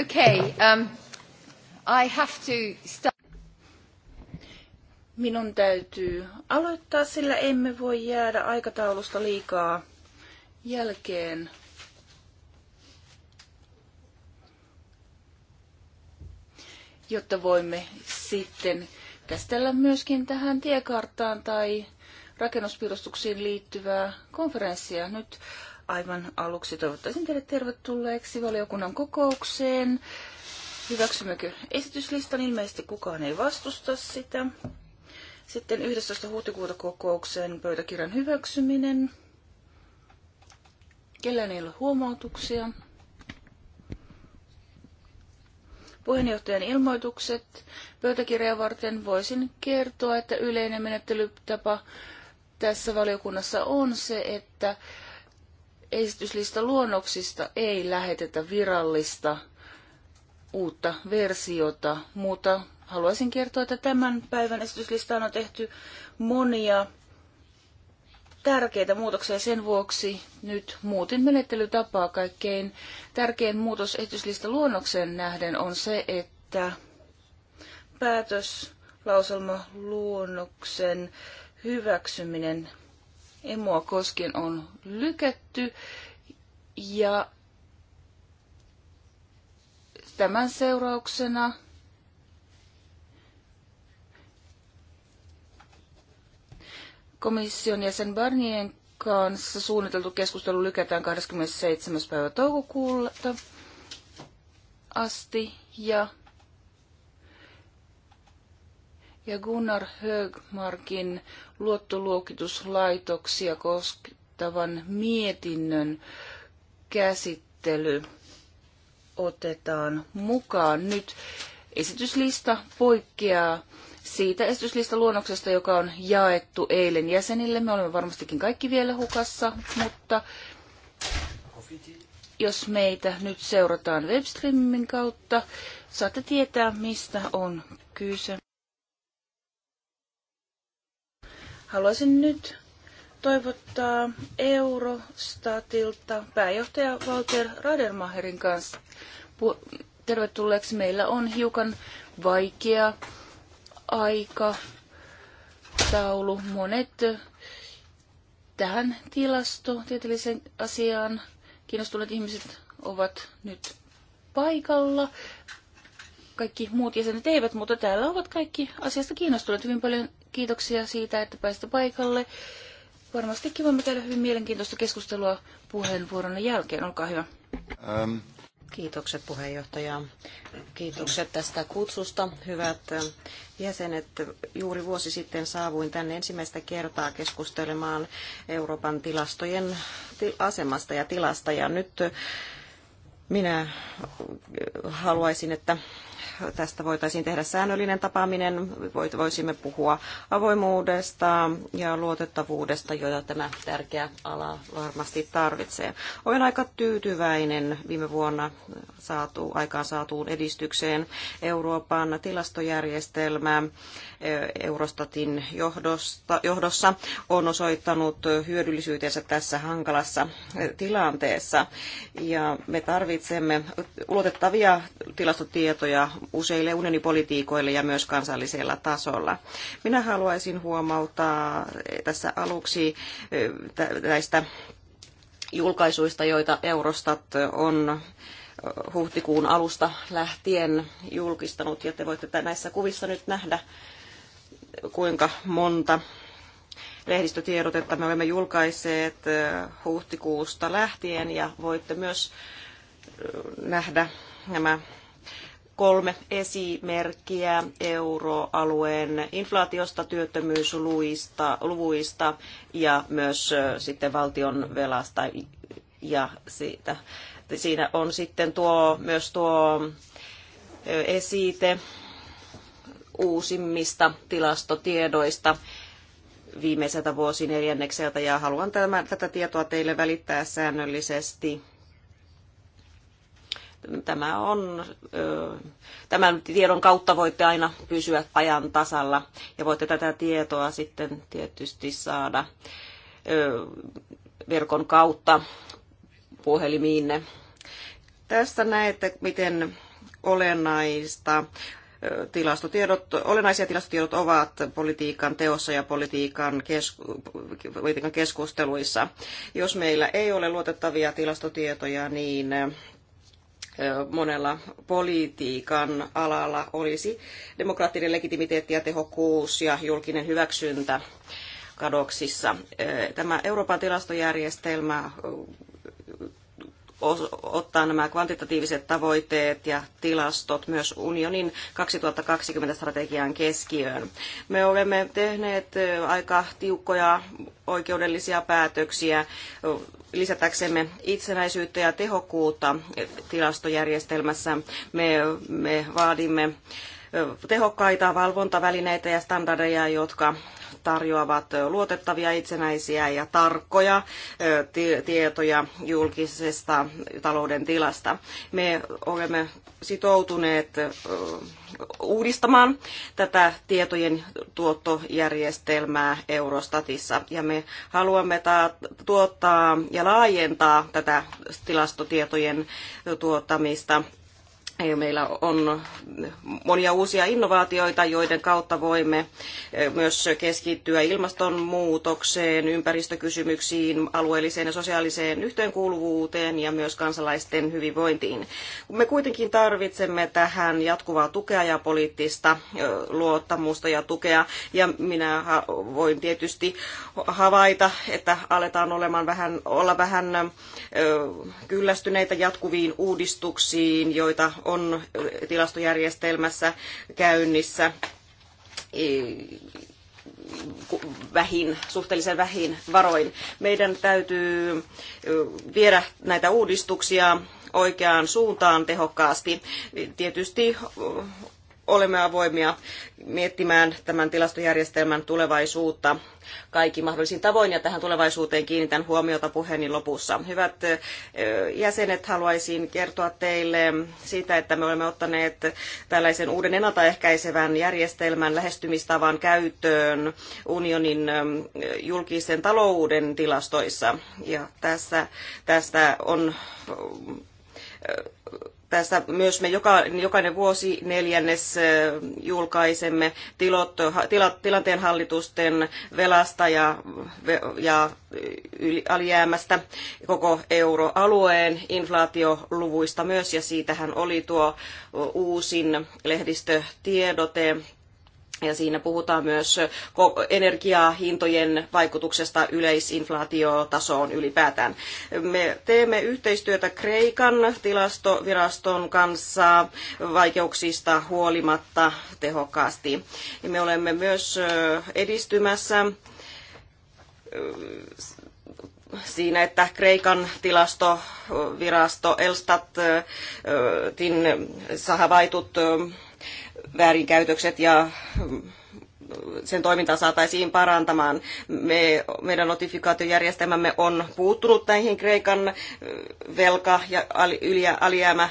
Um, Minun täytyy aloittaa, sillä emme voi jäädä aikataulusta liikaa jälkeen. Jotta voimme sitten käsitellä myöskin tähän tiekarttaan tai rakennuspiirustuksiin liittyvää konferenssia. Nyt aivan aluksi toivottaisin teille tervetulleeksi valiokunnan kokoukseen. Hyväksymmekö esityslistan? Ilmeisesti kukaan ei vastusta sitä. Sitten 11. huhtikuuta kokoukseen pöytäkirjan hyväksyminen. Kellään ei ole huomautuksia. Puheenjohtajan ilmoitukset pöytäkirjaa varten voisin kertoa, että yleinen menettelytapa tässä valiokunnassa on se, että esityslista luonnoksista ei lähetetä virallista uutta versiota, mutta haluaisin kertoa, että tämän päivän esityslistaan on tehty monia tärkeitä muutoksia. Sen vuoksi nyt muutin menettelytapaa. Kaikkein tärkein muutos esityslista luonnoksen nähden on se, että päätöslauselma luonnoksen hyväksyminen emoa koskien on lykätty ja tämän seurauksena komission jäsen Barnien kanssa suunniteltu keskustelu lykätään 27. päivä toukokuuta asti ja, ja Gunnar Högmarkin luottoluokituslaitoksia koskettavan mietinnön käsittely otetaan mukaan nyt. Esityslista poikkeaa siitä esityslistaluonnoksesta, joka on jaettu eilen jäsenille. Me olemme varmastikin kaikki vielä hukassa, mutta jos meitä nyt seurataan webstreamin kautta, saatte tietää, mistä on kyse. Haluaisin nyt toivottaa Eurostatilta pääjohtaja Walter Radermacherin kanssa. Tervetulleeksi meillä on hiukan vaikea aika taulu. Monet tähän tilasto tilastotieteelliseen asiaan kiinnostuneet ihmiset ovat nyt paikalla. Kaikki muut jäsenet eivät, mutta täällä ovat kaikki asiasta kiinnostuneet. Hyvin paljon Kiitoksia siitä, että pääsitte paikalle. Varmasti kiva, me käydä hyvin mielenkiintoista keskustelua puheenvuoron jälkeen. Olkaa hyvä. Ähm. Kiitokset puheenjohtaja. Kiitokset tästä kutsusta. Hyvät äh, jäsenet, juuri vuosi sitten saavuin tänne ensimmäistä kertaa keskustelemaan Euroopan tilastojen asemasta ja tilasta. Ja nyt minä haluaisin, että Tästä voitaisiin tehdä säännöllinen tapaaminen. Voisimme puhua avoimuudesta ja luotettavuudesta, joita tämä tärkeä ala varmasti tarvitsee. Olen aika tyytyväinen viime vuonna saatu, aikaan saatuun edistykseen Euroopan tilastojärjestelmä e, Eurostatin johdosta, johdossa on osoittanut hyödyllisyytensä tässä hankalassa e, tilanteessa. Ja me tarvitsemme luotettavia tilastotietoja useille unionipolitiikoille ja myös kansallisella tasolla. Minä haluaisin huomauttaa eh, tässä aluksi eh, näistä julkaisuista, joita Eurostat eh, on huhtikuun alusta lähtien julkistanut, ja te voitte näissä kuvissa nyt nähdä, kuinka monta lehdistötiedotetta me olemme julkaisseet huhtikuusta lähtien, ja voitte myös nähdä nämä kolme esimerkkiä euroalueen inflaatiosta, työttömyysluvuista ja myös sitten valtion velasta ja siitä. Siinä on sitten tuo, myös tuo esite uusimmista tilastotiedoista viimeiseltä vuosineljännekseltä ja haluan tämän, tätä tietoa teille välittää säännöllisesti Tämä on, tämän tiedon kautta voitte aina pysyä ajan tasalla ja voitte tätä tietoa sitten tietysti saada verkon kautta puhelimiinne. Tässä näette, miten olennaista tilastotiedot, olennaisia tilastotiedot ovat politiikan teossa ja politiikan, kesku, politiikan keskusteluissa. Jos meillä ei ole luotettavia tilastotietoja, niin monella politiikan alalla olisi demokraattinen legitimiteetti ja tehokkuus ja julkinen hyväksyntä kadoksissa. Tämä Euroopan tilastojärjestelmä ottaa nämä kvantitatiiviset tavoitteet ja tilastot myös unionin 2020-strategian keskiöön. Me olemme tehneet aika tiukkoja oikeudellisia päätöksiä lisätäksemme itsenäisyyttä ja tehokkuutta tilastojärjestelmässä. Me, me vaadimme tehokkaita valvontavälineitä ja standardeja, jotka tarjoavat luotettavia, itsenäisiä ja tarkkoja tietoja julkisesta talouden tilasta. Me olemme sitoutuneet uudistamaan tätä tietojen tuottojärjestelmää Eurostatissa. Ja me haluamme ta- tuottaa ja laajentaa tätä tilastotietojen tuottamista meillä on monia uusia innovaatioita, joiden kautta voimme eh, myös keskittyä ilmastonmuutokseen, ympäristökysymyksiin, alueelliseen ja sosiaaliseen yhteenkuuluvuuteen ja myös kansalaisten hyvinvointiin. Me kuitenkin tarvitsemme tähän jatkuvaa tukea ja poliittista eh, luottamusta ja tukea. Ja minä voin tietysti havaita, että aletaan olemaan vähän, olla vähän eh, kyllästyneitä jatkuviin uudistuksiin, joita on tilastojärjestelmässä käynnissä vähin, suhteellisen vähin varoin. Meidän täytyy viedä näitä uudistuksia oikeaan suuntaan tehokkaasti. Tietysti olemme avoimia miettimään tämän tilastojärjestelmän tulevaisuutta kaikki mahdollisin tavoin, ja tähän tulevaisuuteen kiinnitän huomiota puheeni lopussa. Hyvät jäsenet, haluaisin kertoa teille siitä, että me olemme ottaneet tällaisen uuden ennaltaehkäisevän järjestelmän lähestymistavan käyttöön unionin julkisen talouden tilastoissa. Ja tässä, tästä on tässä myös me joka, jokainen vuosi neljännes julkaisemme tilot, tila, tilanteen hallitusten velasta ja, ja yli, alijäämästä koko euroalueen inflaatioluvuista myös, ja siitähän oli tuo uusin lehdistötiedote ja siinä puhutaan myös energiahintojen vaikutuksesta yleisinflaatiotasoon ylipäätään. Me teemme yhteistyötä Kreikan tilastoviraston kanssa vaikeuksista huolimatta tehokkaasti. Me olemme myös edistymässä siinä, että Kreikan tilastovirasto Elstatin havaitut väärinkäytökset ja sen toimintaa saataisiin parantamaan. Me, meidän notifikaatiojärjestelmämme on puuttunut näihin Kreikan äh, velka- ja alijäämä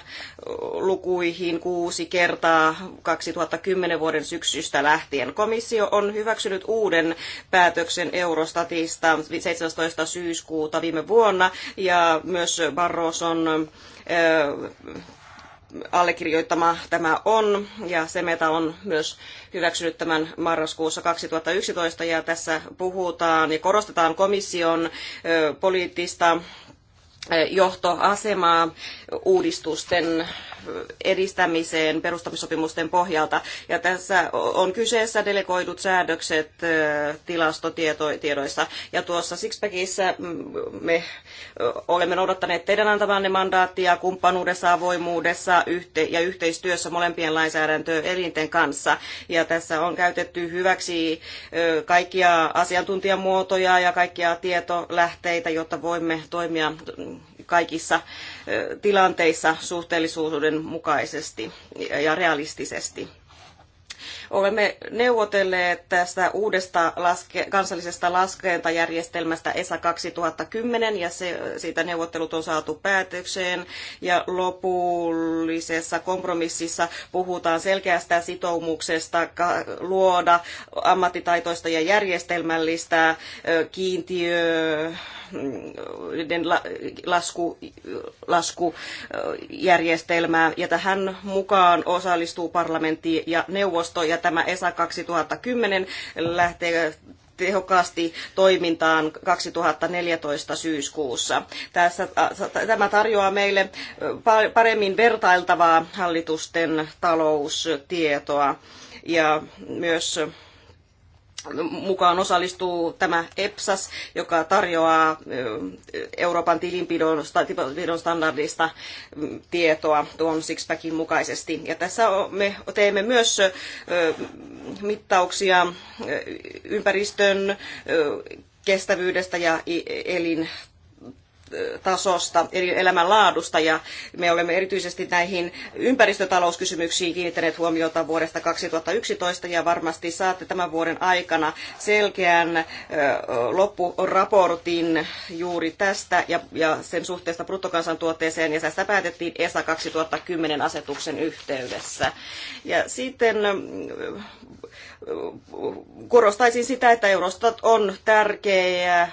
lukuihin kuusi kertaa 2010 vuoden syksystä lähtien. Komissio on hyväksynyt uuden päätöksen Eurostatista 17. syyskuuta viime vuonna ja myös Barroson äh, allekirjoittama tämä on, ja Semeta on myös hyväksynyt tämän marraskuussa 2011, ja tässä puhutaan ja korostetaan komission poliittista johtoasemaa uudistusten edistämiseen perustamissopimusten pohjalta. Ja tässä on kyseessä delegoidut säädökset tilastotiedoissa. Ja tuossa Sixpackissa me olemme noudattaneet teidän antamanne mandaattia kumppanuudessa, avoimuudessa ja yhteistyössä molempien lainsäädäntöelinten kanssa. Ja tässä on käytetty hyväksi kaikkia asiantuntijamuotoja ja kaikkia tietolähteitä, jotta voimme toimia kaikissa tilanteissa suhteellisuuden mukaisesti ja realistisesti. Olemme neuvotelleet tästä uudesta laske- kansallisesta laskentajärjestelmästä ESA 2010 ja se, siitä neuvottelut on saatu päätökseen ja lopullisessa kompromississa puhutaan selkeästä sitoumuksesta luoda ammattitaitoista ja järjestelmällistä kiintiö lasku, laskujärjestelmää. Ja tähän mukaan osallistuu parlamentti ja neuvosto ja tämä ESA 2010 lähtee tehokkaasti toimintaan 2014 syyskuussa. Tässä, tämä tarjoaa meille paremmin vertailtavaa hallitusten taloustietoa ja myös mukaan osallistuu tämä EPSAS, joka tarjoaa Euroopan tilinpidon standardista tietoa tuon Sixpackin mukaisesti. Ja tässä me teemme myös mittauksia ympäristön kestävyydestä ja elin tasosta, eli elämänlaadusta, ja me olemme erityisesti näihin ympäristötalouskysymyksiin kiinnittäneet huomiota vuodesta 2011, ja varmasti saatte tämän vuoden aikana selkeän loppuraportin juuri tästä ja, ja sen suhteesta bruttokansantuotteeseen, ja tästä päätettiin ESA 2010 asetuksen yhteydessä. Ja sitten korostaisin sitä, että Eurostat on tärkeä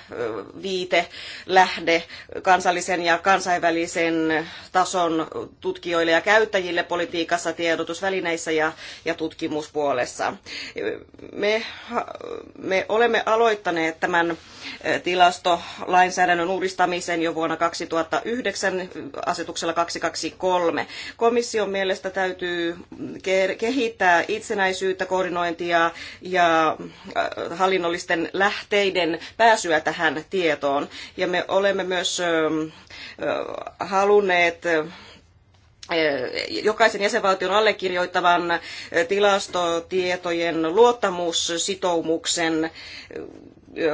viite lähde kansallisen ja kansainvälisen tason tutkijoille ja käyttäjille politiikassa, tiedotusvälineissä ja, ja tutkimuspuolessa. Me, me olemme aloittaneet tämän tilastolainsäädännön uudistamisen jo vuonna 2009 asetuksella 223. Komission mielestä täytyy kehittää itsenäisyyttä, koordinointia ja, ja äh, hallinnollisten lähteiden pääsyä tähän tietoon. Ja me olemme myös ähm, äh, halunneet äh, jokaisen jäsenvaltion allekirjoittavan tilastotietojen luottamussitoumuksen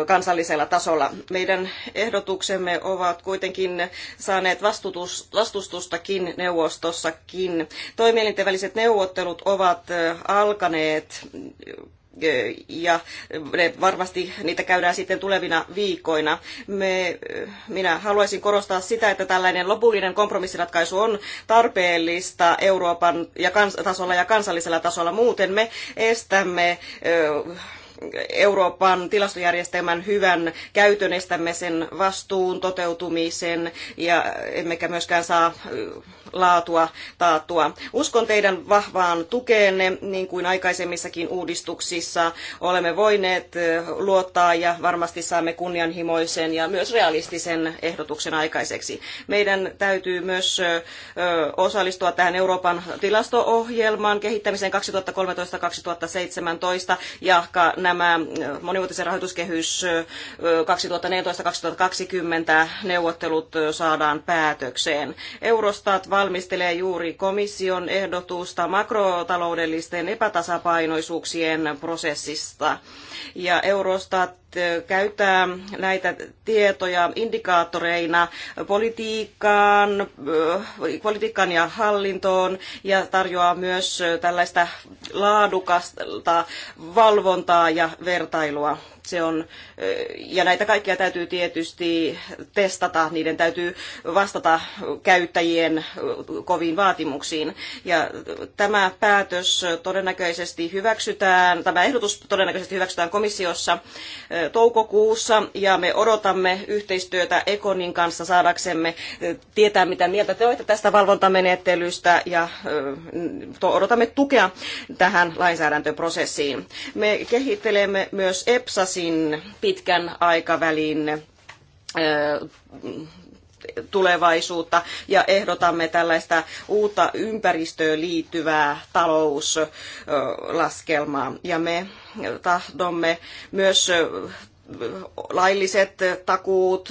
kansallisella tasolla. Meidän ehdotuksemme ovat kuitenkin saaneet vastutus, vastustustakin neuvostossakin. Toimielinten väliset neuvottelut ovat alkaneet ja ne varmasti niitä käydään sitten tulevina viikoina. Me, minä haluaisin korostaa sitä, että tällainen lopullinen kompromissiratkaisu on tarpeellista Euroopan ja kans, tasolla ja kansallisella tasolla. Muuten me estämme ö, Euroopan tilastojärjestelmän hyvän käytön, estämme sen vastuun toteutumisen ja emmekä myöskään saa laatua taattua. Uskon teidän vahvaan tukeenne, niin kuin aikaisemmissakin uudistuksissa olemme voineet luottaa ja varmasti saamme kunnianhimoisen ja myös realistisen ehdotuksen aikaiseksi. Meidän täytyy myös osallistua tähän Euroopan tilasto ohjelman kehittämiseen 2013-2017 ja nämä nämä äh, monivuotisen rahoituskehys 2014-2020 äh, neuvottelut äh, saadaan päätökseen. Eurostat valmistelee juuri komission ehdotusta makrotaloudellisten epätasapainoisuuksien prosessista. Ja Eurostat käyttää näitä tietoja indikaattoreina politiikkaan, politiikkaan ja hallintoon ja tarjoaa myös tällaista laadukasta valvontaa ja vertailua se on, ja näitä kaikkia täytyy tietysti testata, niiden täytyy vastata käyttäjien koviin vaatimuksiin. Ja tämä päätös todennäköisesti hyväksytään, tämä ehdotus todennäköisesti hyväksytään komissiossa toukokuussa, ja me odotamme yhteistyötä Ekonin kanssa saadaksemme tietää, mitä mieltä te olette tästä valvontamenettelystä, ja odotamme tukea tähän lainsäädäntöprosessiin. Me kehittelemme myös EPSAS varsin pitkän aikavälin tulevaisuutta ja ehdotamme tällaista uutta ympäristöön liittyvää talouslaskelmaa. Ja me tahdomme myös lailliset takuut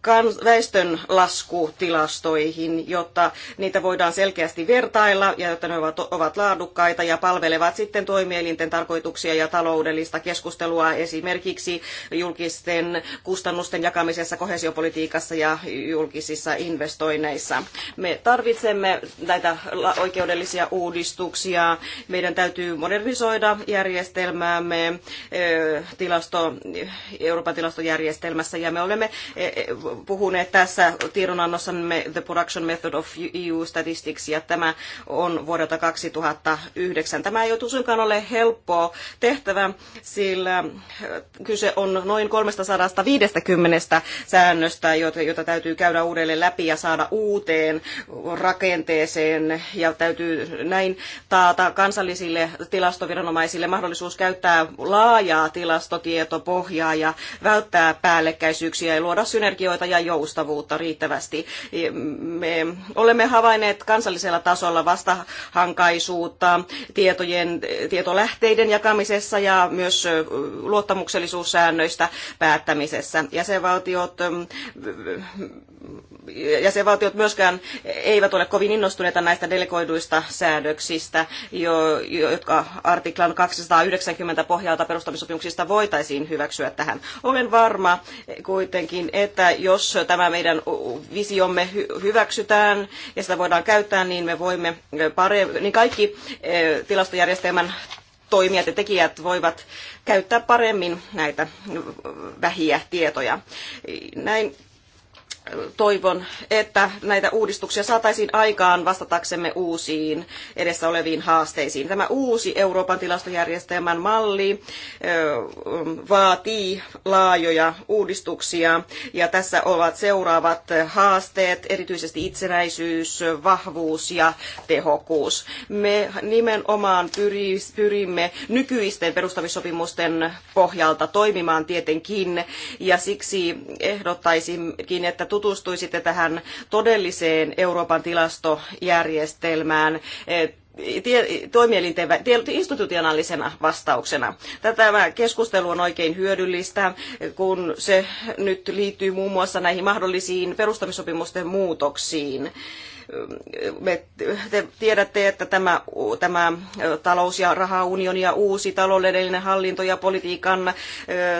kans- väestön laskutilastoihin, jotta niitä voidaan selkeästi vertailla ja jotta ne ovat, ovat laadukkaita ja palvelevat sitten toimielinten tarkoituksia ja taloudellista keskustelua esimerkiksi julkisten kustannusten jakamisessa, kohesiopolitiikassa ja julkisissa investoinneissa. Me tarvitsemme näitä oikeudellisia uudistuksia. Meidän täytyy modernisoida järjestelmäämme tilasto Euroopan tilastojärjestelmässä. Ja me olemme eh, eh, puhuneet tässä tiedonannossamme The Production Method of EU Statistics, ja tämä on vuodelta 2009. Tämä ei ole suinkaan ole helppo tehtävä, sillä eh, kyse on noin 350 säännöstä, joita täytyy käydä uudelleen läpi ja saada uuteen rakenteeseen, ja täytyy näin taata kansallisille tilastoviranomaisille mahdollisuus käyttää laajaa tilastotietopohjaa ja välttää päällekkäisyyksiä ja luoda synergioita ja joustavuutta riittävästi. Me olemme havainneet kansallisella tasolla vastahankaisuutta tietojen, tietolähteiden jakamisessa ja myös luottamuksellisuussäännöistä päättämisessä. Jäsenvaltiot jäsenvaltiot myöskään eivät ole kovin innostuneita näistä delegoiduista säädöksistä, jotka artiklan 290 pohjalta perustamissopimuksista voitaisiin hyväksyä tähän tähän. Olen varma kuitenkin, että jos tämä meidän visiomme hyväksytään ja sitä voidaan käyttää, niin me voimme paremmin, niin kaikki eh, tilastojärjestelmän toimijat ja tekijät voivat käyttää paremmin näitä vähiä tietoja. Näin toivon, että näitä uudistuksia saataisiin aikaan vastataksemme uusiin edessä oleviin haasteisiin. Tämä uusi Euroopan tilastojärjestelmän malli vaatii laajoja uudistuksia ja tässä ovat seuraavat haasteet, erityisesti itsenäisyys, vahvuus ja tehokkuus. Me nimenomaan pyrimme nykyisten perustamissopimusten pohjalta toimimaan tietenkin ja siksi ehdottaisinkin, että tutustuisitte tähän todelliseen Euroopan tilastojärjestelmään eh, toimielinten institutionaalisena vastauksena. Tämä keskustelu on oikein hyödyllistä, kun se nyt liittyy muun muassa näihin mahdollisiin perustamissopimusten muutoksiin me, te tiedätte, että tämä, tämä talous- ja rahaunioni ja uusi taloudellinen hallinto ja politiikan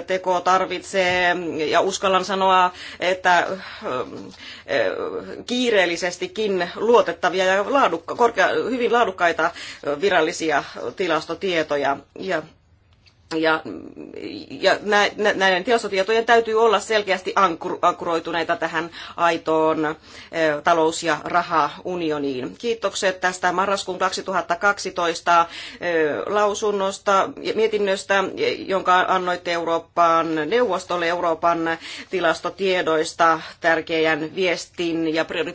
teko tarvitsee, ja uskallan sanoa, että kiireellisestikin luotettavia ja laadukka, korkea, hyvin laadukkaita virallisia tilastotietoja. Ja ja, ja nä, nä, näiden tilastotietojen täytyy olla selkeästi ankur, ankuroituneita tähän aitoon e, talous- ja rahaunioniin. Kiitokset tästä marraskuun 2012 e, lausunnosta, mietinnöstä, jonka annoitte Euroopan neuvostolle Euroopan tilastotiedoista tärkeän viestin, ja priori,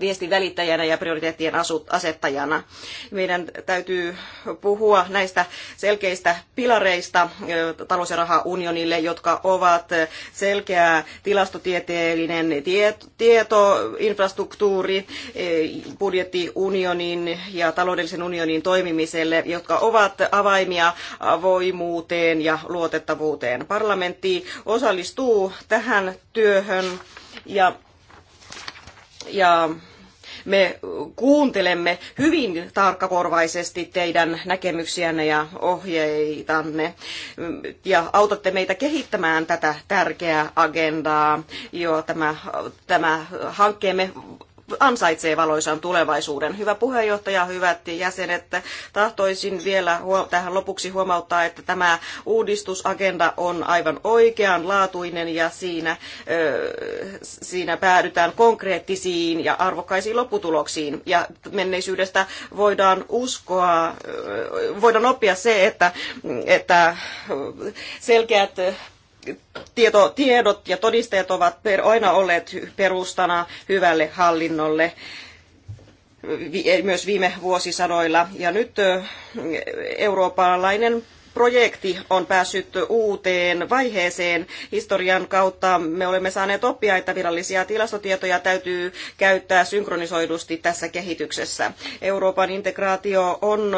viestin välittäjänä ja prioriteettien asut, asettajana. Meidän täytyy puhua näistä selkeistä pilareista metodeista talous- ja rahaunionille, jotka ovat selkeä tilastotieteellinen tieto, infrastruktuuri budjettiunionin ja taloudellisen unionin toimimiselle, jotka ovat avaimia avoimuuteen ja luotettavuuteen. Parlamentti osallistuu tähän työhön ja, ja me kuuntelemme hyvin tarkkakorvaisesti teidän näkemyksiänne ja ohjeitanne ja autatte meitä kehittämään tätä tärkeää agendaa. Jo tämä, tämä hankkeemme ansaitsee valoisan tulevaisuuden. Hyvä puheenjohtaja, hyvät jäsenet, tahtoisin vielä tähän lopuksi huomauttaa, että tämä uudistusagenda on aivan oikeanlaatuinen ja siinä, siinä päädytään konkreettisiin ja arvokkaisiin lopputuloksiin. Ja menneisyydestä voidaan uskoa, voidaan oppia se, että, että selkeät tieto, tiedot ja todisteet ovat per, aina olleet perustana hyvälle hallinnolle eh, myös viime vuosisadoilla. Ja nyt eh, eurooppalainen projekti on päässyt uuteen vaiheeseen. Historian kautta me olemme saaneet oppia, että virallisia tilastotietoja täytyy käyttää synkronisoidusti tässä kehityksessä. Euroopan integraatio on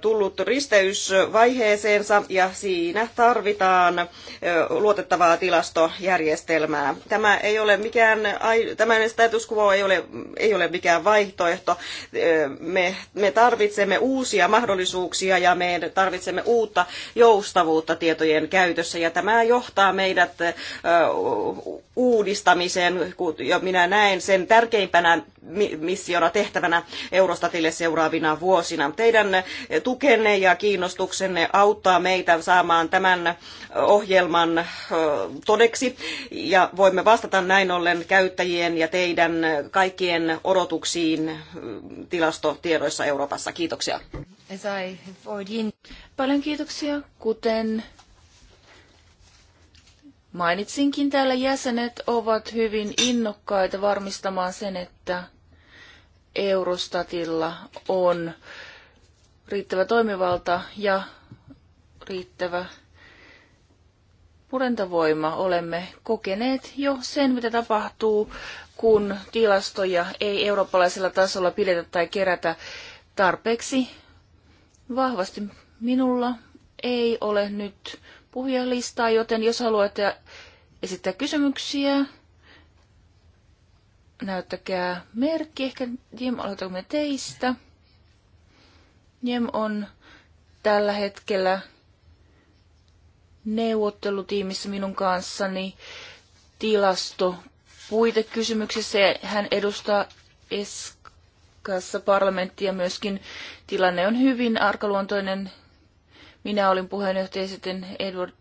tullut risteysvaiheeseensa ja siinä tarvitaan luotettavaa tilastojärjestelmää. Tämä ei ole mikään, tämä status quo ei ole, ei ole mikään vaihtoehto. Me, me tarvitsemme uusia mahdollisuuksia ja me tarvitsemme uutta uutta joustavuutta tietojen käytössä ja tämä johtaa meidät uudistamiseen ja minä näen sen tärkeimpänä missiona tehtävänä Eurostatille seuraavina vuosina. Teidän tukenne ja kiinnostuksenne auttaa meitä saamaan tämän ohjelman todeksi ja voimme vastata näin ollen käyttäjien ja teidän kaikkien odotuksiin tilastotiedoissa Euroopassa. Kiitoksia. Paljon kiitoksia. Kuten mainitsinkin, täällä jäsenet ovat hyvin innokkaita varmistamaan sen, että Eurostatilla on riittävä toimivalta ja riittävä purentavoima. Olemme kokeneet jo sen, mitä tapahtuu, kun tilastoja ei eurooppalaisella tasolla pidetä tai kerätä tarpeeksi vahvasti Minulla ei ole nyt puhujalistaa, joten jos haluatte esittää kysymyksiä, näyttäkää merkki. Ehkä Jim, aloitamme teistä. Jem on tällä hetkellä neuvottelutiimissä minun kanssani tilasto puitekysymyksessä. Hän edustaa Eskassa parlamenttia myöskin. Tilanne on hyvin arkaluontoinen minä olin puheenjohtaja sitten Edward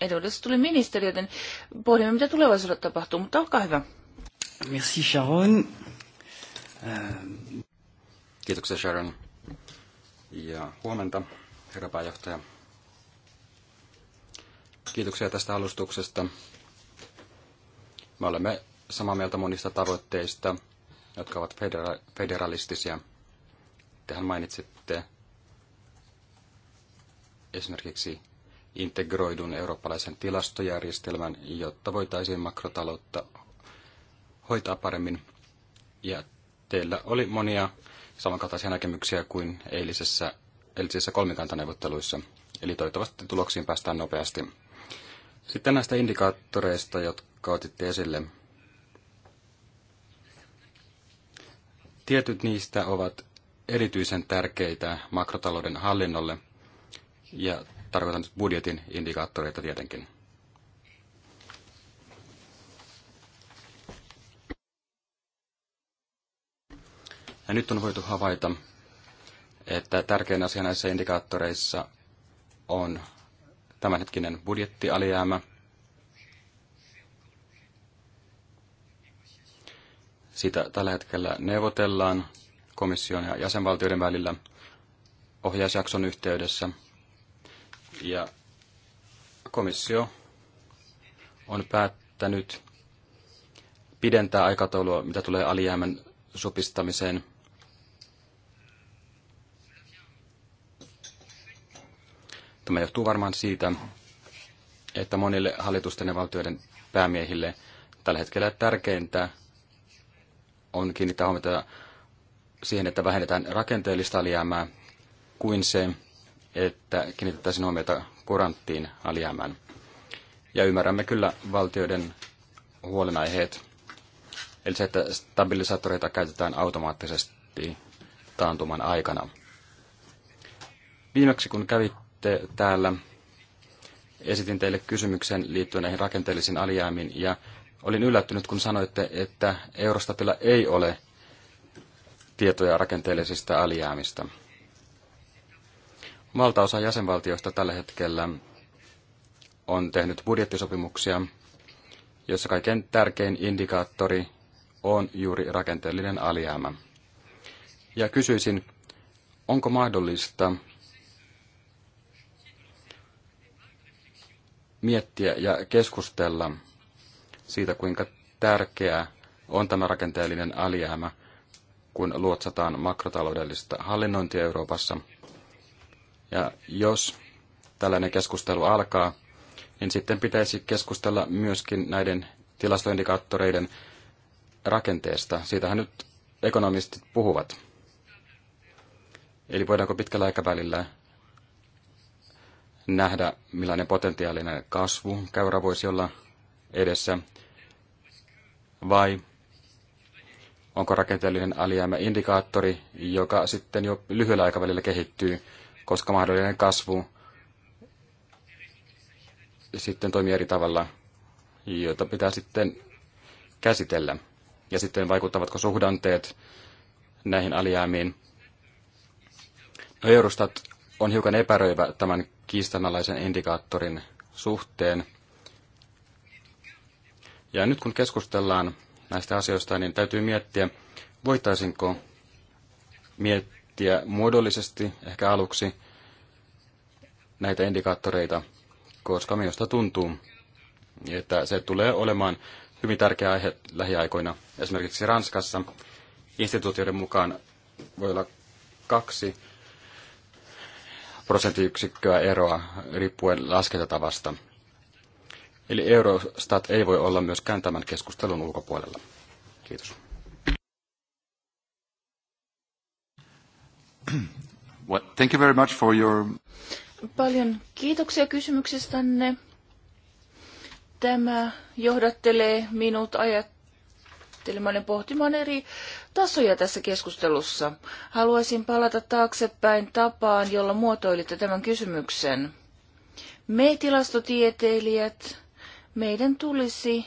Edwardista tuli ministeri, joten pohdimme, mitä tulevaisuudessa tapahtuu, mutta olkaa hyvä. Merci Sharon. Ähm. Kiitoksia Sharon. Ja huomenta, herra pääjohtaja. Kiitoksia tästä alustuksesta. Me olemme samaa mieltä monista tavoitteista, jotka ovat federalistisia. Sittenhän mainitsitte esimerkiksi integroidun eurooppalaisen tilastojärjestelmän, jotta voitaisiin makrotaloutta hoitaa paremmin. Ja teillä oli monia samankaltaisia näkemyksiä kuin eilisessä, eilisessä kolmikantaneuvotteluissa. Eli toivottavasti tuloksiin päästään nopeasti. Sitten näistä indikaattoreista, jotka otitte esille. Tietyt niistä ovat erityisen tärkeitä makrotalouden hallinnolle, ja tarkoitan nyt budjetin indikaattoreita tietenkin. Ja nyt on voitu havaita, että tärkein asia näissä indikaattoreissa on tämänhetkinen budjettialijäämä. Sitä tällä hetkellä neuvotellaan komission ja jäsenvaltioiden välillä ohjausjakson yhteydessä. Ja komissio on päättänyt pidentää aikataulua, mitä tulee alijäämän supistamiseen. Tämä johtuu varmaan siitä, että monille hallitusten ja valtioiden päämiehille tällä hetkellä tärkeintä on kiinnittää huomiota siihen, että vähennetään rakenteellista alijäämää, kuin se, että kiinnitettäisiin huomiota kuranttiin alijäämään. Ja ymmärrämme kyllä valtioiden huolenaiheet, eli se, että stabilisaattoreita käytetään automaattisesti taantuman aikana. Viimeksi kun kävitte täällä, esitin teille kysymyksen liittyen näihin rakenteellisiin alijäämiin ja olin yllättynyt, kun sanoitte, että Eurostatilla ei ole tietoja rakenteellisista alijäämistä. Valtaosa jäsenvaltioista tällä hetkellä on tehnyt budjettisopimuksia, jossa kaiken tärkein indikaattori on juuri rakenteellinen alijäämä. Ja kysyisin, onko mahdollista miettiä ja keskustella siitä, kuinka tärkeää on tämä rakenteellinen alijäämä kun luotsataan makrotaloudellista hallinnointia Euroopassa. Ja jos tällainen keskustelu alkaa, niin sitten pitäisi keskustella myöskin näiden tilastoindikaattoreiden rakenteesta. Siitähän nyt ekonomistit puhuvat. Eli voidaanko pitkällä aikavälillä nähdä, millainen potentiaalinen kasvu käyrä voisi olla edessä, vai Onko rakenteellinen alijäämä indikaattori, joka sitten jo lyhyellä aikavälillä kehittyy, koska mahdollinen kasvu sitten toimii eri tavalla, jota pitää sitten käsitellä. Ja sitten vaikuttavatko suhdanteet näihin alijäämiin. No Eurostat on hiukan epäröivä tämän kiistanalaisen indikaattorin suhteen. Ja nyt kun keskustellaan näistä asioista, niin täytyy miettiä, voitaisinko miettiä muodollisesti ehkä aluksi näitä indikaattoreita, koska minusta tuntuu, että se tulee olemaan hyvin tärkeä aihe lähiaikoina. Esimerkiksi Ranskassa instituutioiden mukaan voi olla kaksi prosenttiyksikköä eroa riippuen laskentatavasta. Eli Eurostat ei voi olla myöskään tämän keskustelun ulkopuolella. Kiitos. Well, thank you very much for your... Paljon kiitoksia kysymyksestänne. Tämä johdattelee minut ajattelemaan ja pohtimaan eri tasoja tässä keskustelussa. Haluaisin palata taaksepäin tapaan, jolla muotoilitte tämän kysymyksen. Me tilastotieteilijät meidän tulisi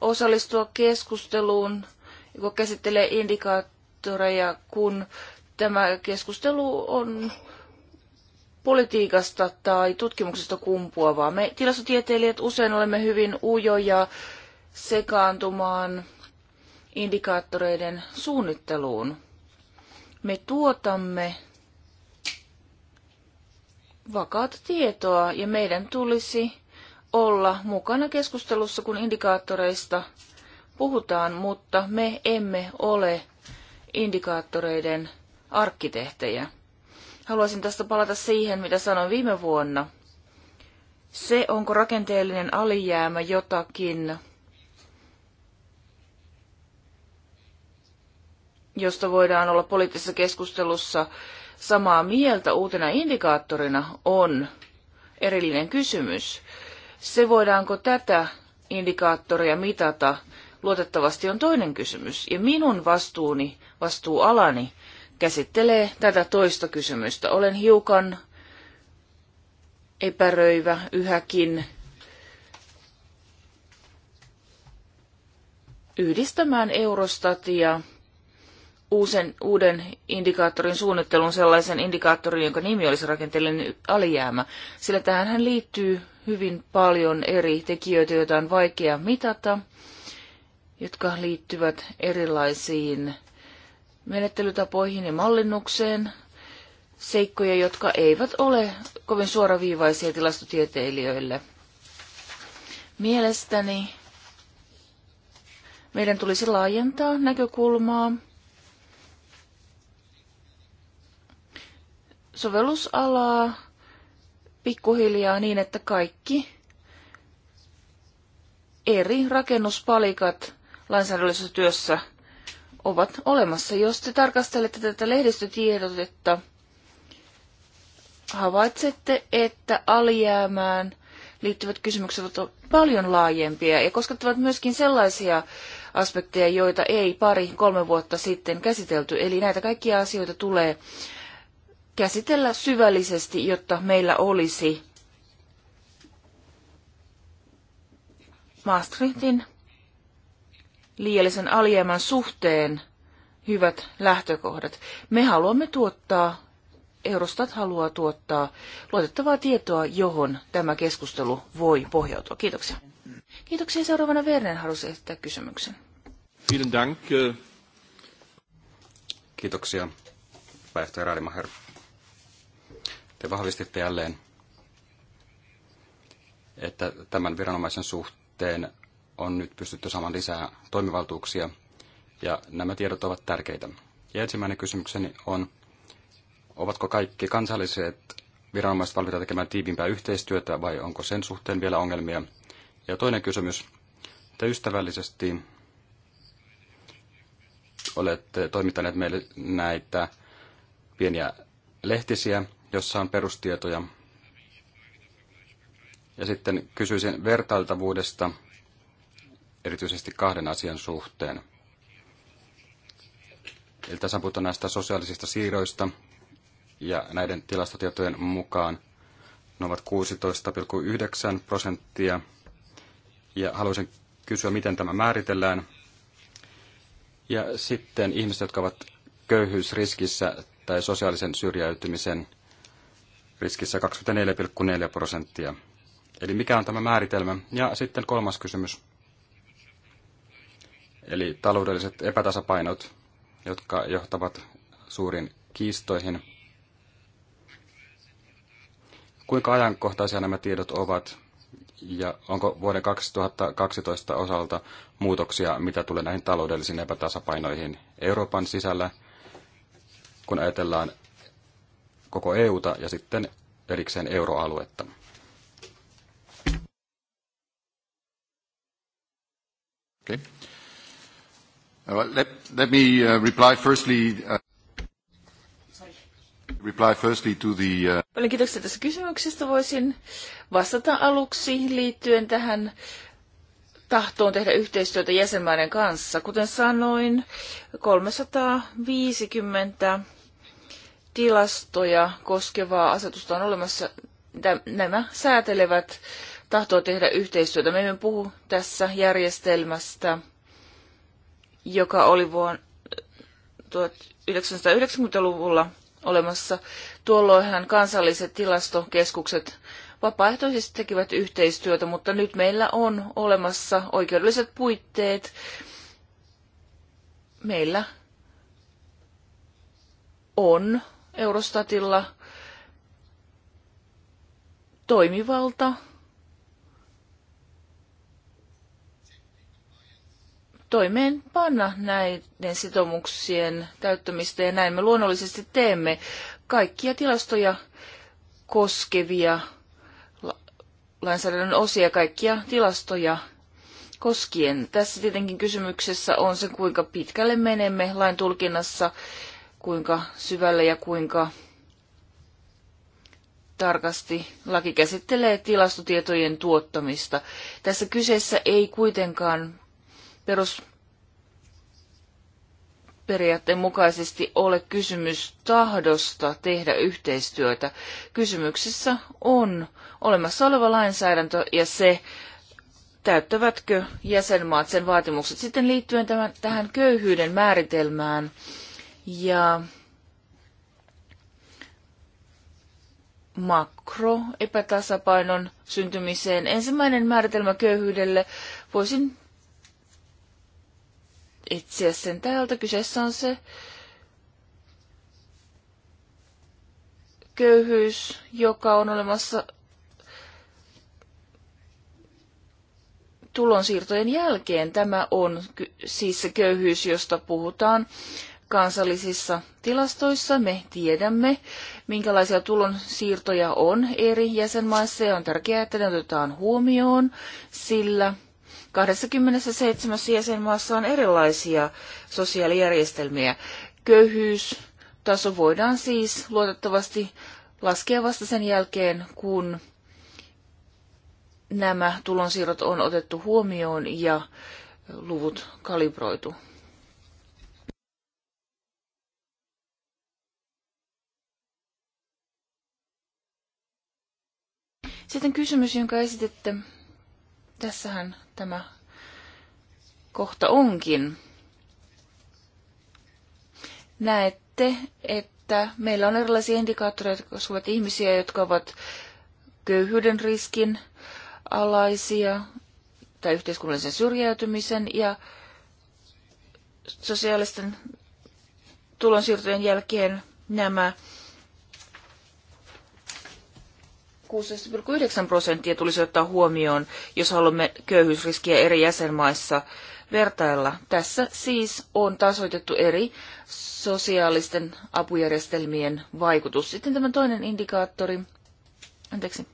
osallistua keskusteluun, joka käsittelee indikaattoreja, kun tämä keskustelu on politiikasta tai tutkimuksesta kumpuavaa. Me tilastotieteilijät usein olemme hyvin ujoja sekaantumaan indikaattoreiden suunnitteluun. Me tuotamme vakaata tietoa ja meidän tulisi olla mukana keskustelussa, kun indikaattoreista puhutaan, mutta me emme ole indikaattoreiden arkkitehtejä. Haluaisin tästä palata siihen, mitä sanoin viime vuonna. Se, onko rakenteellinen alijäämä jotakin, josta voidaan olla poliittisessa keskustelussa samaa mieltä uutena indikaattorina, on erillinen kysymys. Se voidaanko tätä indikaattoria mitata luotettavasti on toinen kysymys. Ja minun vastuuni, vastuualani, käsittelee tätä toista kysymystä. Olen hiukan epäröivä yhäkin yhdistämään Eurostatia uusen, uuden indikaattorin suunnittelun sellaisen indikaattorin, jonka nimi olisi rakenteellinen alijäämä, sillä tähän liittyy hyvin paljon eri tekijöitä, joita on vaikea mitata, jotka liittyvät erilaisiin menettelytapoihin ja mallinnukseen, seikkoja, jotka eivät ole kovin suoraviivaisia tilastotieteilijöille. Mielestäni meidän tulisi laajentaa näkökulmaa sovellusalaa pikkuhiljaa niin, että kaikki eri rakennuspalikat lainsäädännöllisessä työssä ovat olemassa. Jos te tarkastelette tätä lehdistötiedotetta, havaitsette, että alijäämään liittyvät kysymykset ovat paljon laajempia ja koskettavat myöskin sellaisia aspekteja, joita ei pari-kolme vuotta sitten käsitelty. Eli näitä kaikkia asioita tulee käsitellä syvällisesti, jotta meillä olisi Maastrichtin liiallisen alijäämän suhteen hyvät lähtökohdat. Me haluamme tuottaa, Eurostat haluaa tuottaa luotettavaa tietoa, johon tämä keskustelu voi pohjautua. Kiitoksia. Kiitoksia. Seuraavana Werner halusi esittää kysymyksen. Vielen Dank. Kiitoksia, päiväjohtaja Raadimaher te vahvistitte jälleen, että tämän viranomaisen suhteen on nyt pystytty saamaan lisää toimivaltuuksia, ja nämä tiedot ovat tärkeitä. Ja ensimmäinen kysymykseni on, ovatko kaikki kansalliset viranomaiset valmiita tekemään tiivimpää yhteistyötä, vai onko sen suhteen vielä ongelmia? Ja toinen kysymys, te ystävällisesti olette toimittaneet meille näitä pieniä lehtisiä, jossa on perustietoja. Ja sitten kysyisin vertailtavuudesta erityisesti kahden asian suhteen. Eli tässä puhutaan näistä sosiaalisista siirroista, ja näiden tilastotietojen mukaan ne ovat 16,9 prosenttia. Ja haluaisin kysyä, miten tämä määritellään. Ja sitten ihmiset, jotka ovat köyhyysriskissä tai sosiaalisen syrjäytymisen riskissä 24,4 prosenttia. Eli mikä on tämä määritelmä? Ja sitten kolmas kysymys. Eli taloudelliset epätasapainot, jotka johtavat suuriin kiistoihin. Kuinka ajankohtaisia nämä tiedot ovat ja onko vuoden 2012 osalta muutoksia, mitä tulee näihin taloudellisiin epätasapainoihin Euroopan sisällä, kun ajatellaan koko EUta ja sitten erikseen euroaluetta. Okay. Well, uh, let, let me uh, reply firstly, uh, reply firstly to the... Uh... Paljon kiitoksia tästä kysymyksestä. Voisin vastata aluksi liittyen tähän tahtoon tehdä yhteistyötä jäsenmaiden kanssa. Kuten sanoin, 350 tilastoja koskevaa asetusta on olemassa, nämä säätelevät tahtoa tehdä yhteistyötä. Me emme puhu tässä järjestelmästä, joka oli vuonna 1990-luvulla olemassa. Tuolloinhan kansalliset tilastokeskukset vapaaehtoisesti tekivät yhteistyötä, mutta nyt meillä on olemassa oikeudelliset puitteet. Meillä on Eurostatilla toimivalta toimeenpanna näiden sitoumuksien täyttämistä ja näin me luonnollisesti teemme kaikkia tilastoja koskevia lainsäädännön osia, kaikkia tilastoja koskien. Tässä tietenkin kysymyksessä on se, kuinka pitkälle menemme lain tulkinnassa kuinka syvälle ja kuinka tarkasti laki käsittelee tilastotietojen tuottamista. Tässä kyseessä ei kuitenkaan perusperiaatteen mukaisesti ole kysymys tahdosta tehdä yhteistyötä. Kysymyksessä on olemassa oleva lainsäädäntö ja se, täyttävätkö jäsenmaat sen vaatimukset. Sitten liittyen tämän, tähän köyhyyden määritelmään, ja makroepätasapainon syntymiseen. Ensimmäinen määritelmä köyhyydelle voisin etsiä sen täältä. Kyseessä on se köyhyys, joka on olemassa tulonsiirtojen jälkeen. Tämä on siis se köyhyys, josta puhutaan kansallisissa tilastoissa. Me tiedämme, minkälaisia tulonsiirtoja on eri jäsenmaissa ja on tärkeää, että ne otetaan huomioon, sillä 27 jäsenmaassa on erilaisia sosiaalijärjestelmiä. Köyhyystaso voidaan siis luotettavasti laskea vasta sen jälkeen, kun nämä tulonsiirrot on otettu huomioon ja luvut kalibroitu. Sitten kysymys, jonka esitette. Tässähän tämä kohta onkin. Näette, että meillä on erilaisia indikaattoreita, jotka ovat ihmisiä, jotka ovat köyhyyden riskin alaisia tai yhteiskunnallisen syrjäytymisen ja sosiaalisten tulonsiirtojen jälkeen nämä 69 prosenttia tulisi ottaa huomioon, jos haluamme köyhyysriskiä eri jäsenmaissa vertailla. Tässä siis on tasoitettu eri sosiaalisten apujärjestelmien vaikutus. Sitten tämä toinen indikaattori. Anteeksi.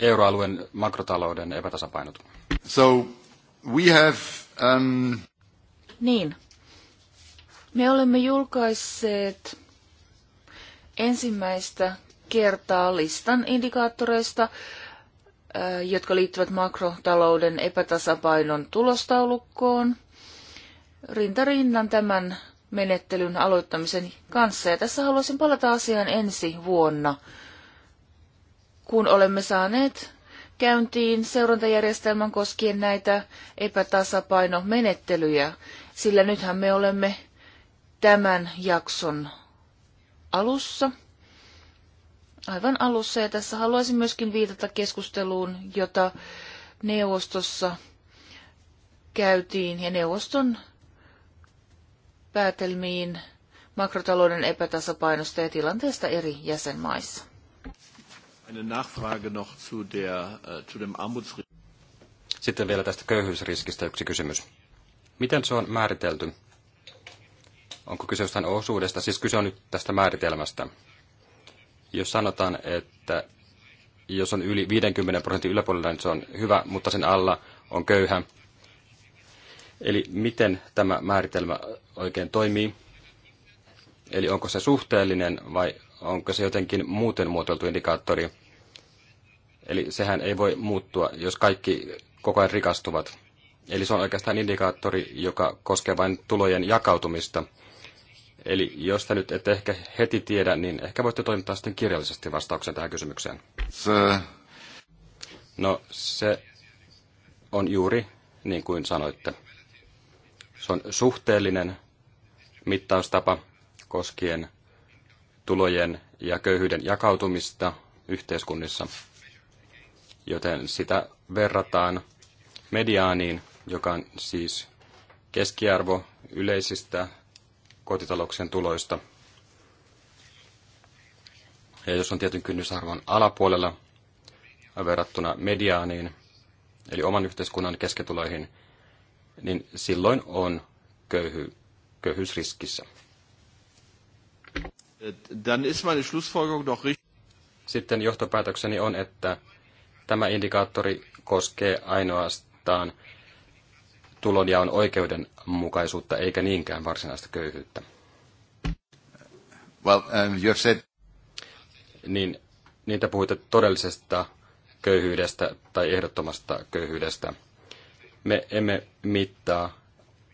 Euroalueen makrotalouden epätasapainot. So we have, um... Niin. Me olemme julkaisseet ensimmäistä kertaa listan indikaattoreista, jotka liittyvät makrotalouden epätasapainon tulostaulukkoon rintarinnan tämän menettelyn aloittamisen kanssa. Ja tässä haluaisin palata asiaan ensi vuonna, kun olemme saaneet käyntiin seurantajärjestelmän koskien näitä epätasapainomenettelyjä, sillä nythän me olemme tämän jakson alussa aivan alussa. Ja tässä haluaisin myöskin viitata keskusteluun, jota neuvostossa käytiin ja neuvoston päätelmiin makrotalouden epätasapainosta ja tilanteesta eri jäsenmaissa. Äh, Sitten vielä tästä köyhyysriskistä yksi kysymys. Miten se on määritelty? Onko kyse jostain osuudesta? Siis kyse on nyt tästä määritelmästä. Jos sanotaan, että jos on yli 50 prosentin yläpuolella, niin se on hyvä, mutta sen alla on köyhä. Eli miten tämä määritelmä oikein toimii? Eli onko se suhteellinen vai onko se jotenkin muuten muotoiltu indikaattori? Eli sehän ei voi muuttua, jos kaikki koko ajan rikastuvat. Eli se on oikeastaan indikaattori, joka koskee vain tulojen jakautumista, Eli jos te nyt ette ehkä heti tiedä, niin ehkä voitte toimittaa sitten kirjallisesti vastauksen tähän kysymykseen. Se... No se on juuri niin kuin sanoitte. Se on suhteellinen mittaustapa koskien tulojen ja köyhyyden jakautumista yhteiskunnissa, joten sitä verrataan mediaaniin, joka on siis keskiarvo yleisistä kotitalouksien tuloista. Ja jos on tietyn kynnysarvon alapuolella verrattuna mediaaniin, eli oman yhteiskunnan kesketuloihin, niin silloin on köyhy, köyhyysriskissä. Dann ist meine Schlussfolgerung doch richtig. Sitten johtopäätökseni on, että tämä indikaattori koskee ainoastaan tulonjaon oikeudenmukaisuutta eikä niinkään varsinaista köyhyyttä. Well, um, you have said... Niin, niin, te puhuitte todellisesta köyhyydestä tai ehdottomasta köyhyydestä. Me emme mittaa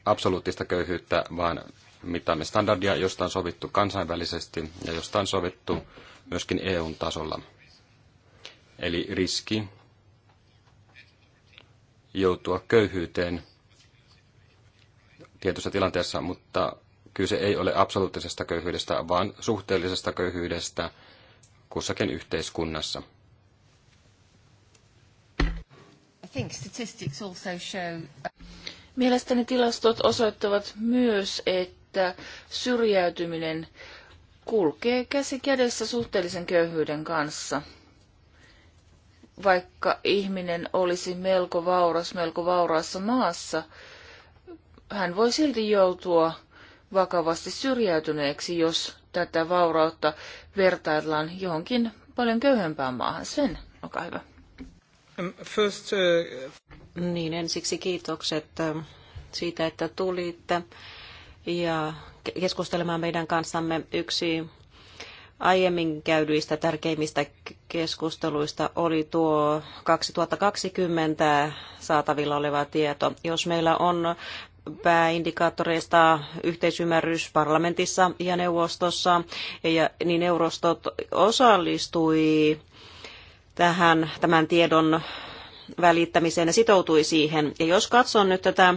absoluuttista köyhyyttä, vaan mittaamme standardia, josta on sovittu kansainvälisesti ja josta on sovittu myöskin EUn tasolla. Eli riski joutua köyhyyteen tietyssä tilanteessa, mutta kyse ei ole absoluuttisesta köyhyydestä, vaan suhteellisesta köyhyydestä kussakin yhteiskunnassa. Mielestäni tilastot osoittavat myös, että syrjäytyminen kulkee käsi kädessä suhteellisen köyhyyden kanssa. Vaikka ihminen olisi melko vauras melko vauraassa maassa, hän voi silti joutua vakavasti syrjäytyneeksi, jos tätä vaurautta vertaillaan johonkin paljon köyhempään maahan. Sen, olkaa hyvä. Um, first, uh... Niin, ensiksi kiitokset um, siitä, että tulitte ja keskustelemaan meidän kanssamme yksi aiemmin käydyistä tärkeimmistä keskusteluista oli tuo 2020 saatavilla oleva tieto. Jos meillä on pääindikaattoreista yhteisymmärrys parlamentissa ja neuvostossa, ja, niin neuvostot osallistui tähän, tämän tiedon välittämiseen ja sitoutui siihen. Ja jos katson nyt tätä,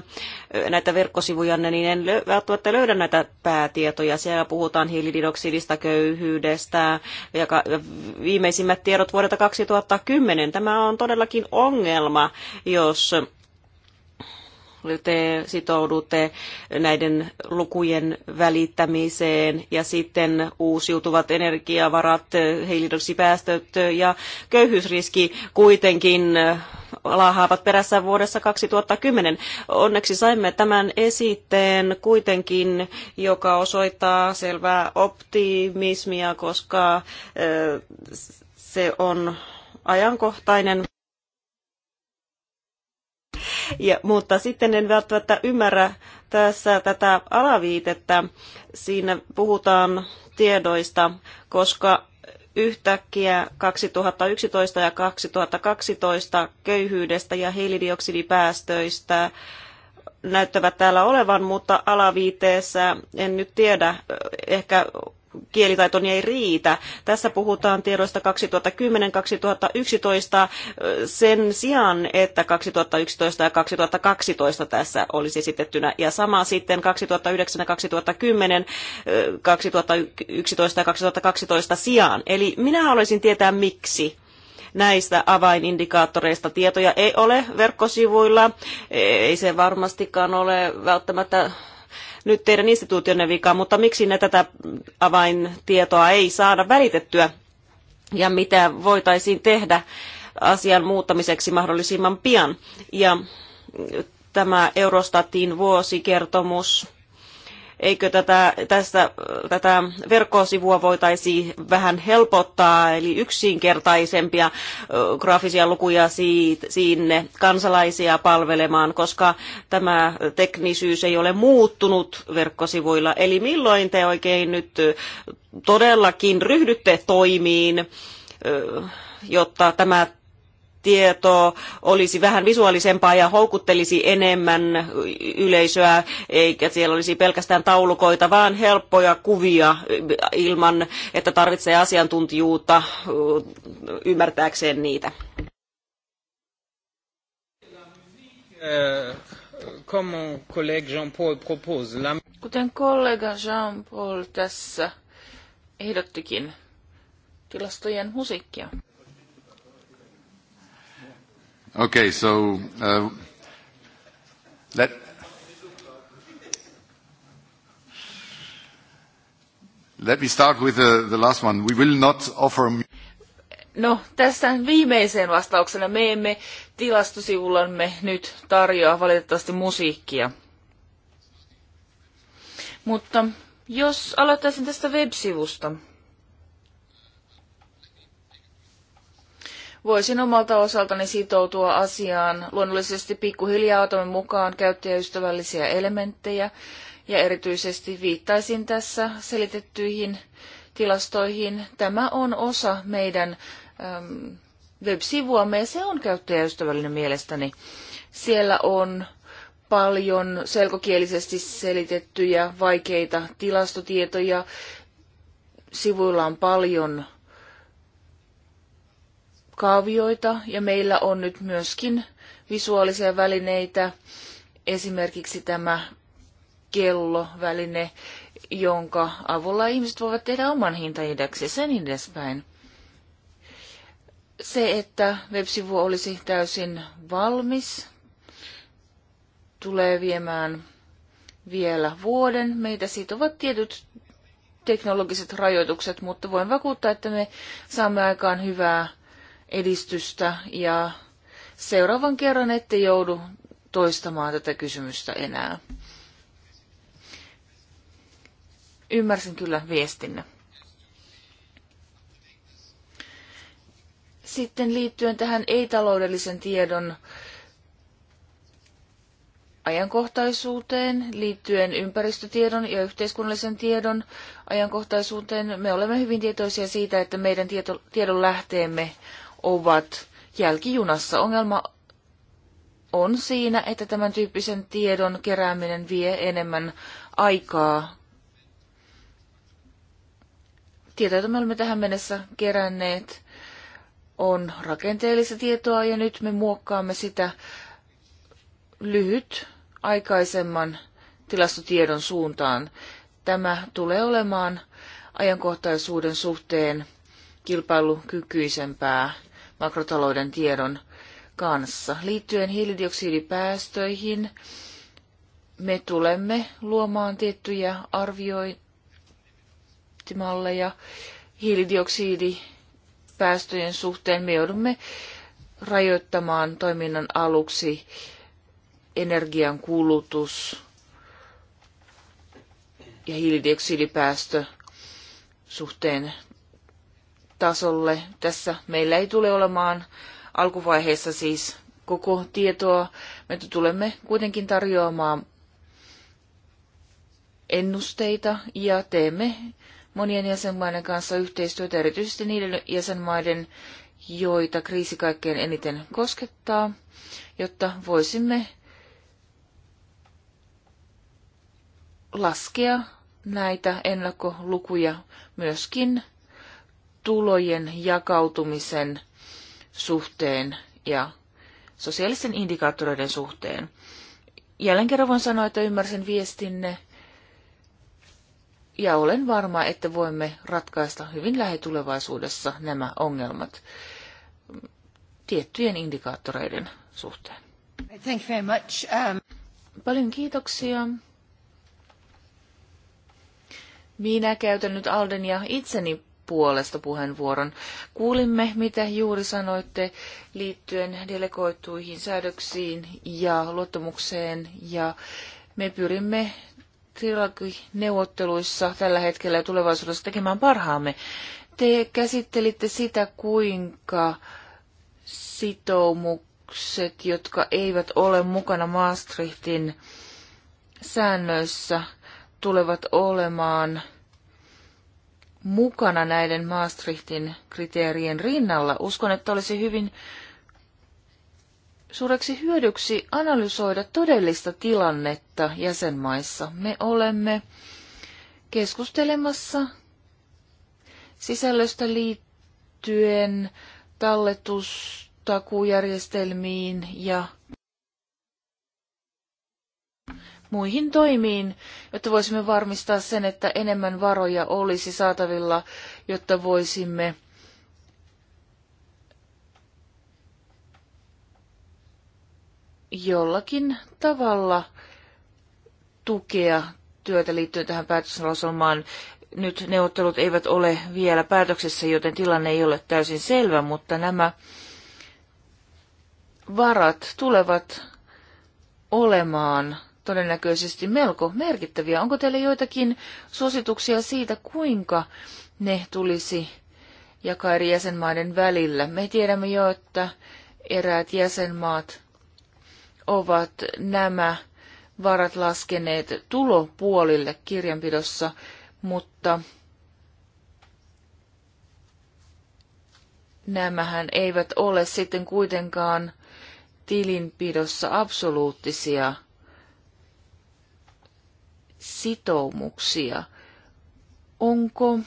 näitä verkkosivujanne, niin en lö, välttämättä löydä näitä päätietoja. Siellä puhutaan hiilidioksidista, köyhyydestä ja ka- viimeisimmät tiedot vuodelta 2010. Tämä on todellakin ongelma, jos te sitoudutte näiden lukujen välittämiseen ja sitten uusiutuvat energiavarat, hiilidioksidipäästöt ja köyhyysriski kuitenkin äh, laahaavat perässä vuodessa 2010. Onneksi saimme tämän esitteen kuitenkin, joka osoittaa selvää optimismia, koska äh, se on ajankohtainen. Ja, mutta sitten en välttämättä ymmärrä tässä tätä alaviitettä. Siinä puhutaan tiedoista, koska yhtäkkiä 2011 ja 2012 köyhyydestä ja hiilidioksidipäästöistä näyttävät täällä olevan, mutta alaviiteessä en nyt tiedä, ehkä kielitaitoni niin ei riitä. Tässä puhutaan tiedoista 2010-2011 sen sijaan, että 2011 ja 2012 tässä olisi esitettynä. Ja sama sitten 2009 ja 2010, 2011 ja 2012 sijaan. Eli minä haluaisin tietää miksi näistä avainindikaattoreista. Tietoja ei ole verkkosivuilla, ei se varmastikaan ole välttämättä nyt teidän instituutionne vika, mutta miksi ne tätä avaintietoa ei saada välitettyä ja mitä voitaisiin tehdä asian muuttamiseksi mahdollisimman pian. Ja tämä Eurostatin vuosikertomus eikö tätä, tästä, tätä verkkosivua voitaisi vähän helpottaa, eli yksinkertaisempia graafisia lukuja siitä, sinne kansalaisia palvelemaan, koska tämä teknisyys ei ole muuttunut verkkosivuilla. Eli milloin te oikein nyt todellakin ryhdytte toimiin, jotta tämä tieto olisi vähän visuaalisempaa ja houkuttelisi enemmän yleisöä, eikä siellä olisi pelkästään taulukoita, vaan helppoja kuvia ilman, että tarvitsee asiantuntijuutta ymmärtääkseen niitä. Eh, Kuten kollega Jean-Paul tässä ehdottikin tilastojen musiikkia. Okay, so uh, let. Let me start with the, the last one. We will not offer. No, tästä viimeiseen vastauksena me emme tilastosivullamme nyt tarjoa valitettavasti musiikkia. Mutta jos aloittaisin tästä web-sivusta. voisin omalta osaltani sitoutua asiaan. Luonnollisesti pikkuhiljaa otamme mukaan käyttäjäystävällisiä elementtejä ja erityisesti viittaisin tässä selitettyihin tilastoihin. Tämä on osa meidän äm, web-sivuamme ja se on käyttäjäystävällinen mielestäni. Siellä on paljon selkokielisesti selitettyjä vaikeita tilastotietoja. Sivuilla on paljon kaavioita ja meillä on nyt myöskin visuaalisia välineitä, esimerkiksi tämä kelloväline, jonka avulla ihmiset voivat tehdä oman hintaindeksi ja sen edespäin. Se, että websivu olisi täysin valmis, tulee viemään vielä vuoden. Meitä sitovat tietyt teknologiset rajoitukset, mutta voin vakuuttaa, että me saamme aikaan hyvää edistystä ja seuraavan kerran ette joudu toistamaan tätä kysymystä enää. Ymmärsin kyllä viestinne. Sitten liittyen tähän ei-taloudellisen tiedon ajankohtaisuuteen, liittyen ympäristötiedon ja yhteiskunnallisen tiedon ajankohtaisuuteen, me olemme hyvin tietoisia siitä, että meidän tiedon lähteemme ovat jälkijunassa. Ongelma on siinä, että tämän tyyppisen tiedon kerääminen vie enemmän aikaa. Tieto, jota me olemme tähän mennessä keränneet, on rakenteellista tietoa ja nyt me muokkaamme sitä lyhyt aikaisemman tilastotiedon suuntaan. Tämä tulee olemaan ajankohtaisuuden suhteen kilpailukykyisempää makrotalouden tiedon kanssa. Liittyen hiilidioksidipäästöihin me tulemme luomaan tiettyjä arviointimalleja hiilidioksidipäästöjen suhteen. Me joudumme rajoittamaan toiminnan aluksi energian kulutus ja hiilidioksidipäästö suhteen tasolle. Tässä meillä ei tule olemaan alkuvaiheessa siis koko tietoa. Me tulemme kuitenkin tarjoamaan ennusteita ja teemme monien jäsenmaiden kanssa yhteistyötä, erityisesti niiden jäsenmaiden, joita kriisi kaikkein eniten koskettaa, jotta voisimme laskea näitä ennakkolukuja myöskin tulojen jakautumisen suhteen ja sosiaalisten indikaattoreiden suhteen. Jälleen kerran voin sanoa, että ymmärsin viestinne ja olen varma, että voimme ratkaista hyvin lähitulevaisuudessa nämä ongelmat tiettyjen indikaattoreiden suhteen. Thank you very much. Um... Paljon kiitoksia. Minä käytän nyt Aldenia itseni puolesta puheenvuoron. Kuulimme, mitä juuri sanoitte liittyen delegoituihin säädöksiin ja luottamukseen, ja me pyrimme neuvotteluissa tällä hetkellä ja tulevaisuudessa tekemään parhaamme. Te käsittelitte sitä, kuinka sitoumukset, jotka eivät ole mukana Maastrichtin säännöissä, tulevat olemaan – mukana näiden Maastrichtin kriteerien rinnalla. Uskon, että olisi hyvin suureksi hyödyksi analysoida todellista tilannetta jäsenmaissa. Me olemme keskustelemassa sisällöstä liittyen talletustakujärjestelmiin ja muihin toimiin, jotta voisimme varmistaa sen, että enemmän varoja olisi saatavilla, jotta voisimme jollakin tavalla tukea työtä liittyen tähän päätöslauselmaan. Nyt neuvottelut eivät ole vielä päätöksessä, joten tilanne ei ole täysin selvä, mutta nämä varat tulevat olemaan todennäköisesti melko merkittäviä. Onko teille joitakin suosituksia siitä, kuinka ne tulisi jakaa eri jäsenmaiden välillä? Me tiedämme jo, että eräät jäsenmaat ovat nämä varat laskeneet tulopuolille kirjanpidossa, mutta nämähän eivät ole sitten kuitenkaan tilinpidossa absoluuttisia sitoumuksia. Onko,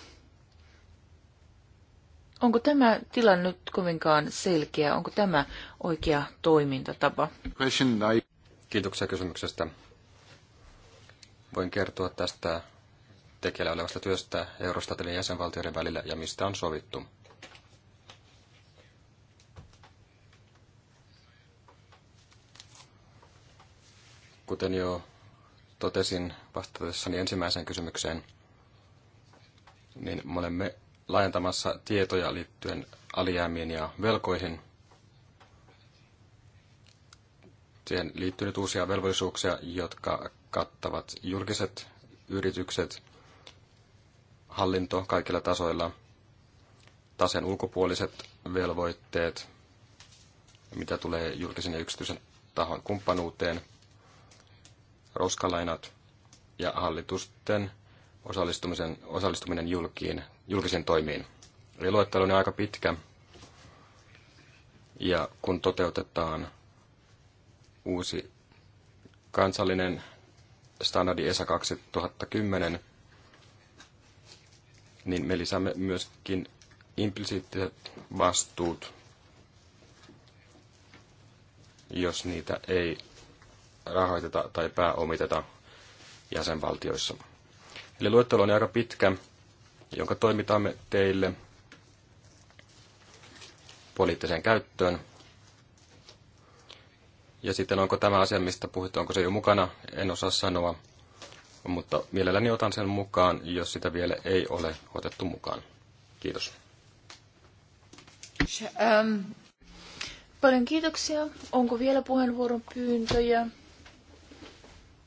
onko tämä tilanne nyt kovinkaan selkeä? Onko tämä oikea toimintatapa? Kiitoksia kysymyksestä. Voin kertoa tästä tekeillä olevasta työstä Eurostatelin jäsenvaltioiden välillä ja mistä on sovittu. Kuten jo totesin vastatessani ensimmäiseen kysymykseen, niin me olemme laajentamassa tietoja liittyen alijäämiin ja velkoihin. Siihen liittyy nyt uusia velvollisuuksia, jotka kattavat julkiset yritykset, hallinto kaikilla tasoilla, tasen ulkopuoliset velvoitteet, mitä tulee julkisen ja yksityisen tahon kumppanuuteen – roskalainat ja hallitusten osallistumisen, osallistuminen julkiin, julkisiin toimiin. Eli luettelo on aika pitkä. Ja kun toteutetaan uusi kansallinen standardi ESA 2010, niin me lisäämme myöskin implisiittiset vastuut, jos niitä ei rahoiteta tai pääomiteta jäsenvaltioissa. Eli luettelo on aika pitkä, jonka toimitamme teille poliittiseen käyttöön. Ja sitten onko tämä asia, mistä puhuttu, onko se jo mukana, en osaa sanoa, mutta mielelläni otan sen mukaan, jos sitä vielä ei ole otettu mukaan. Kiitos. Ähm. paljon kiitoksia. Onko vielä puheenvuoron pyyntöjä?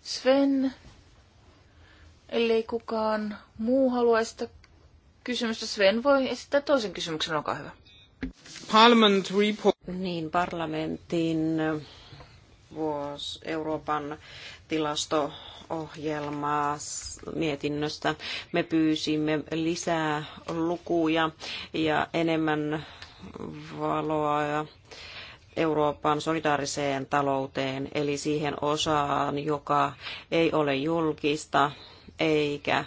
Sven, ellei kukaan muu halua sitä kysymystä, Sven voi esittää toisen kysymyksen, olkaa hyvä. Parliament report. Niin, parlamentin vuos Euroopan tilasto ohjelmaa mietinnöstä. Me pyysimme lisää lukuja ja enemmän valoa ja Euroopan solidaariseen talouteen, eli siihen osaan, joka ei ole julkista eikä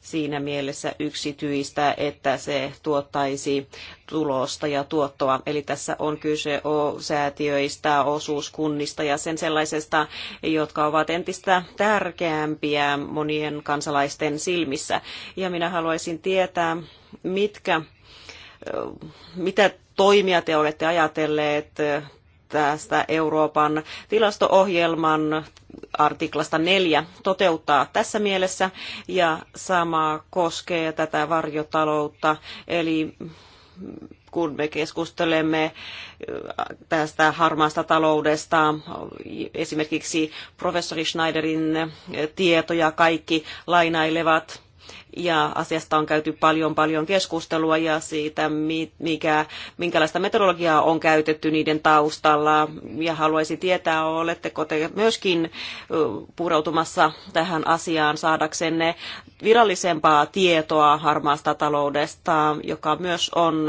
siinä mielessä yksityistä, että se tuottaisi tulosta ja tuottoa. Eli tässä on kyse säätiöistä, osuuskunnista ja sen sellaisesta, jotka ovat entistä tärkeämpiä monien kansalaisten silmissä. Ja minä haluaisin tietää, mitkä mitä toimia te olette ajatelleet tästä Euroopan tilastoohjelman artiklasta neljä toteuttaa tässä mielessä ja sama koskee tätä varjotaloutta eli kun me keskustelemme äh, tästä harmaasta taloudesta, esimerkiksi professori Schneiderin äh, tietoja kaikki lainailevat ja asiasta on käyty paljon paljon keskustelua ja siitä, mikä, minkälaista metodologiaa on käytetty niiden taustalla. Ja haluaisin tietää, oletteko te myöskin pureutumassa tähän asiaan saadaksenne virallisempaa tietoa harmaasta taloudesta, joka myös on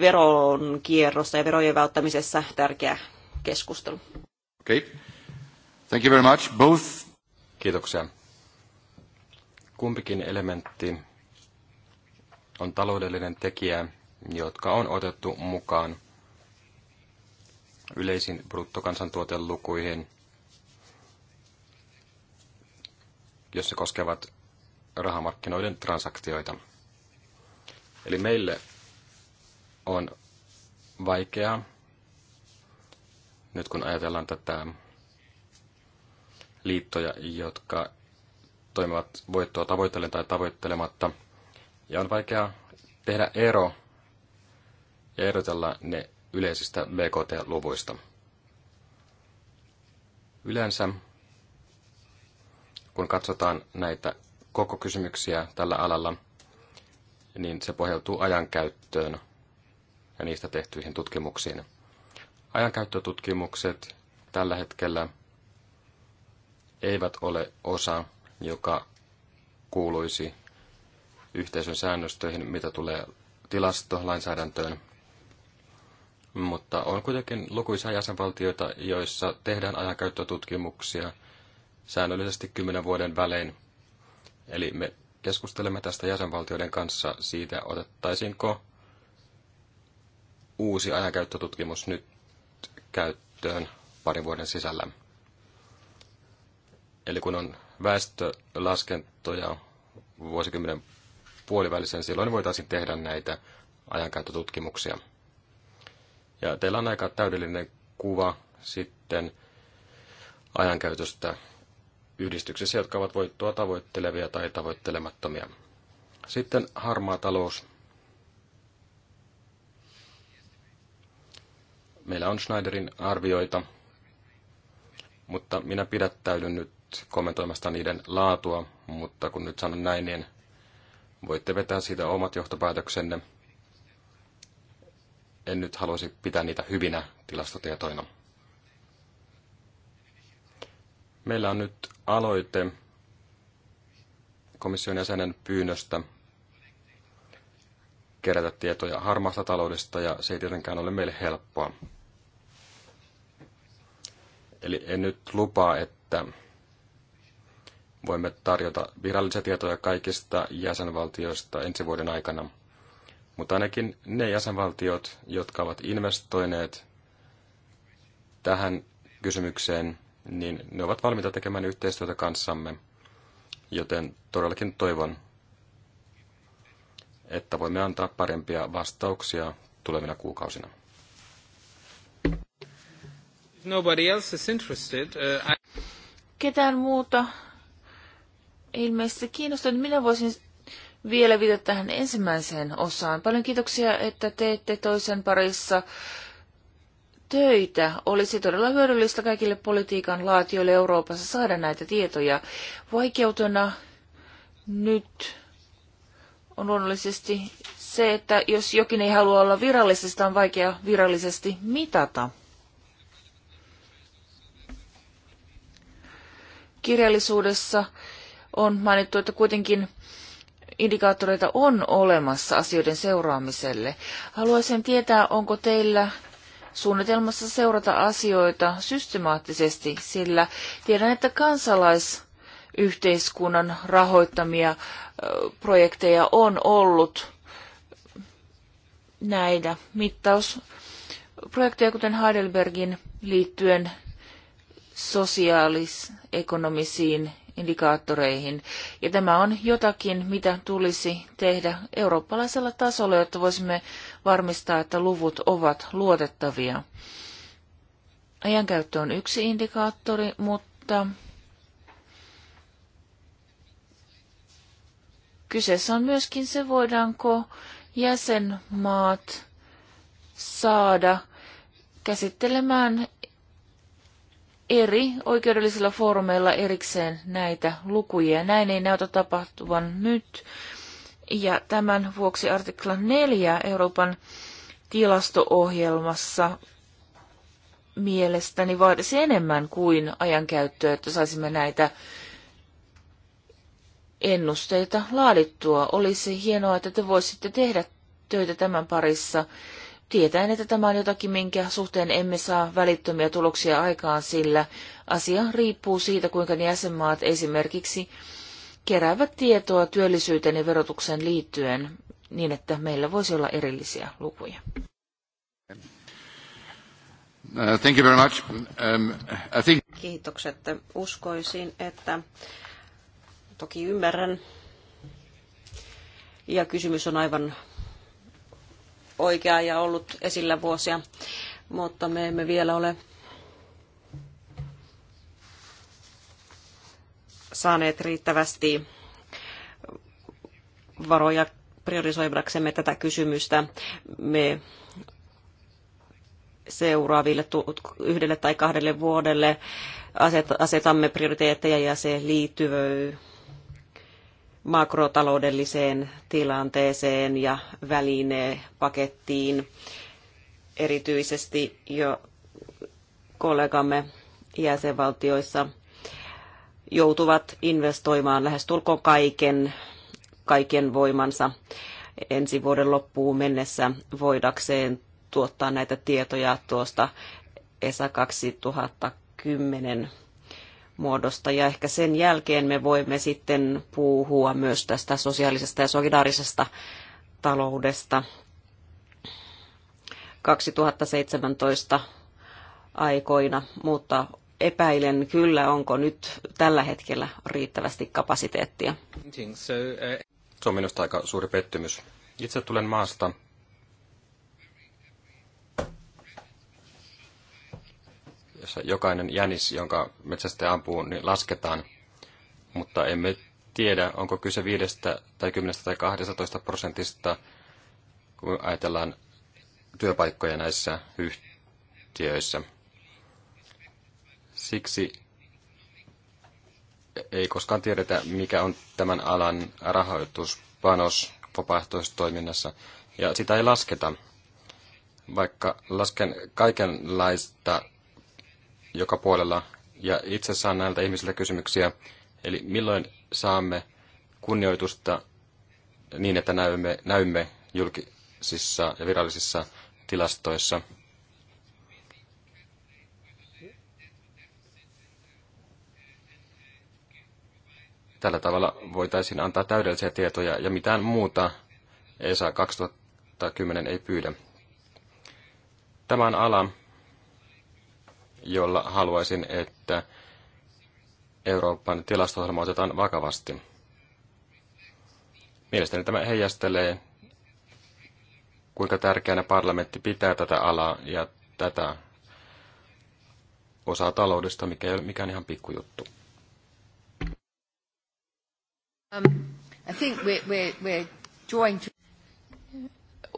veronkierrossa ja verojen välttämisessä tärkeä keskustelu. Okay. Thank you very much. Both. Kiitoksia kumpikin elementti on taloudellinen tekijä, jotka on otettu mukaan yleisiin bruttokansantuotelukuihin, se koskevat rahamarkkinoiden transaktioita. Eli meille on vaikeaa, nyt kun ajatellaan tätä liittoja, jotka toimivat voittoa tavoittelen tai tavoittelematta. Ja on vaikea tehdä ero ja erotella ne yleisistä BKT-luvuista. Yleensä, kun katsotaan näitä koko kysymyksiä tällä alalla, niin se pohjautuu ajankäyttöön ja niistä tehtyihin tutkimuksiin. Ajankäyttötutkimukset tällä hetkellä eivät ole osa joka kuuluisi yhteisön säännöstöihin, mitä tulee tilastolainsäädäntöön. Mutta on kuitenkin lukuisia jäsenvaltioita, joissa tehdään ajankäyttötutkimuksia säännöllisesti kymmenen vuoden välein. Eli me keskustelemme tästä jäsenvaltioiden kanssa siitä, otettaisiinko uusi ajankäyttötutkimus nyt käyttöön parin vuoden sisällä. Eli kun on väestölaskentoja vuosikymmenen puolivälisen, silloin voitaisiin tehdä näitä ajankäyttötutkimuksia. Ja teillä on aika täydellinen kuva sitten ajankäytöstä yhdistyksissä, jotka ovat voittoa tavoittelevia tai tavoittelemattomia. Sitten harmaa talous. Meillä on Schneiderin arvioita, mutta minä pidättäydyn nyt kommentoimasta niiden laatua, mutta kun nyt sanon näin, niin voitte vetää siitä omat johtopäätöksenne. En nyt haluaisi pitää niitä hyvinä tilastotietoina. Meillä on nyt aloite komission jäsenen pyynnöstä kerätä tietoja harmaasta taloudesta, ja se ei tietenkään ole meille helppoa. Eli en nyt lupaa, että voimme tarjota virallisia tietoja kaikista jäsenvaltioista ensi vuoden aikana. Mutta ainakin ne jäsenvaltiot, jotka ovat investoineet tähän kysymykseen, niin ne ovat valmiita tekemään yhteistyötä kanssamme. Joten todellakin toivon, että voimme antaa parempia vastauksia tulevina kuukausina. Nobody else is interested. Uh, I... Ketään muuta ilmeisesti kiinnostunut. Niin minä voisin vielä viitata tähän ensimmäiseen osaan. Paljon kiitoksia, että teette toisen parissa töitä. Olisi todella hyödyllistä kaikille politiikan laatioille Euroopassa saada näitä tietoja. Vaikeutena nyt on luonnollisesti se, että jos jokin ei halua olla virallisesti, on vaikea virallisesti mitata. Kirjallisuudessa on mainittu, että kuitenkin indikaattoreita on olemassa asioiden seuraamiselle. Haluaisin tietää, onko teillä suunnitelmassa seurata asioita systemaattisesti, sillä tiedän, että kansalaisyhteiskunnan rahoittamia projekteja on ollut näitä mittausprojekteja, kuten Heidelbergin liittyen sosiaalisekonomisiin indikaattoreihin. Ja tämä on jotakin, mitä tulisi tehdä eurooppalaisella tasolla, jotta voisimme varmistaa, että luvut ovat luotettavia. Ajankäyttö on yksi indikaattori, mutta kyseessä on myöskin se, voidaanko jäsenmaat saada käsittelemään eri oikeudellisilla foorumeilla erikseen näitä lukuja. Näin ei näytä tapahtuvan nyt. Ja tämän vuoksi artikla 4 Euroopan tilasto-ohjelmassa mielestäni vaatisi enemmän kuin ajankäyttöä, että saisimme näitä ennusteita laadittua. Olisi hienoa, että te voisitte tehdä töitä tämän parissa tietäen, että tämä on jotakin, minkä suhteen emme saa välittömiä tuloksia aikaan, sillä asia riippuu siitä, kuinka ne jäsenmaat esimerkiksi keräävät tietoa työllisyyteen ja verotukseen liittyen niin, että meillä voisi olla erillisiä lukuja. Uh, thank you very much. Um, I think... Kiitokset. Uskoisin, että toki ymmärrän. Ja kysymys on aivan oikea ja ollut esillä vuosia, mutta me emme vielä ole saaneet riittävästi varoja priorisoidaksemme tätä kysymystä. Me seuraaville yhdelle tai kahdelle vuodelle asetamme prioriteetteja ja se liittyy makrotaloudelliseen tilanteeseen ja välinepakettiin. Erityisesti jo kollegamme jäsenvaltioissa joutuvat investoimaan lähestulkoon kaiken, kaiken voimansa ensi vuoden loppuun mennessä voidakseen tuottaa näitä tietoja tuosta ESA 2010 muodosta. Ja ehkä sen jälkeen me voimme sitten puhua myös tästä sosiaalisesta ja solidaarisesta taloudesta. 2017 aikoina, mutta epäilen kyllä, onko nyt tällä hetkellä riittävästi kapasiteettia. Se on minusta aika suuri pettymys. Itse tulen maasta, jossa jokainen jänis, jonka metsästä ampuu, niin lasketaan, mutta emme tiedä, onko kyse 5 tai 10 tai 12 prosentista, kun ajatellaan työpaikkoja näissä yhtiöissä. Siksi ei koskaan tiedetä, mikä on tämän alan rahoituspanos vapaaehtoistoiminnassa, ja sitä ei lasketa. Vaikka lasken kaikenlaista joka puolella. Ja itse saan näiltä ihmisiltä kysymyksiä, eli milloin saamme kunnioitusta niin, että näymme, näymme julkisissa ja virallisissa tilastoissa. Tällä tavalla voitaisiin antaa täydellisiä tietoja ja mitään muuta ESA 2010 ei pyydä. Tämä on ala, jolla haluaisin, että Euroopan tilasto otetaan vakavasti. Mielestäni tämä heijastelee, kuinka tärkeänä parlamentti pitää tätä alaa ja tätä osaa taloudesta, mikä ei ole mikään ihan pikkujuttu. Um, I think we're, we're, to...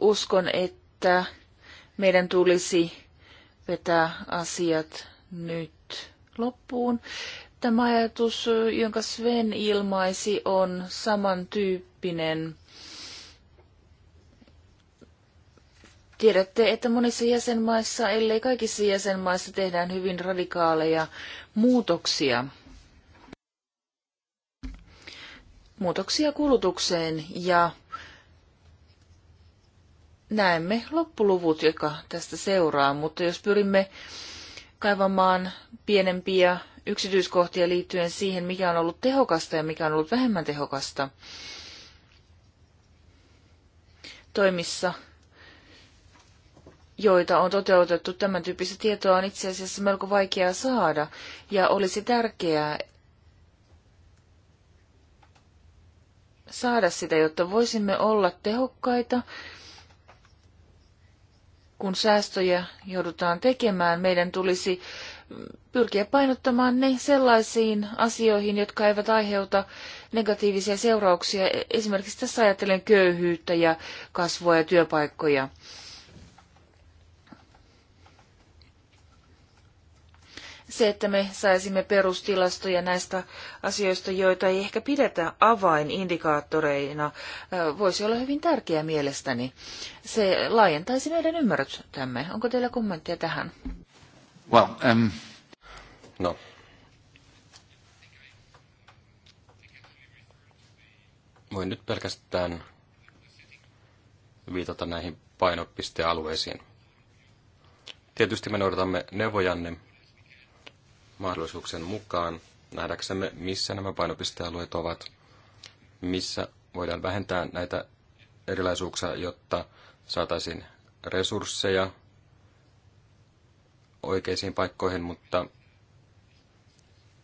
Uskon, että meidän tulisi vetää asiat nyt loppuun. Tämä ajatus, jonka Sven ilmaisi, on samantyyppinen. Tiedätte, että monissa jäsenmaissa, ellei kaikissa jäsenmaissa, tehdään hyvin radikaaleja muutoksia. Muutoksia kulutukseen ja näemme loppuluvut, joka tästä seuraa, mutta jos pyrimme kaivamaan pienempiä yksityiskohtia liittyen siihen, mikä on ollut tehokasta ja mikä on ollut vähemmän tehokasta toimissa, joita on toteutettu. Tämän tyyppistä tietoa on itse asiassa melko vaikeaa saada ja olisi tärkeää saada sitä, jotta voisimme olla tehokkaita kun säästöjä joudutaan tekemään, meidän tulisi pyrkiä painottamaan ne sellaisiin asioihin, jotka eivät aiheuta negatiivisia seurauksia. Esimerkiksi tässä ajattelen köyhyyttä ja kasvua ja työpaikkoja. se, että me saisimme perustilastoja näistä asioista, joita ei ehkä pidetä avainindikaattoreina, voisi olla hyvin tärkeää mielestäni. Se laajentaisi meidän ymmärrystämme. Onko teillä kommenttia tähän? Well, um... No. Voin nyt pelkästään viitata näihin painopistealueisiin. Tietysti me noudatamme neuvojanne mahdollisuuksien mukaan nähdäksemme, missä nämä painopistealueet ovat, missä voidaan vähentää näitä erilaisuuksia, jotta saataisiin resursseja oikeisiin paikkoihin, mutta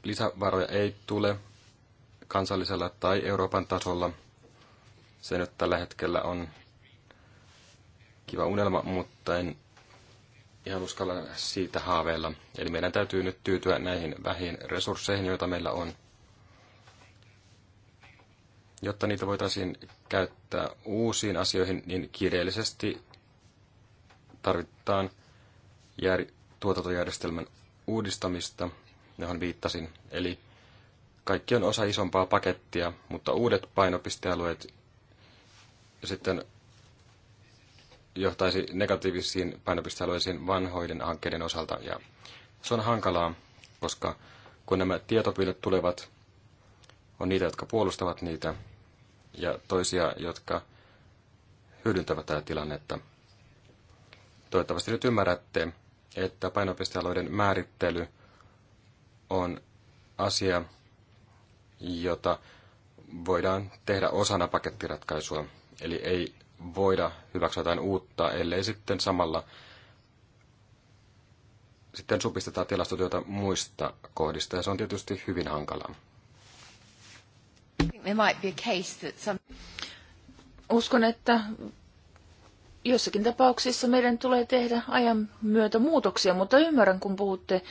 lisävaroja ei tule kansallisella tai Euroopan tasolla. Se nyt tällä hetkellä on kiva unelma, mutta en ihan uskalla siitä haaveilla. Eli meidän täytyy nyt tyytyä näihin vähin resursseihin, joita meillä on, jotta niitä voitaisiin käyttää uusiin asioihin, niin kiireellisesti tarvitaan jär- tuotantojärjestelmän uudistamista, johon viittasin. Eli kaikki on osa isompaa pakettia, mutta uudet painopistealueet ja sitten johtaisi negatiivisiin painopistealueisiin vanhoiden hankkeiden osalta. Ja se on hankalaa, koska kun nämä tietopyynnöt tulevat, on niitä, jotka puolustavat niitä, ja toisia, jotka hyödyntävät tätä tilannetta. Toivottavasti nyt ymmärrätte, että painopistealueiden määrittely on asia, jota voidaan tehdä osana pakettiratkaisua. Eli ei voida hyväksyä jotain uutta, ellei sitten samalla sitten supistetaan tilastotyötä muista kohdista, ja se on tietysti hyvin hankalaa. Uskon, että jossakin tapauksissa meidän tulee tehdä ajan myötä muutoksia, mutta ymmärrän, kun puhutte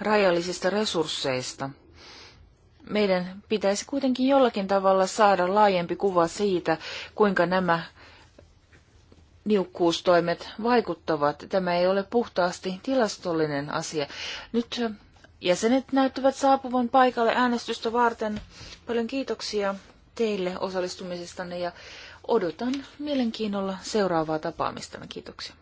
rajallisista resursseista. Meidän pitäisi kuitenkin jollakin tavalla saada laajempi kuva siitä, kuinka nämä niukkuustoimet vaikuttavat. Tämä ei ole puhtaasti tilastollinen asia. Nyt äh, jäsenet näyttävät saapuvan paikalle äänestystä varten. Paljon kiitoksia teille osallistumisestanne ja odotan mielenkiinnolla seuraavaa tapaamistanne. Kiitoksia.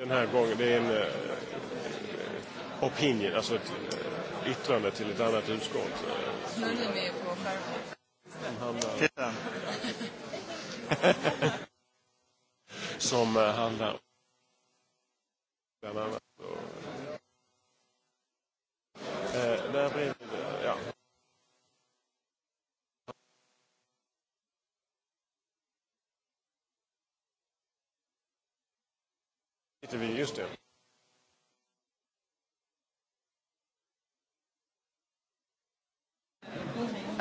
Den här gången, det är en uh, opinion, alltså ett uh, yttrande till ett annat utskott. Snurren är er på skärmen. Som uh, handlar bland annat. Och, eh, där blir tyckte vi, just det.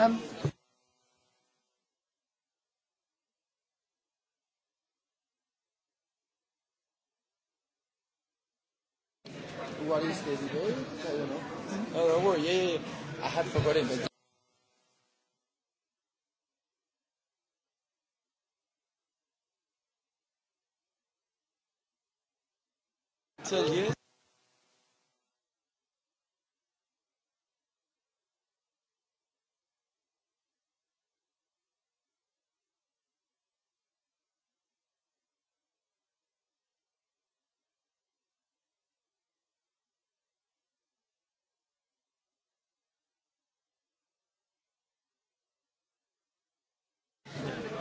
Um. What is the debate? I don't know. Mm-hmm. Oh, don't worry. Yeah, yeah, yeah. I have forgotten. But tell you.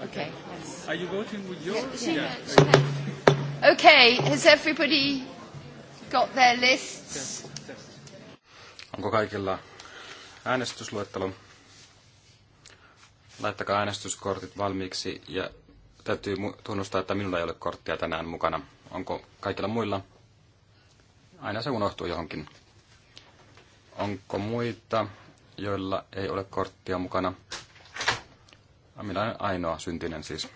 Okay. Yes. Are you voting with yours? Yeah. yeah. Okay. Has everybody got their lists? Onko kaikilla äänestysluettelo? Laittakaa äänestyskortit valmiiksi ja täytyy tunnustaa, että minulla ei ole korttia tänään mukana. Onko kaikilla muilla? Aina se unohtuu johonkin. Onko muita, joilla ei ole korttia mukana? Ah, minä olen ainoa syntinen siis.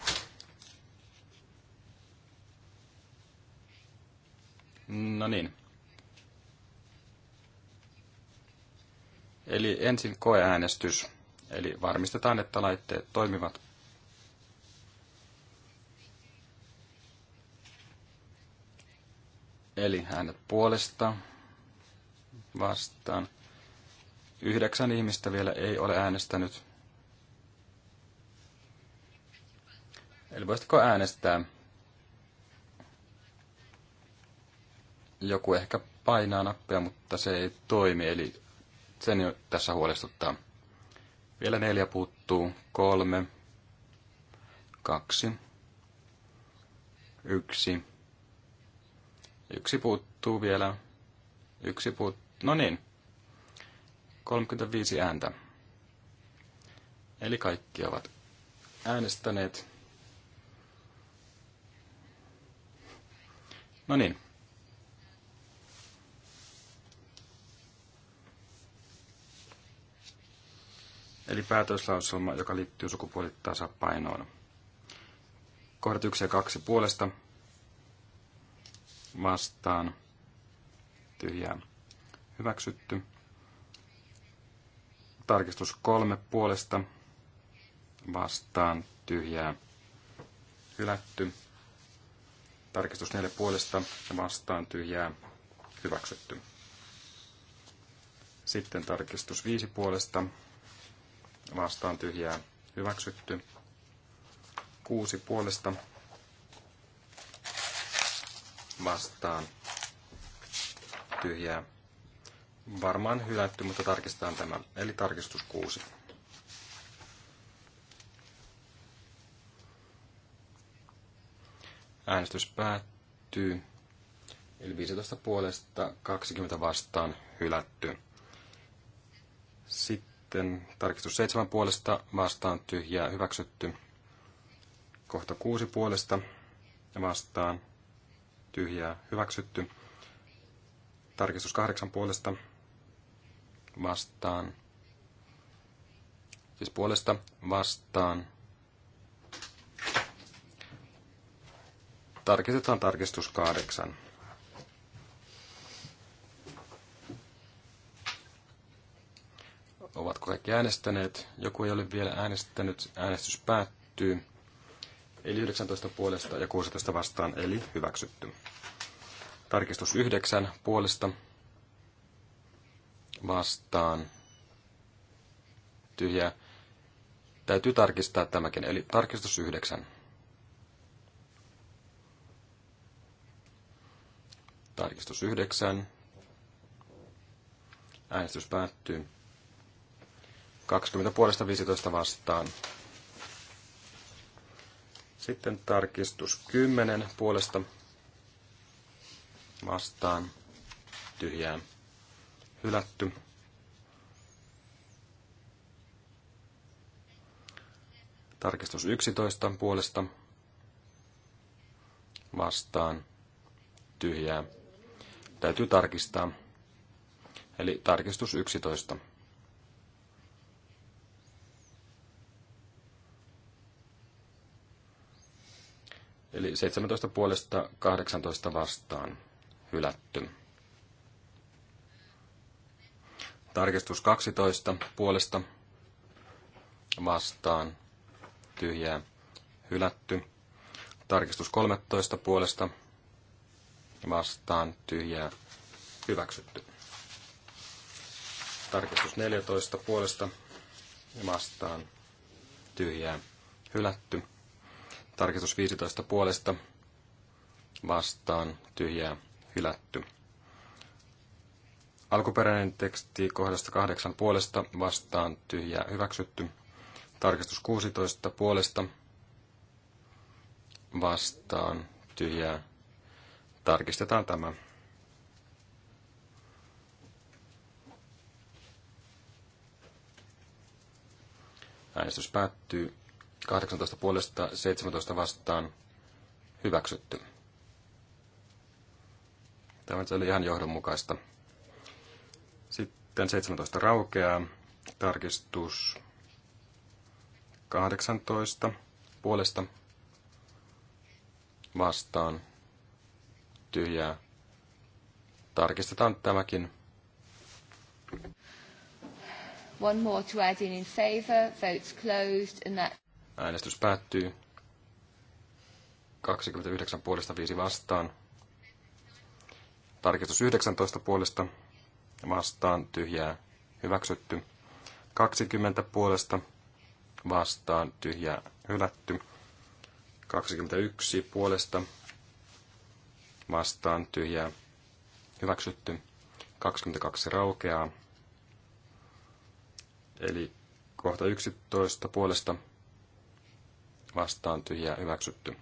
No niin. Eli ensin koeäänestys. Eli varmistetaan, että laitteet toimivat. Eli äänet puolesta vastaan. Yhdeksän ihmistä vielä ei ole äänestänyt. Eli voisitko äänestää? joku ehkä painaa nappia, mutta se ei toimi, eli sen jo tässä huolestuttaa. Vielä neljä puuttuu, kolme, kaksi, yksi, yksi puuttuu vielä, yksi puuttuu, no niin, 35 ääntä. Eli kaikki ovat äänestäneet. No niin, Eli päätöslauselma, joka liittyy sukupuolitasapainoon. Kohdat 1 ja 2 puolesta vastaan tyhjää hyväksytty. Tarkistus kolme puolesta vastaan tyhjää hylätty. Tarkistus neljä puolesta vastaan tyhjää hyväksytty. Sitten tarkistus viisi puolesta vastaan tyhjää hyväksytty. Kuusi puolesta vastaan tyhjää varmaan hylätty, mutta tarkistetaan tämä. Eli tarkistus kuusi Äänestys päättyy. Eli 15 puolesta 20 vastaan hylätty. Sitten sitten tarkistus 7 puolesta vastaan tyhjää hyväksytty. Kohta 6 puolesta vastaan tyhjää hyväksytty. Tarkistus 8 puolesta vastaan. Siis puolesta vastaan. Tarkistetaan tarkistus 8. Ovatko kaikki äänestäneet? Joku ei ole vielä äänestänyt. Äänestys päättyy. Eli 19 puolesta ja 16 vastaan, eli hyväksytty. Tarkistus 9 puolesta vastaan Tyhjä. Täytyy tarkistaa tämäkin, eli tarkistus 9. Tarkistus 9. Äänestys päättyy. 20 puolesta 15 vastaan. Sitten tarkistus 10 puolesta vastaan tyhjää hylätty. Tarkistus 11 puolesta vastaan tyhjää. Täytyy tarkistaa. Eli tarkistus 11. Eli 17 puolesta 18 vastaan hylätty. Tarkistus 12 puolesta vastaan tyhjää hylätty. Tarkistus 13 puolesta vastaan tyhjää hyväksytty. Tarkistus 14 puolesta vastaan tyhjää hylätty. Tarkistus 15 puolesta vastaan tyhjää hylätty. Alkuperäinen teksti kohdasta 8 puolesta vastaan tyhjää hyväksytty. Tarkistus 16 puolesta vastaan tyhjää. Tarkistetaan tämä. Äänestys päättyy. 18 puolesta 17 vastaan hyväksytty. Tämä oli ihan johdonmukaista. Sitten 17 raukeaa. Tarkistus 18 puolesta vastaan tyhjää. Tarkistetaan tämäkin. One more to add in in favor, votes closed and that... Äänestys päättyy. 29 puolesta 5 vastaan. Tarkistus 19 puolesta vastaan tyhjää hyväksytty. 20 puolesta vastaan tyhjää hylätty. 21 puolesta vastaan tyhjää hyväksytty. 22 raukeaa. Eli kohta 11 puolesta vastaan tyhjää hyväksytty.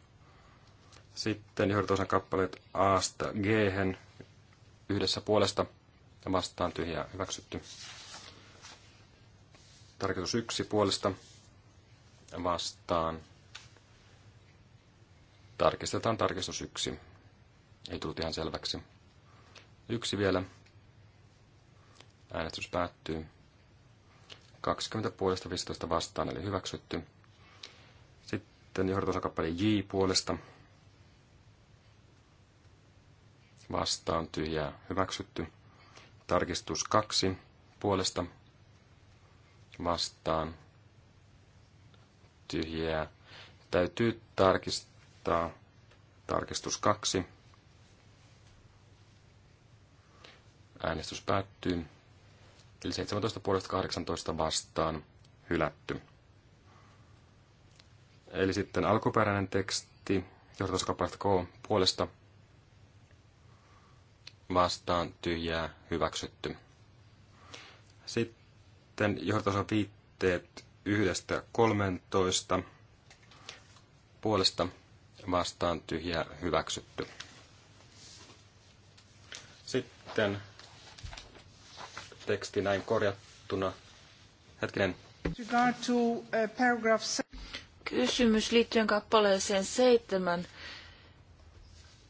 Sitten johdotosan kappaleet A-sta g yhdessä puolesta ja vastaan tyhjää hyväksytty. Tarkoitus yksi puolesta ja vastaan. Tarkistetaan tarkistus yksi. Ei tullut ihan selväksi. Yksi vielä. Äänestys päättyy. 20 puolesta 15 vastaan, eli hyväksytty. Sitten johdatusakappale J puolesta vastaan tyhjää hyväksytty. Tarkistus 2 puolesta vastaan tyhjää. Täytyy tarkistaa tarkistus 2. Äänestys päättyy. Eli 17 puolesta 18 vastaan hylätty. Eli sitten alkuperäinen teksti, johdatuskappaleet K puolesta vastaan tyhjää hyväksytty. Sitten johdatusosa viitteet yhdestä 13 puolesta vastaan tyhjää hyväksytty. Sitten teksti näin korjattuna. Hetkinen. Regard to uh, paragraph kysymys liittyen kappaleeseen seitsemän.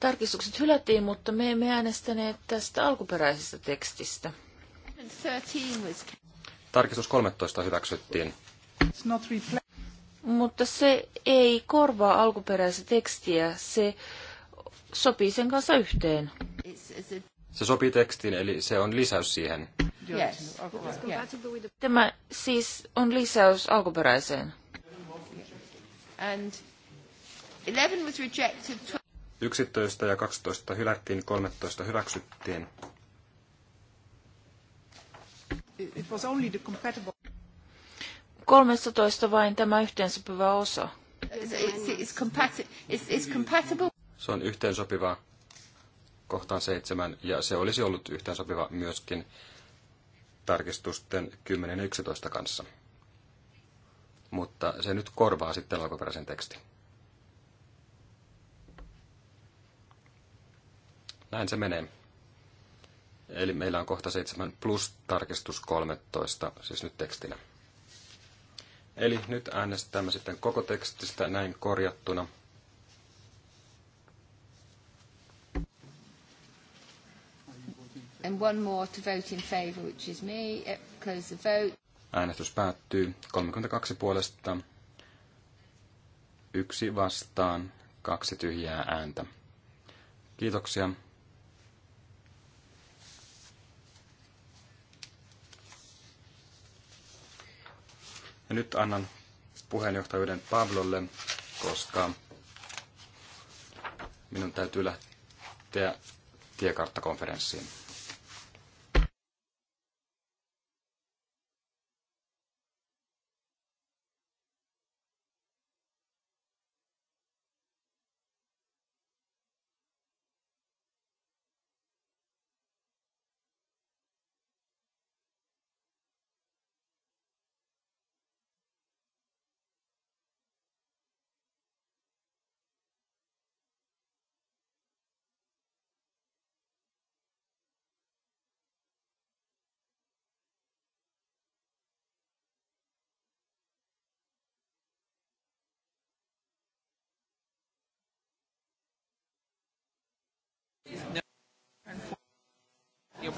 Tarkistukset hylättiin, mutta me emme äänestäneet tästä alkuperäisestä tekstistä. Tarkistus 13 hyväksyttiin. Mutta se ei korvaa alkuperäistä tekstiä, se sopii sen kanssa yhteen. Se sopii tekstiin, eli se on lisäys siihen. Yes. Tämä siis on lisäys alkuperäiseen. 11 ja 12 hylättiin, 13 hyväksyttiin. It was only the compatible. 13 vain tämä yhteensopiva osa. Se on yhteensopiva kohtaan seitsemän ja se olisi ollut yhteensopiva myöskin tarkistusten 10 ja 11 kanssa mutta se nyt korvaa sitten alkuperäisen tekstin. Näin se menee. Eli meillä on kohta 7 plus tarkistus 13, siis nyt tekstinä. Eli nyt äänestämme sitten koko tekstistä näin korjattuna. And one more to vote in favor, which is me. Close the vote. Äänestys päättyy 32 puolesta, yksi vastaan, kaksi tyhjää ääntä. Kiitoksia. Ja nyt annan puheenjohtajuuden Pablolle, koska minun täytyy lähteä tiekarttakonferenssiin.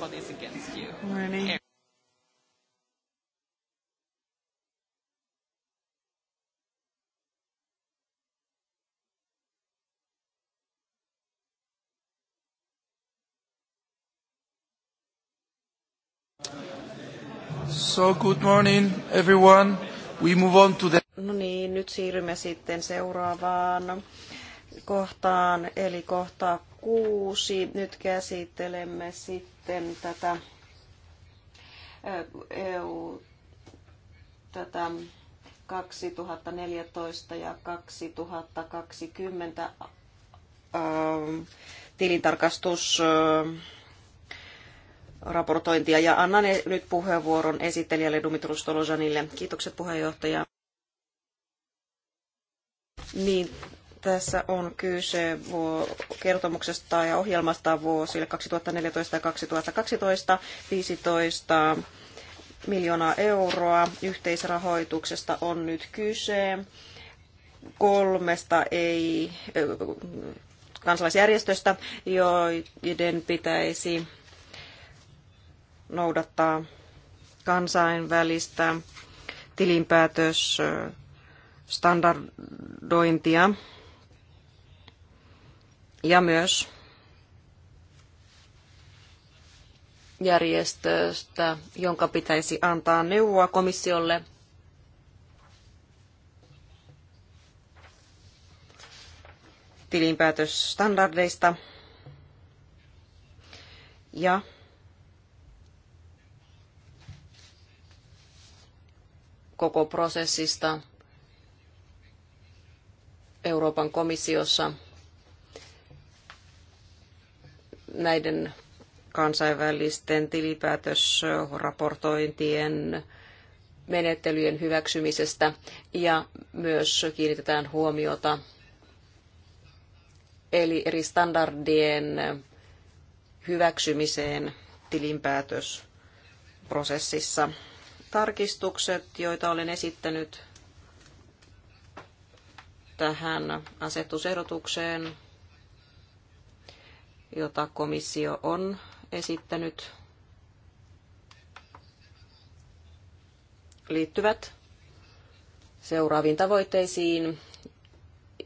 anybody's against you. Really? So good morning everyone. We move on to the... No niin, nyt siirrymme sitten seuraavaan kohtaan, eli kohta kuusi. Nyt käsittelemme sitten sitten tätä EU tätä 2014 ja 2020 tilintarkastusraportointia ja annan e- nyt puheenvuoron esittelijälle Dumitru Stolozanille. Kiitokset puheenjohtaja. Niin, tässä on kyse kertomuksesta ja ohjelmasta vuosille 2014 ja 2012 15 miljoonaa euroa. Yhteisrahoituksesta on nyt kyse. Kolmesta ei kansalaisjärjestöstä, joiden pitäisi noudattaa kansainvälistä tilinpäätösstandardointia ja myös järjestöstä, jonka pitäisi antaa neuvoa komissiolle tilinpäätösstandardeista ja koko prosessista Euroopan komissiossa – näiden kansainvälisten tilipäätösraportointien menettelyjen hyväksymisestä ja myös kiinnitetään huomiota eli eri standardien hyväksymiseen tilinpäätösprosessissa. Tarkistukset, joita olen esittänyt tähän asetusehdotukseen, jota komissio on esittänyt, liittyvät seuraaviin tavoitteisiin,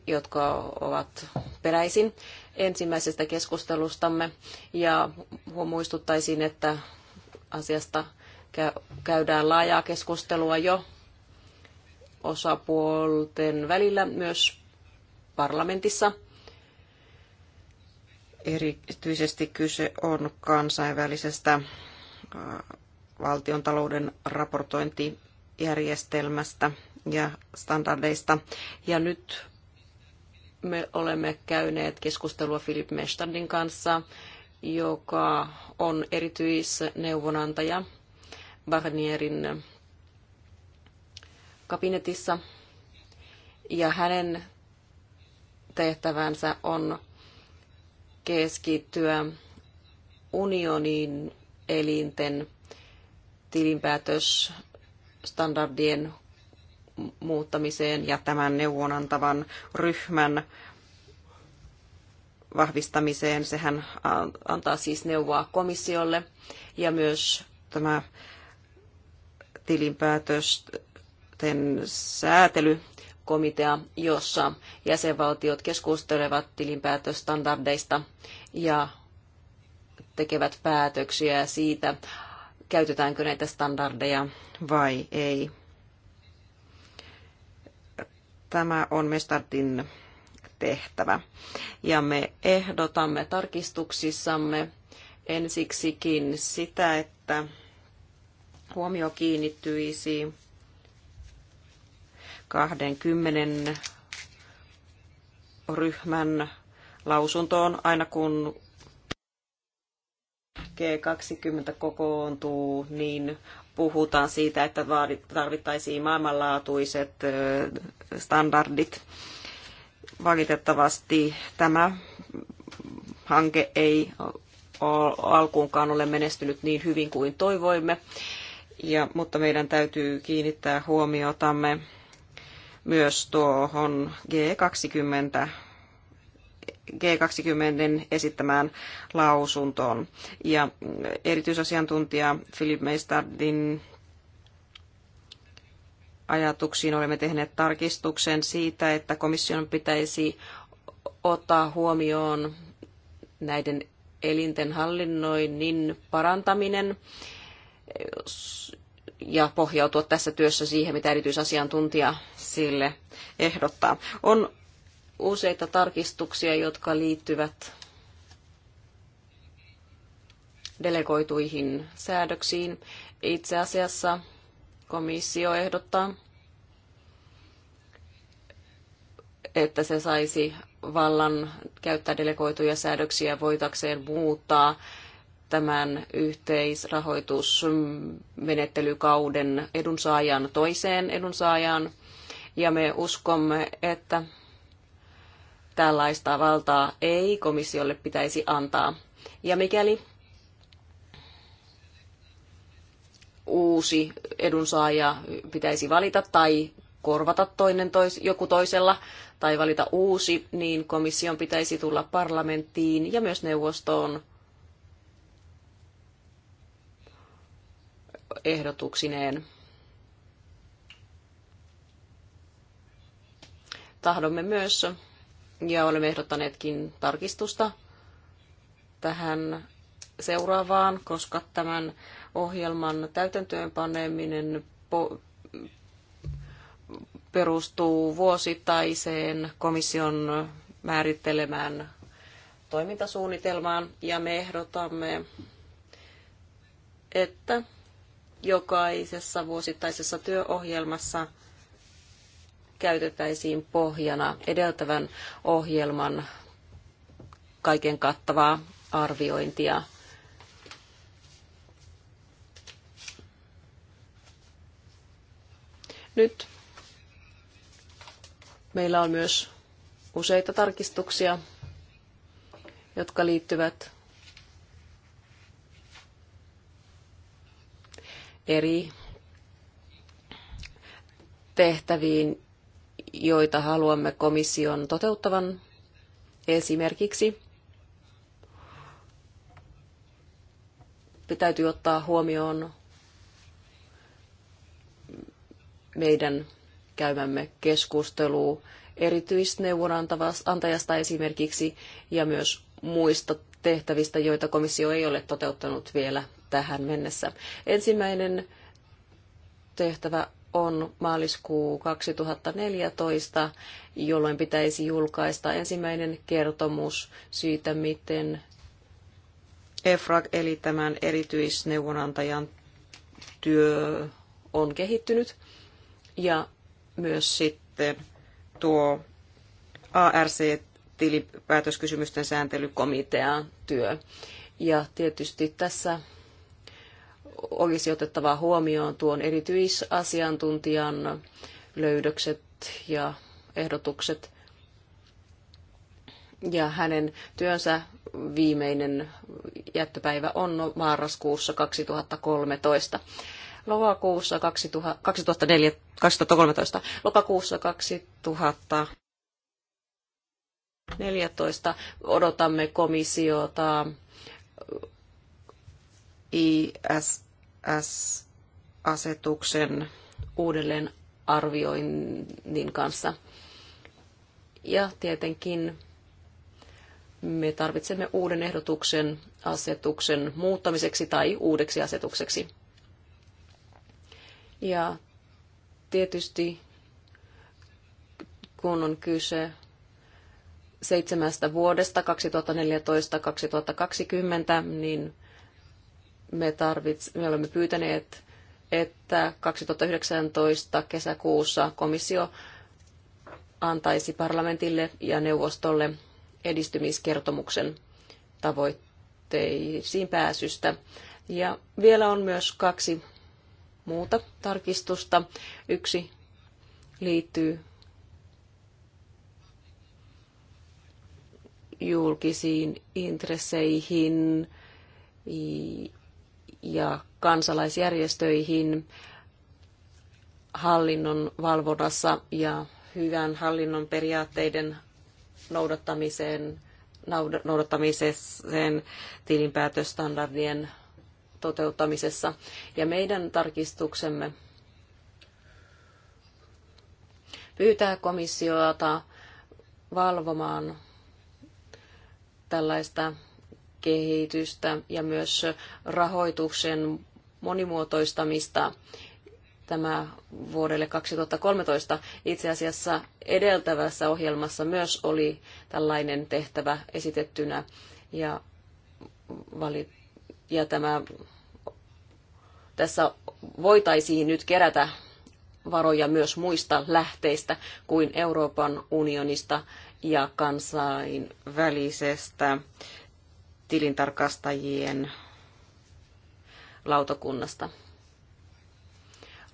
jotka ovat peräisin ensimmäisestä keskustelustamme. Ja muistuttaisin, että asiasta käydään laajaa keskustelua jo osapuolten välillä myös parlamentissa – Erityisesti kyse on kansainvälisestä valtion talouden raportointijärjestelmästä ja standardeista. Ja nyt me olemme käyneet keskustelua Philip Mestadin kanssa, joka on erityisneuvonantaja Barnierin kabinetissa. Ja hänen tehtävänsä on keskittyä unionin elinten tilinpäätösstandardien muuttamiseen ja tämän neuvonantavan ryhmän vahvistamiseen. Sehän antaa siis neuvoa komissiolle ja myös tämä tilinpäätösten säätely komitea, jossa jäsenvaltiot keskustelevat tilinpäätöstandardeista ja tekevät päätöksiä siitä, käytetäänkö näitä standardeja vai ei. Tämä on Mestardin tehtävä. Ja me ehdotamme tarkistuksissamme ensiksikin sitä, että huomio kiinnittyisi 20 ryhmän lausuntoon aina kun G20 kokoontuu, niin puhutaan siitä, että tarvittaisiin maailmanlaatuiset standardit. Valitettavasti tämä hanke ei alkuunkaan ole menestynyt niin hyvin kuin toivoimme, ja, mutta meidän täytyy kiinnittää huomiotamme myös tuohon G20 G20 esittämään lausuntoon. Ja erityisasiantuntija Philip Meistardin ajatuksiin olemme tehneet tarkistuksen siitä, että komission pitäisi ottaa huomioon näiden elinten hallinnoinnin parantaminen ja pohjautua tässä työssä siihen, mitä erityisasiantuntija sille ehdottaa. On useita tarkistuksia, jotka liittyvät delegoituihin säädöksiin. Itse asiassa komissio ehdottaa, että se saisi vallan käyttää delegoituja säädöksiä voitakseen muuttaa tämän yhteisrahoitusmenettelykauden edunsaajan toiseen edunsaajaan. Ja me uskomme, että tällaista valtaa ei komissiolle pitäisi antaa. Ja mikäli uusi edunsaaja pitäisi valita tai korvata toinen tois, joku toisella tai valita uusi, niin komission pitäisi tulla parlamenttiin ja myös neuvostoon ehdotuksineen. Tahdomme myös, ja olemme ehdottaneetkin tarkistusta tähän seuraavaan, koska tämän ohjelman täytäntöönpaneminen po- perustuu vuosittaiseen komission määrittelemään toimintasuunnitelmaan ja me ehdotamme, että jokaisessa vuosittaisessa työohjelmassa käytettäisiin pohjana edeltävän ohjelman kaiken kattavaa arviointia. Nyt meillä on myös useita tarkistuksia, jotka liittyvät eri tehtäviin, joita haluamme komission toteuttavan. Esimerkiksi täytyy ottaa huomioon meidän käymämme keskustelu erityisneuvonantajasta esimerkiksi ja myös muista tehtävistä, joita komissio ei ole toteuttanut vielä tähän mennessä. Ensimmäinen tehtävä on maaliskuu 2014, jolloin pitäisi julkaista ensimmäinen kertomus siitä, miten EFRAG eli tämän erityisneuvonantajan työ on kehittynyt. Ja myös sitten tuo ARC-tilipäätöskysymysten sääntelykomitean työ. Ja tietysti tässä olisi otettava huomioon tuon erityisasiantuntijan löydökset ja ehdotukset ja hänen työnsä viimeinen jättöpäivä on no, marraskuussa 2013. Lokakuussa 2014 2013, lokakuussa 2014 odotamme komissiota IS ETS-asetuksen uudelleen arvioinnin kanssa. Ja tietenkin me tarvitsemme uuden ehdotuksen asetuksen muuttamiseksi tai uudeksi asetukseksi. Ja tietysti kun on kyse seitsemästä vuodesta 2014-2020, niin me, tarvits, me olemme pyytäneet, että 2019 kesäkuussa komissio antaisi parlamentille ja neuvostolle edistymiskertomuksen tavoitteisiin pääsystä. Ja vielä on myös kaksi muuta tarkistusta. Yksi liittyy julkisiin intresseihin ja kansalaisjärjestöihin hallinnon valvonnassa ja hyvän hallinnon periaatteiden noudattamiseen, noudattamiseen tilinpäätöstandardien toteuttamisessa. Ja meidän tarkistuksemme pyytää komissiota valvomaan tällaista kehitystä ja myös rahoituksen monimuotoistamista tämä vuodelle 2013. Itse asiassa edeltävässä ohjelmassa myös oli tällainen tehtävä esitettynä ja, vali- ja tämä, tässä voitaisiin nyt kerätä varoja myös muista lähteistä kuin Euroopan unionista ja kansainvälisestä tilintarkastajien lautakunnasta.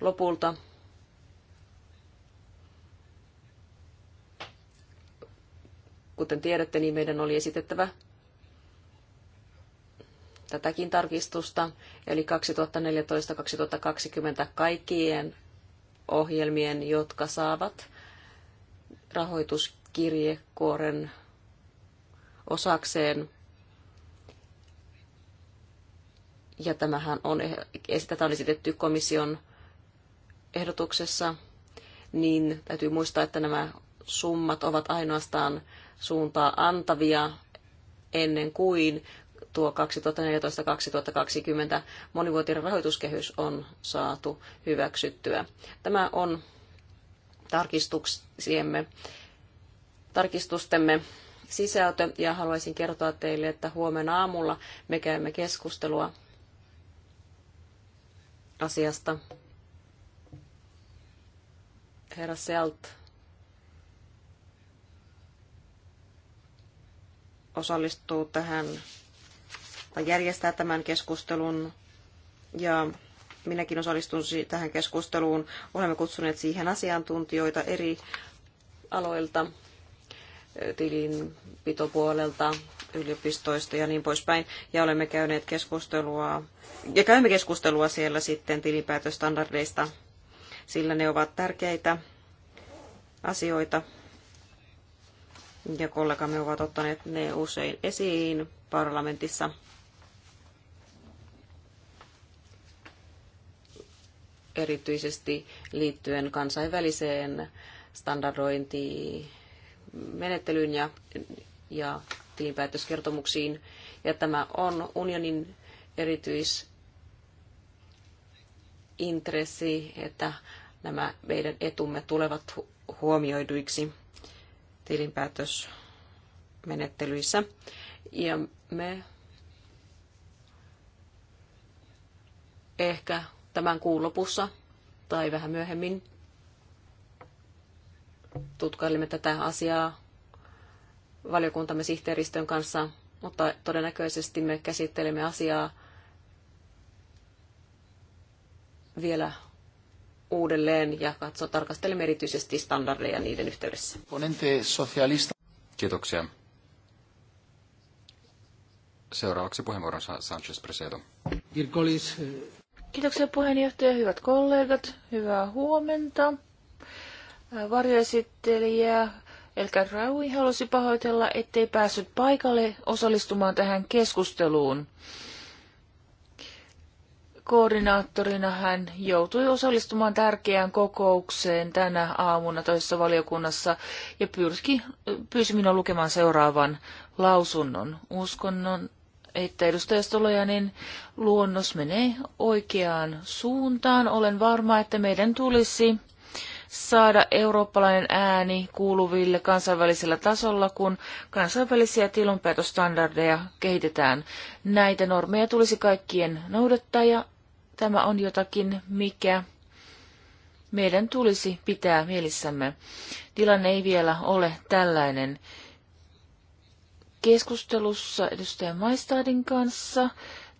Lopulta kuten tiedätte, niin meidän oli esitettävä tätäkin tarkistusta, eli 2014-2020 kaikkien ohjelmien, jotka saavat rahoituskirjekuoren osakseen Ja tämähän on, tätä eh, eh, on esitetty komission ehdotuksessa, niin täytyy muistaa, että nämä summat ovat ainoastaan suuntaa antavia ennen kuin tuo 2014-2020 monivuotinen rahoituskehys on saatu hyväksyttyä. Tämä on tarkistuksiemme, tarkistustemme sisältö ja haluaisin kertoa teille, että huomenna aamulla me käymme keskustelua asiasta. Herra Selt osallistuu tähän tai järjestää tämän keskustelun ja minäkin osallistun tähän keskusteluun. Olemme kutsuneet siihen asiantuntijoita eri aloilta, tilinpitopuolelta, yliopistoista ja niin poispäin. Ja olemme käyneet keskustelua, ja käymme keskustelua siellä sitten tilinpäätöstandardeista, sillä ne ovat tärkeitä asioita. Ja kollegamme ovat ottaneet ne usein esiin parlamentissa. erityisesti liittyen kansainväliseen standardointiin menettelyyn ja, ja tilinpäätöskertomuksiin. Ja tämä on unionin erityisintressi, että nämä meidän etumme tulevat huomioiduiksi tilinpäätösmenettelyissä. Ja me ehkä tämän kuun lopussa tai vähän myöhemmin tutkailemme tätä asiaa valiokuntamme sihteeristön kanssa, mutta todennäköisesti me käsittelemme asiaa vielä uudelleen ja katso, tarkastelemme erityisesti standardeja niiden yhteydessä. Kiitoksia. Seuraavaksi puheenvuoron saa Sanchez Presedo. Eh. Kiitoksia puheenjohtaja, hyvät kollegat, hyvää huomenta. Varjoesittelijä Elkä Raui halusi pahoitella, ettei päässyt paikalle osallistumaan tähän keskusteluun. Koordinaattorina hän joutui osallistumaan tärkeään kokoukseen tänä aamuna toisessa valiokunnassa ja pyrki, pyysi minua lukemaan seuraavan lausunnon. Uskonnon, että edustaja Stolojanin luonnos menee oikeaan suuntaan. Olen varma, että meidän tulisi saada eurooppalainen ääni kuuluville kansainvälisellä tasolla, kun kansainvälisiä tilinpäätöstandardeja kehitetään. Näitä normeja tulisi kaikkien noudattaa ja tämä on jotakin, mikä meidän tulisi pitää mielissämme. Tilanne ei vielä ole tällainen. Keskustelussa edustaja Maistadin kanssa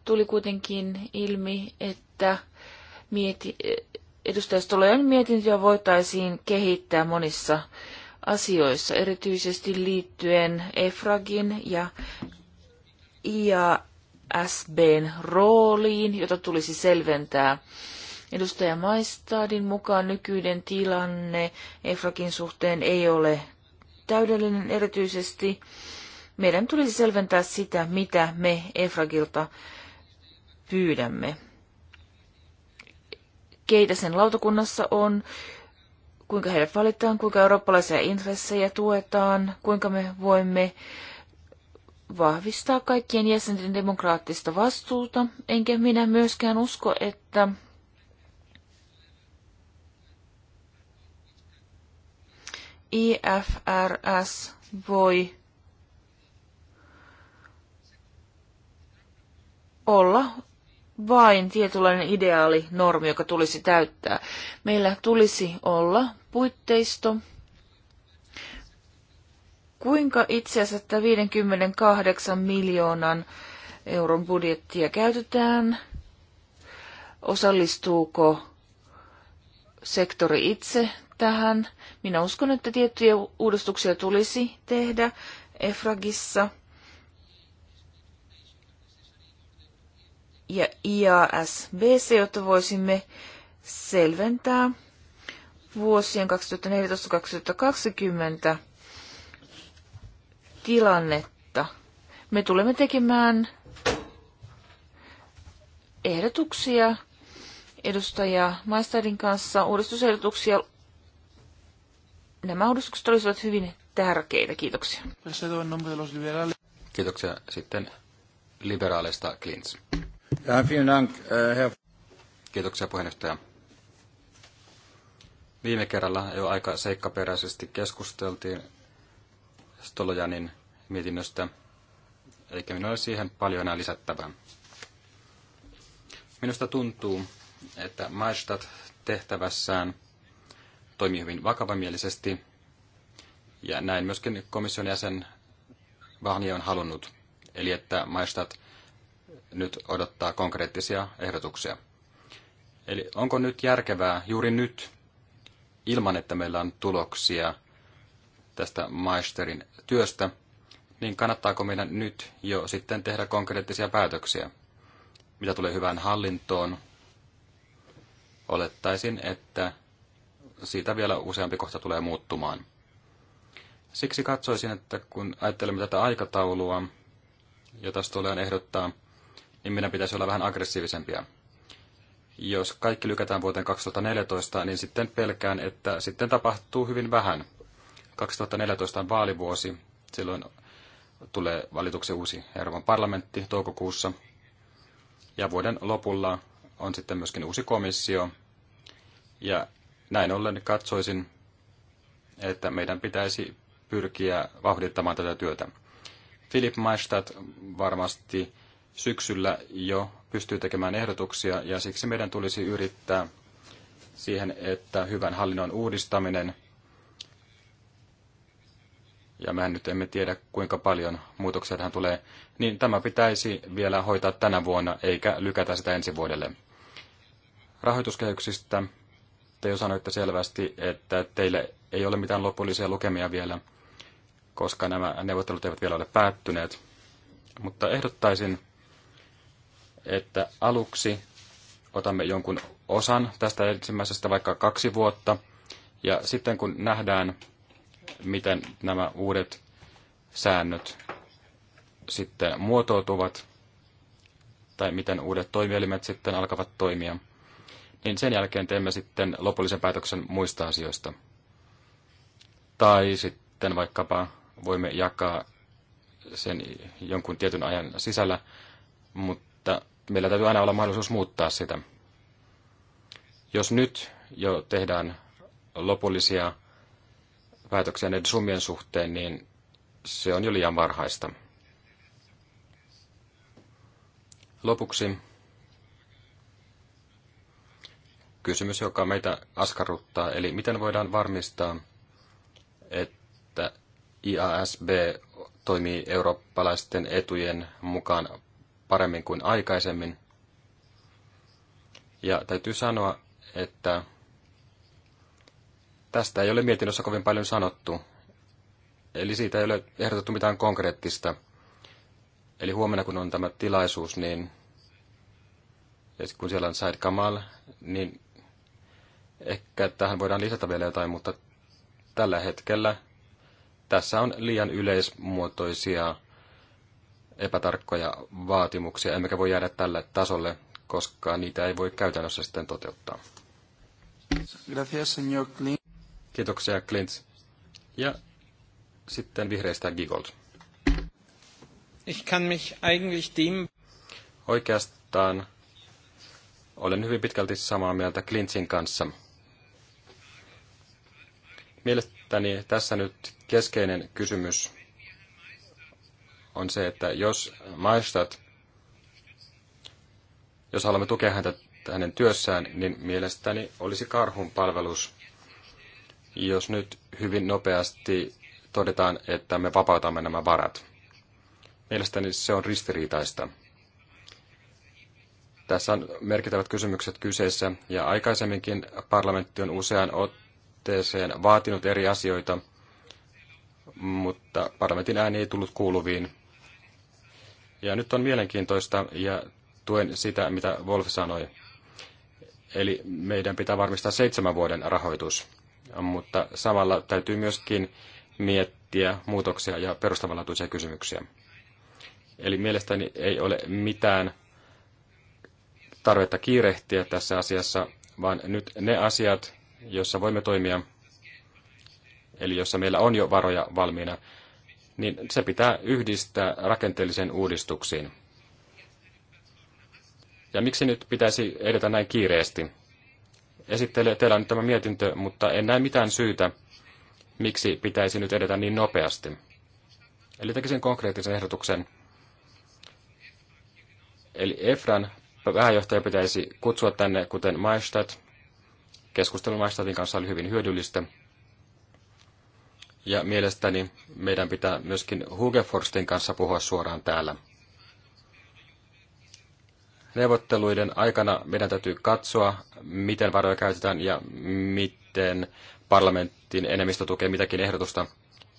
tuli kuitenkin ilmi, että mieti, edustajastolojen mietintöä voitaisiin kehittää monissa asioissa, erityisesti liittyen EFRAGin ja IASBn rooliin, jota tulisi selventää. Edustaja Maistadin mukaan nykyinen tilanne EFRAGin suhteen ei ole täydellinen erityisesti. Meidän tulisi selventää sitä, mitä me EFRAGilta pyydämme keitä sen lautakunnassa on, kuinka heidät valitaan, kuinka eurooppalaisia intressejä tuetaan, kuinka me voimme vahvistaa kaikkien jäsenten demokraattista vastuuta, enkä minä myöskään usko, että IFRS voi olla vain tietynlainen ideaali normi, joka tulisi täyttää. Meillä tulisi olla puitteisto, kuinka itse asiassa 58 miljoonan euron budjettia käytetään, osallistuuko sektori itse tähän. Minä uskon, että tiettyjä uudistuksia tulisi tehdä EFRAGissa – ja IASBC, jotta voisimme selventää vuosien 2014-2020 tilannetta. Me tulemme tekemään ehdotuksia edustaja Maistadin kanssa, uudistusehdotuksia. Nämä uudistukset olisivat hyvin tärkeitä. Kiitoksia. Kiitoksia. Sitten liberaalista Klins. Äh, Kiitoksia puheenjohtaja. Viime kerralla jo aika seikkaperäisesti keskusteltiin Stolojanin mietinnöstä, eikä minulla ole siihen paljon enää lisättävää. Minusta tuntuu, että Maistat tehtävässään toimii hyvin vakavamielisesti, ja näin myöskin komission jäsen Vahni on halunnut, eli että Maistat nyt odottaa konkreettisia ehdotuksia. Eli onko nyt järkevää juuri nyt, ilman että meillä on tuloksia tästä maisterin työstä, niin kannattaako meidän nyt jo sitten tehdä konkreettisia päätöksiä? Mitä tulee hyvään hallintoon, olettaisin, että siitä vielä useampi kohta tulee muuttumaan. Siksi katsoisin, että kun ajattelemme tätä aikataulua, jota tulee ehdottaa, niin meidän pitäisi olla vähän aggressiivisempia. Jos kaikki lykätään vuoteen 2014, niin sitten pelkään, että sitten tapahtuu hyvin vähän. 2014 on vaalivuosi, silloin tulee valituksen uusi Euroopan parlamentti toukokuussa. Ja vuoden lopulla on sitten myöskin uusi komissio. Ja näin ollen katsoisin, että meidän pitäisi pyrkiä vauhdittamaan tätä työtä. Philip Maistat varmasti syksyllä jo pystyy tekemään ehdotuksia ja siksi meidän tulisi yrittää siihen, että hyvän hallinnon uudistaminen, ja mehän nyt emme tiedä kuinka paljon muutoksia tähän tulee, niin tämä pitäisi vielä hoitaa tänä vuonna eikä lykätä sitä ensi vuodelle. Rahoituskehyksistä te jo sanoitte selvästi, että teille ei ole mitään lopullisia lukemia vielä, koska nämä neuvottelut eivät vielä ole päättyneet. Mutta ehdottaisin, että aluksi otamme jonkun osan tästä ensimmäisestä vaikka kaksi vuotta, ja sitten kun nähdään, miten nämä uudet säännöt sitten muotoutuvat, tai miten uudet toimielimet sitten alkavat toimia, niin sen jälkeen teemme sitten lopullisen päätöksen muista asioista. Tai sitten vaikkapa voimme jakaa sen jonkun tietyn ajan sisällä, mutta meillä täytyy aina olla mahdollisuus muuttaa sitä. Jos nyt jo tehdään lopullisia päätöksiä näiden summien suhteen, niin se on jo liian varhaista. Lopuksi kysymys, joka meitä askarruttaa, eli miten voidaan varmistaa, että IASB toimii eurooppalaisten etujen mukaan paremmin kuin aikaisemmin. Ja täytyy sanoa, että tästä ei ole mietinnössä kovin paljon sanottu. Eli siitä ei ole ehdotettu mitään konkreettista. Eli huomenna, kun on tämä tilaisuus, niin ja kun siellä on Said Kamal, niin ehkä tähän voidaan lisätä vielä jotain, mutta tällä hetkellä tässä on liian yleismuotoisia epätarkkoja vaatimuksia, emmekä voi jäädä tälle tasolle, koska niitä ei voi käytännössä sitten toteuttaa. Gracias, señor Clint. Kiitoksia, Clint. Ja sitten vihreistä Gigold. Ich kann mich eigentlich dem... Oikeastaan olen hyvin pitkälti samaa mieltä Clintsin kanssa. Mielestäni tässä nyt keskeinen kysymys on se, että jos maistat, jos haluamme tukea häntä hänen työssään, niin mielestäni olisi karhun palvelus, jos nyt hyvin nopeasti todetaan, että me vapautamme nämä varat. Mielestäni se on ristiriitaista. Tässä on merkittävät kysymykset kyseessä, ja aikaisemminkin parlamentti on useaan otteeseen vaatinut eri asioita, mutta parlamentin ääni ei tullut kuuluviin, ja nyt on mielenkiintoista ja tuen sitä, mitä Wolf sanoi. Eli meidän pitää varmistaa seitsemän vuoden rahoitus, mutta samalla täytyy myöskin miettiä muutoksia ja perustavanlaatuisia kysymyksiä. Eli mielestäni ei ole mitään tarvetta kiirehtiä tässä asiassa, vaan nyt ne asiat, joissa voimme toimia, eli jossa meillä on jo varoja valmiina, niin se pitää yhdistää rakenteellisiin uudistuksiin. Ja miksi nyt pitäisi edetä näin kiireesti? Esittele, teillä nyt tämä mietintö, mutta en näe mitään syytä, miksi pitäisi nyt edetä niin nopeasti. Eli tekisin konkreettisen ehdotuksen. Eli EFRAN pääjohtaja pitäisi kutsua tänne, kuten Maistat. Keskustelu Maistatin kanssa oli hyvin hyödyllistä. Ja mielestäni meidän pitää myöskin Hugeforstin kanssa puhua suoraan täällä. Neuvotteluiden aikana meidän täytyy katsoa, miten varoja käytetään ja miten parlamentin enemmistö tukee mitäkin ehdotusta.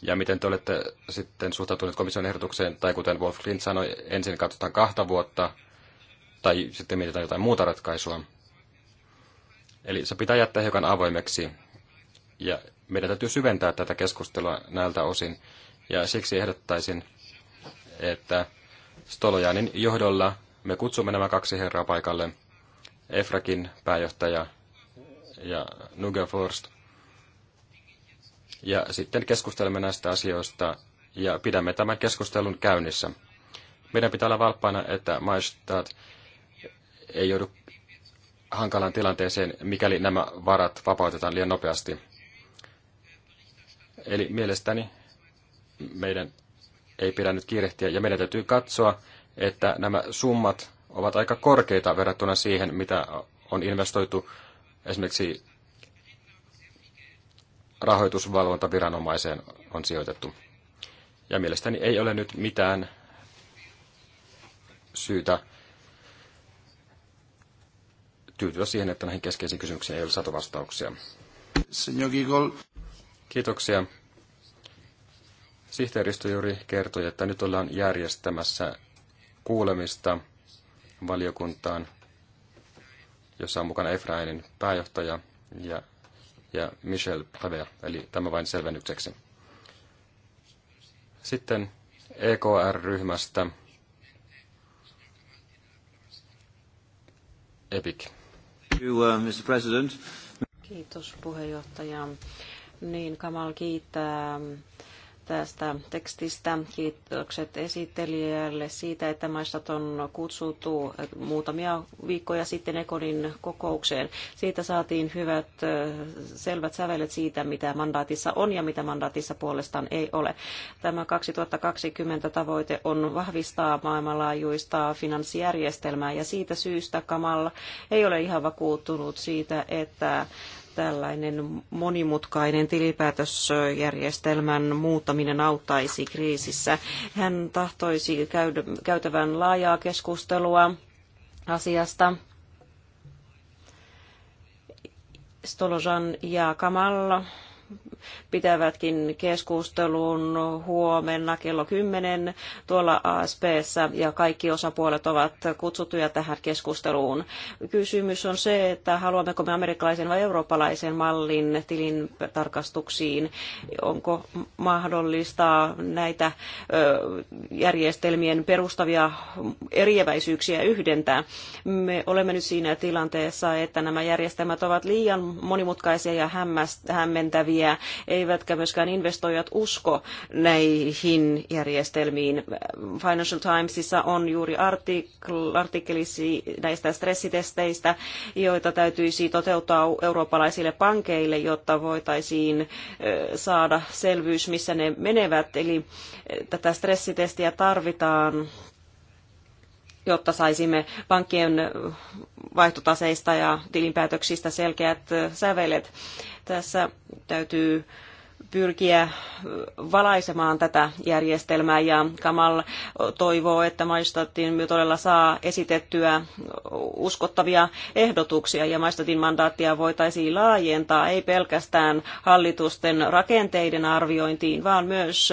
Ja miten te olette sitten suhtautuneet komission ehdotukseen, tai kuten Wolf Klint sanoi, ensin katsotaan kahta vuotta, tai sitten mietitään jotain muuta ratkaisua. Eli se pitää jättää hiukan avoimeksi. Ja meidän täytyy syventää tätä keskustelua näiltä osin. Ja siksi ehdottaisin, että Stolojanin johdolla me kutsumme nämä kaksi herraa paikalle, Efrakin pääjohtaja ja Nuge Forst. Ja sitten keskustelemme näistä asioista ja pidämme tämän keskustelun käynnissä. Meidän pitää olla valppaana, että maistat ei joudu hankalaan tilanteeseen, mikäli nämä varat vapautetaan liian nopeasti. Eli mielestäni meidän ei pidä nyt kiirehtiä ja meidän täytyy katsoa, että nämä summat ovat aika korkeita verrattuna siihen, mitä on investoitu esimerkiksi rahoitusvalvontaviranomaiseen on sijoitettu. Ja mielestäni ei ole nyt mitään syytä tyytyä siihen, että näihin keskeisiin kysymyksiin ei ole saatu vastauksia. Kiitoksia. Sihteeristö juuri kertoi, että nyt ollaan järjestämässä kuulemista valiokuntaan, jossa on mukana Efrainin pääjohtaja ja, ja Michel Prévert, eli tämä vain selvennykseksi. Sitten EKR-ryhmästä EPIC. Uh, Kiitos puheenjohtaja niin Kamal kiittää tästä tekstistä. Kiitokset esittelijälle siitä, että maistat on kutsuttu muutamia viikkoja sitten Ekonin kokoukseen. Siitä saatiin hyvät selvät sävelet siitä, mitä mandaatissa on ja mitä mandaatissa puolestaan ei ole. Tämä 2020 tavoite on vahvistaa maailmanlaajuista finanssijärjestelmää ja siitä syystä Kamal ei ole ihan vakuuttunut siitä, että tällainen monimutkainen tilipäätösjärjestelmän muuttaminen auttaisi kriisissä. Hän tahtoisi käydä, käytävän laajaa keskustelua asiasta. Stolojan ja Kamalla pitävätkin keskustelun huomenna kello 10 tuolla ASPssä ja kaikki osapuolet ovat kutsuttuja tähän keskusteluun. Kysymys on se, että haluammeko me amerikkalaisen vai eurooppalaisen mallin tilintarkastuksiin. Onko mahdollista näitä järjestelmien perustavia eriäväisyyksiä yhdentää? Me olemme nyt siinä tilanteessa, että nämä järjestelmät ovat liian monimutkaisia ja hämmentäviä järjestelmiä, eivätkä myöskään investoijat usko näihin järjestelmiin. Financial Timesissa on juuri artikkelisi näistä stressitesteistä, joita täytyisi toteuttaa eurooppalaisille pankeille, jotta voitaisiin saada selvyys, missä ne menevät. Eli tätä stressitestiä tarvitaan jotta saisimme pankkien vaihtotaseista ja tilinpäätöksistä selkeät sävelet. Tässä täytyy pyrkiä valaisemaan tätä järjestelmää ja Kamal toivoo, että maistatin todella saa esitettyä uskottavia ehdotuksia ja maistatin mandaattia voitaisiin laajentaa ei pelkästään hallitusten rakenteiden arviointiin, vaan myös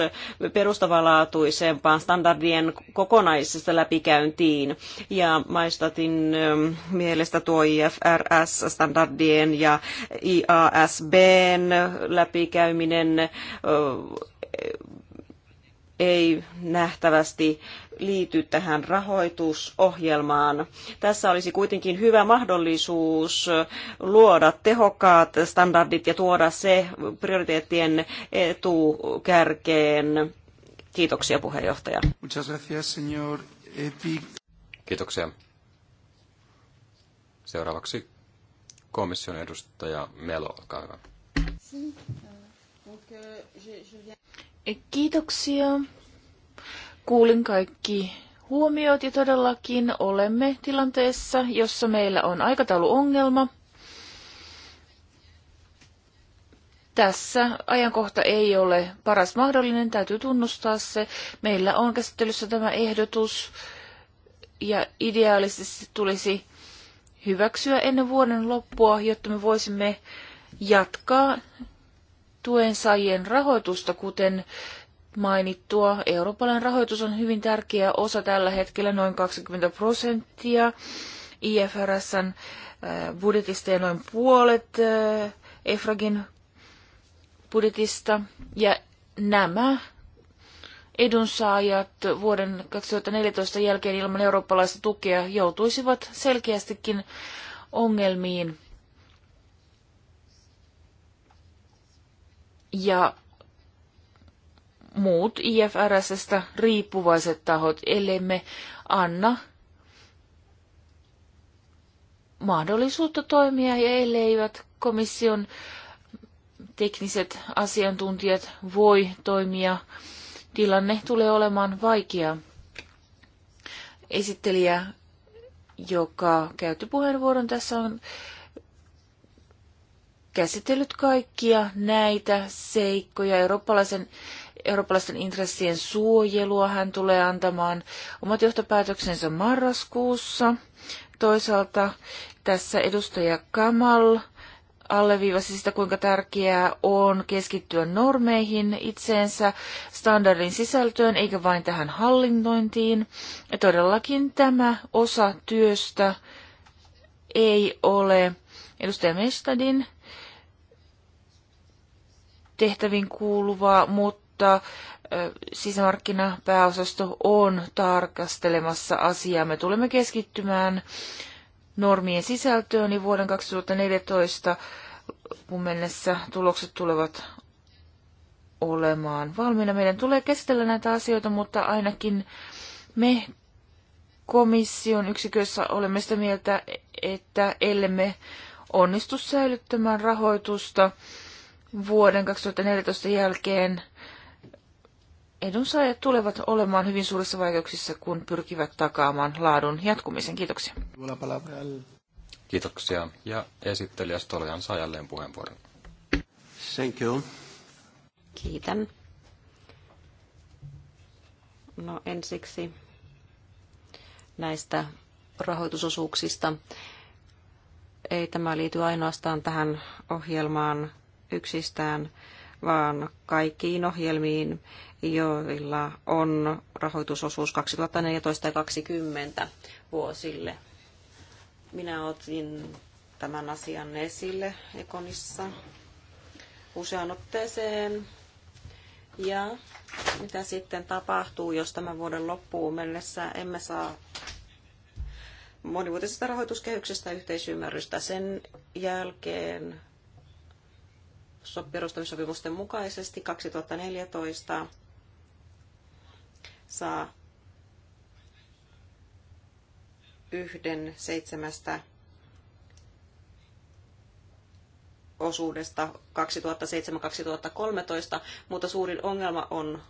perustavanlaatuisempaan standardien kokonaisesta läpikäyntiin. Ja maistatin ähm, mielestä tuo IFRS-standardien ja IASBn läpikäyminen tämmöinen ei nähtävästi liity tähän rahoitusohjelmaan. Tässä olisi kuitenkin hyvä mahdollisuus luoda tehokkaat standardit ja tuoda se prioriteettien etukärkeen. Kiitoksia puheenjohtaja. Muchas gracias, señor Kiitoksia. Seuraavaksi komission edustaja Melo, olkaa hyvä. Kiitoksia. Kuulin kaikki huomiot ja todellakin olemme tilanteessa, jossa meillä on aikatauluongelma. Tässä ajankohta ei ole paras mahdollinen, täytyy tunnustaa se. Meillä on käsittelyssä tämä ehdotus ja ideaalisesti tulisi hyväksyä ennen vuoden loppua, jotta me voisimme jatkaa tuensaajien rahoitusta, kuten mainittua. Eurooppalainen rahoitus on hyvin tärkeä osa tällä hetkellä, noin 20 prosenttia IFRSn äh, budjetista ja noin puolet äh, EFRAGin budjetista. Ja nämä edunsaajat vuoden 2014 jälkeen ilman eurooppalaista tukea joutuisivat selkeästikin ongelmiin. ja muut IFRSstä riippuvaiset tahot, ellei me anna mahdollisuutta toimia ja elleivät komission tekniset asiantuntijat voi toimia, tilanne tulee olemaan vaikea. Esittelijä, joka käytti puheenvuoron tässä on käsitellyt kaikkia näitä seikkoja, eurooppalaisen, eurooppalaisten intressien suojelua. Hän tulee antamaan omat johtopäätöksensä marraskuussa. Toisaalta tässä edustaja Kamal alleviivasi sitä, kuinka tärkeää on keskittyä normeihin itseensä, standardin sisältöön, eikä vain tähän hallinnointiin. Ja todellakin tämä osa työstä ei ole edustaja Mestadin tehtäviin kuuluvaa, mutta sisämarkkinapääosasto on tarkastelemassa asiaa. Me tulemme keskittymään normien sisältöön, niin vuoden 2014 loppuun mennessä tulokset tulevat olemaan valmiina. Meidän tulee käsitellä näitä asioita, mutta ainakin me komission yksikössä olemme sitä mieltä, että ellemme onnistu säilyttämään rahoitusta vuoden 2014 jälkeen edunsaajat tulevat olemaan hyvin suurissa vaikeuksissa, kun pyrkivät takaamaan laadun jatkumisen. Kiitoksia. Kiitoksia. Ja esittelijä Stolian saa jälleen puheenvuoron. Thank you. Kiitän. No ensiksi näistä rahoitusosuuksista. Ei tämä liity ainoastaan tähän ohjelmaan yksistään, vaan kaikkiin ohjelmiin, joilla on rahoitusosuus 2014 ja 2020 vuosille. Minä otin tämän asian esille Ekonissa useaan otteeseen. Ja mitä sitten tapahtuu, jos tämän vuoden loppuun mennessä emme saa monivuotisesta rahoituskehyksestä yhteisymmärrystä. Sen jälkeen perustamissopimusten mukaisesti 2014 saa yhden seitsemästä osuudesta 2007-2013, mutta suurin ongelma on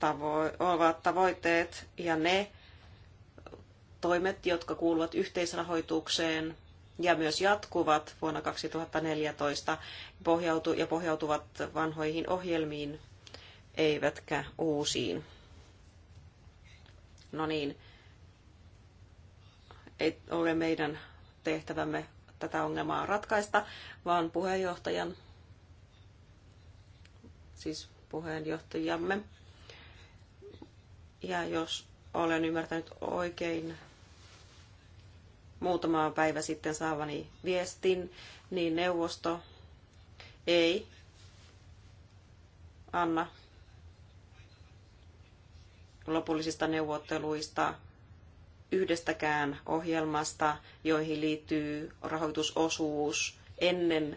tavo- ovat tavoitteet ja ne toimet, jotka kuuluvat yhteisrahoitukseen – ja myös jatkuvat vuonna 2014 pohjautu, ja pohjautuvat vanhoihin ohjelmiin eivätkä uusiin. No niin, ei ole meidän tehtävämme tätä ongelmaa ratkaista, vaan puheenjohtajan, siis puheenjohtajamme. Ja jos olen ymmärtänyt oikein, muutama päivä sitten saavani viestin, niin neuvosto ei anna lopullisista neuvotteluista yhdestäkään ohjelmasta, joihin liittyy rahoitusosuus ennen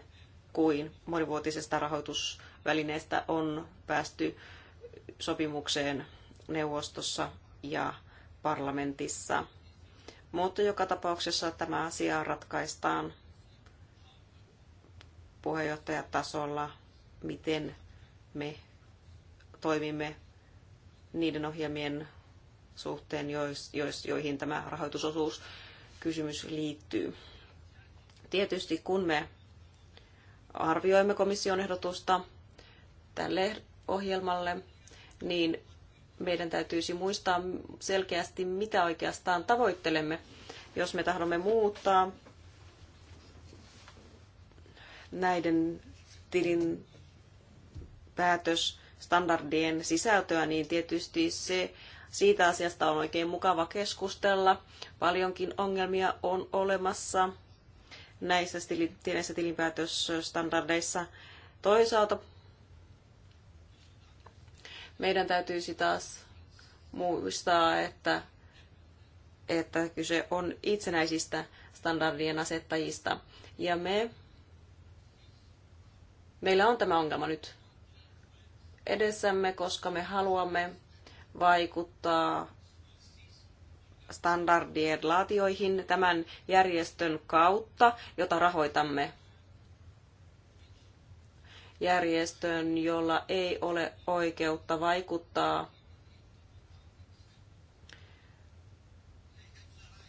kuin monivuotisesta rahoitusvälineestä on päästy sopimukseen neuvostossa ja parlamentissa. Mutta joka tapauksessa tämä asia ratkaistaan puheenjohtajatasolla, miten me toimimme niiden ohjelmien suhteen, joihin tämä rahoitusosuus kysymys liittyy. Tietysti kun me arvioimme komission ehdotusta tälle ohjelmalle, niin meidän täytyisi muistaa selkeästi, mitä oikeastaan tavoittelemme, jos me tahdomme muuttaa näiden tilin päätösstandardien sisältöä, niin tietysti se siitä asiasta on oikein mukava keskustella. Paljonkin ongelmia on olemassa näissä, tilinpäätösstandardeissa. Toisaalta meidän täytyisi taas muistaa, että, että kyse on itsenäisistä standardien asettajista. Ja me, meillä on tämä ongelma nyt edessämme, koska me haluamme vaikuttaa standardien laatioihin tämän järjestön kautta, jota rahoitamme järjestön, jolla ei ole oikeutta vaikuttaa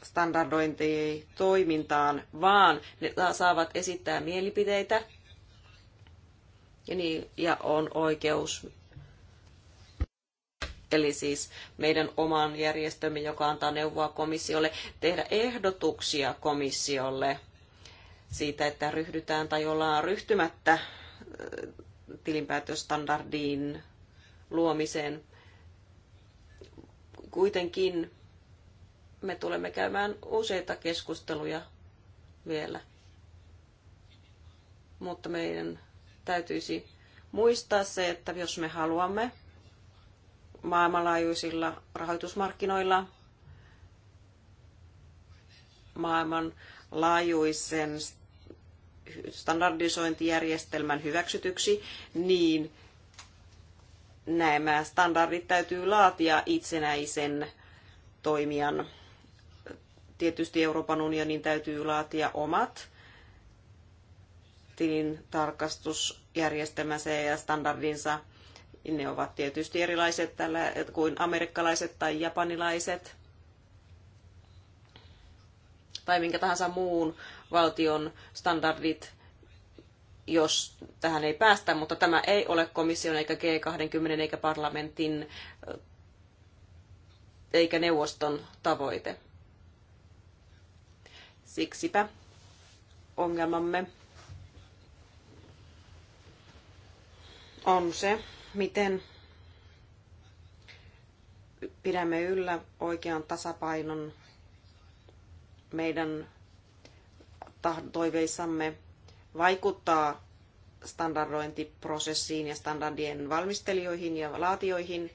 standardointitoimintaan, vaan ne saavat esittää mielipiteitä ja, niin, ja on oikeus. Eli siis meidän oman järjestömme, joka antaa neuvoa komissiolle, tehdä ehdotuksia komissiolle siitä, että ryhdytään tai ollaan ryhtymättä tilinpäätöstandardiin luomiseen. Kuitenkin me tulemme käymään useita keskusteluja vielä. Mutta meidän täytyisi muistaa se, että jos me haluamme maailmanlaajuisilla rahoitusmarkkinoilla maailmanlaajuisen standardisointijärjestelmän hyväksytyksi, niin nämä standardit täytyy laatia itsenäisen toimijan. Tietysti Euroopan unionin täytyy laatia omat tarkastusjärjestelmänsä ja standardinsa. Ne ovat tietysti erilaiset tällä, kuin amerikkalaiset tai japanilaiset – tai minkä tahansa muun valtion standardit, jos tähän ei päästä, mutta tämä ei ole komission eikä G20 eikä parlamentin eikä neuvoston tavoite. Siksipä ongelmamme on se, miten pidämme yllä oikean tasapainon meidän toiveissamme vaikuttaa standardointiprosessiin ja standardien valmistelijoihin ja laatioihin,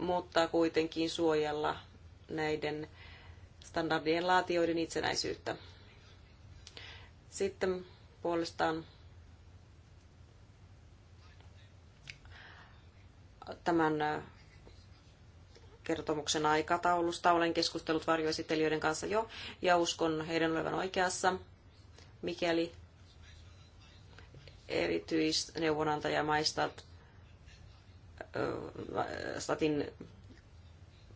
mutta kuitenkin suojella näiden standardien laatioiden itsenäisyyttä. Sitten puolestaan tämän kertomuksen aikataulusta. Olen keskustellut varjoesittelijöiden kanssa jo ja uskon heidän olevan oikeassa, mikäli erityisneuvonantaja maistat, statin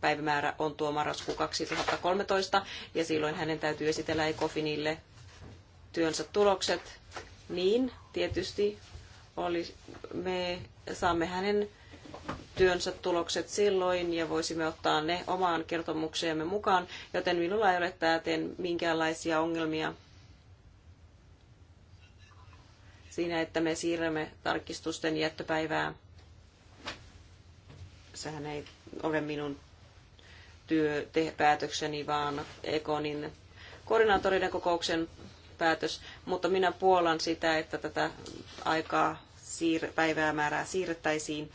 päivämäärä on tuo marraskuu 2013 ja silloin hänen täytyy esitellä Ecofinille työnsä tulokset. Niin, tietysti oli, me saamme hänen työnsä tulokset silloin ja voisimme ottaa ne omaan kertomukseemme mukaan, joten minulla ei ole täten minkäänlaisia ongelmia siinä, että me siirrämme tarkistusten jättöpäivää. Sehän ei ole minun työpäätökseni, vaan Ekonin koordinaattoriden kokouksen päätös, mutta minä puolan sitä, että tätä aikaa siir- päivämäärää siirrettäisiin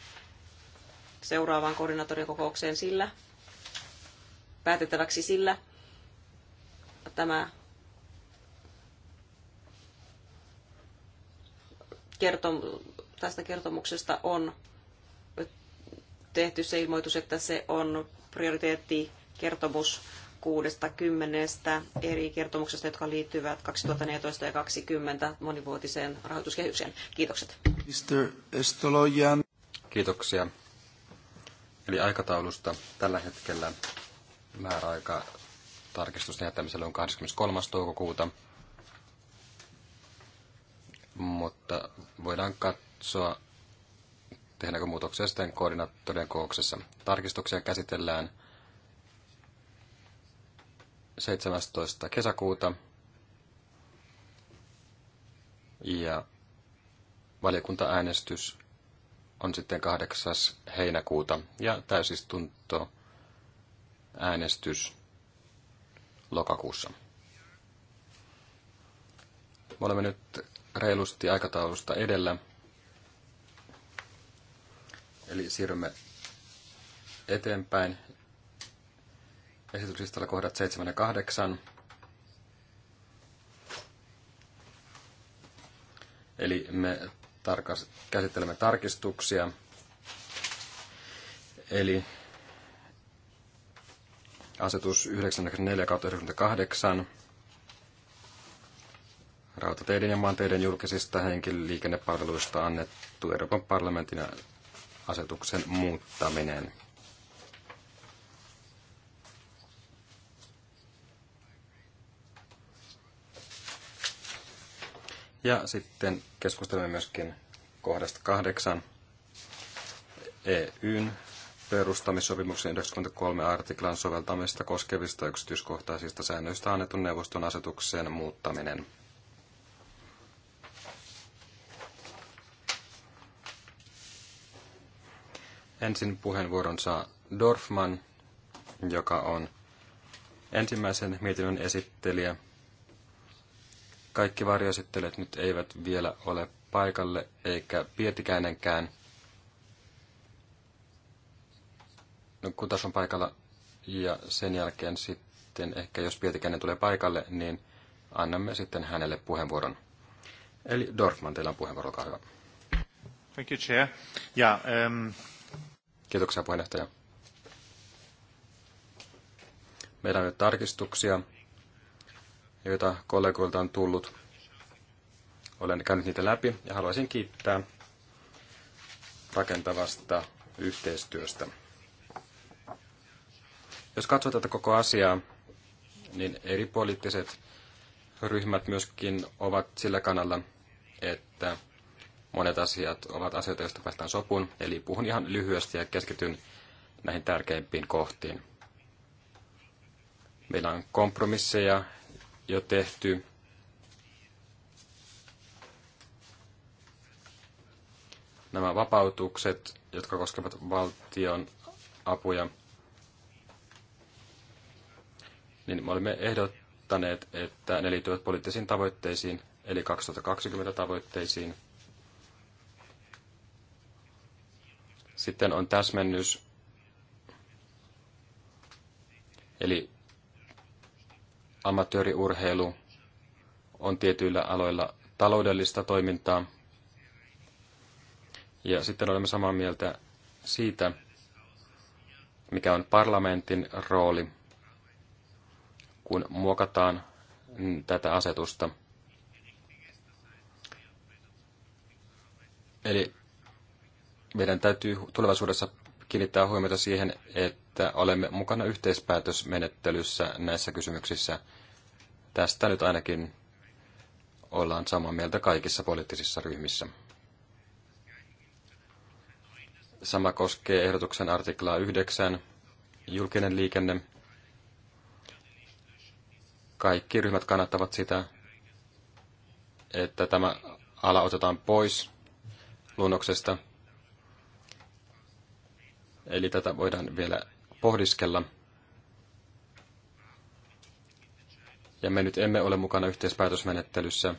seuraavaan koordinaatorin kokoukseen sillä, päätettäväksi sillä, tämä kertom, tästä kertomuksesta on tehty se ilmoitus, että se on prioriteetti kertomus 60 eri kertomuksesta, jotka liittyvät 2014 ja 2020 monivuotiseen rahoituskehykseen. Kiitokset. Mr. Estolojan. Kiitoksia Eli aikataulusta tällä hetkellä määräaika tarkistusten jättämiselle on 23. toukokuuta, mutta voidaan katsoa, tehdäänkö muutoksia sitten koordinaattorien kokouksessa. Tarkistuksia käsitellään 17. kesäkuuta ja valiokuntaäänestys on sitten 8. heinäkuuta ja täysistunto äänestys lokakuussa. Me olemme nyt reilusti aikataulusta edellä. Eli siirrymme eteenpäin. Esityslistalla kohdat 7 ja 8. Eli me tarkas, käsittelemme tarkistuksia. Eli asetus 94-98 rautateiden ja maanteiden julkisista henkilöliikennepalveluista annettu Euroopan parlamentin asetuksen muuttaminen. Ja sitten keskustelemme myöskin kohdasta kahdeksan EUn perustamissopimuksen 93 artiklan soveltamista koskevista yksityiskohtaisista säännöistä annetun neuvoston asetukseen muuttaminen. Ensin puheenvuoron saa Dorfman, joka on ensimmäisen mietinnön esittelijä – kaikki varjoesittelijät nyt eivät vielä ole paikalle, eikä Pietikäinenkään. No, kun tässä on paikalla ja sen jälkeen sitten ehkä jos Pietikäinen tulee paikalle, niin annamme sitten hänelle puheenvuoron. Eli Dorfman, teillä on puheenvuoro, olkaa hyvä. Thank you, Chair. Ja, um... Kiitoksia puheenjohtaja. Meillä on nyt tarkistuksia joita kollegoilta on tullut. Olen käynyt niitä läpi ja haluaisin kiittää rakentavasta yhteistyöstä. Jos katsoo tätä koko asiaa, niin eri poliittiset ryhmät myöskin ovat sillä kannalla, että monet asiat ovat asioita, joista päästään sopuun. Eli puhun ihan lyhyesti ja keskityn näihin tärkeimpiin kohtiin. Meillä on kompromisseja jo tehty. Nämä vapautukset, jotka koskevat valtion apuja, niin me olemme ehdottaneet, että ne liittyvät poliittisiin tavoitteisiin, eli 2020 tavoitteisiin. Sitten on täsmennys, eli amatööriurheilu on tietyillä aloilla taloudellista toimintaa. Ja sitten olemme samaa mieltä siitä, mikä on parlamentin rooli, kun muokataan tätä asetusta. Eli meidän täytyy tulevaisuudessa kiinnittää huomiota siihen, että että olemme mukana yhteispäätösmenettelyssä näissä kysymyksissä. Tästä nyt ainakin ollaan samaa mieltä kaikissa poliittisissa ryhmissä. Sama koskee ehdotuksen artiklaa 9, julkinen liikenne. Kaikki ryhmät kannattavat sitä, että tämä ala otetaan pois luonnoksesta. Eli tätä voidaan vielä pohdiskella. Ja me nyt emme ole mukana yhteispäätösmenettelyssä.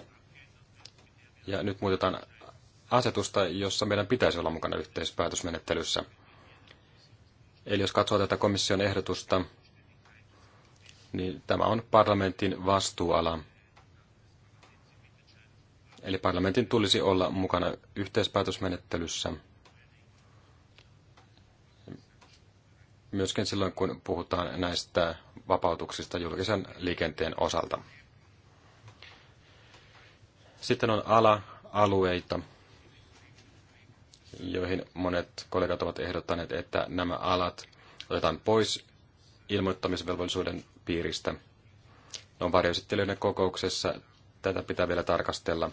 Ja nyt muutetaan asetusta, jossa meidän pitäisi olla mukana yhteispäätösmenettelyssä. Eli jos katsoo tätä komission ehdotusta, niin tämä on parlamentin vastuuala. Eli parlamentin tulisi olla mukana yhteispäätösmenettelyssä. myöskin silloin, kun puhutaan näistä vapautuksista julkisen liikenteen osalta. Sitten on ala-alueita, joihin monet kollegat ovat ehdottaneet, että nämä alat otetaan pois ilmoittamisvelvollisuuden piiristä. Ne on varjoesittelyiden kokouksessa. Tätä pitää vielä tarkastella.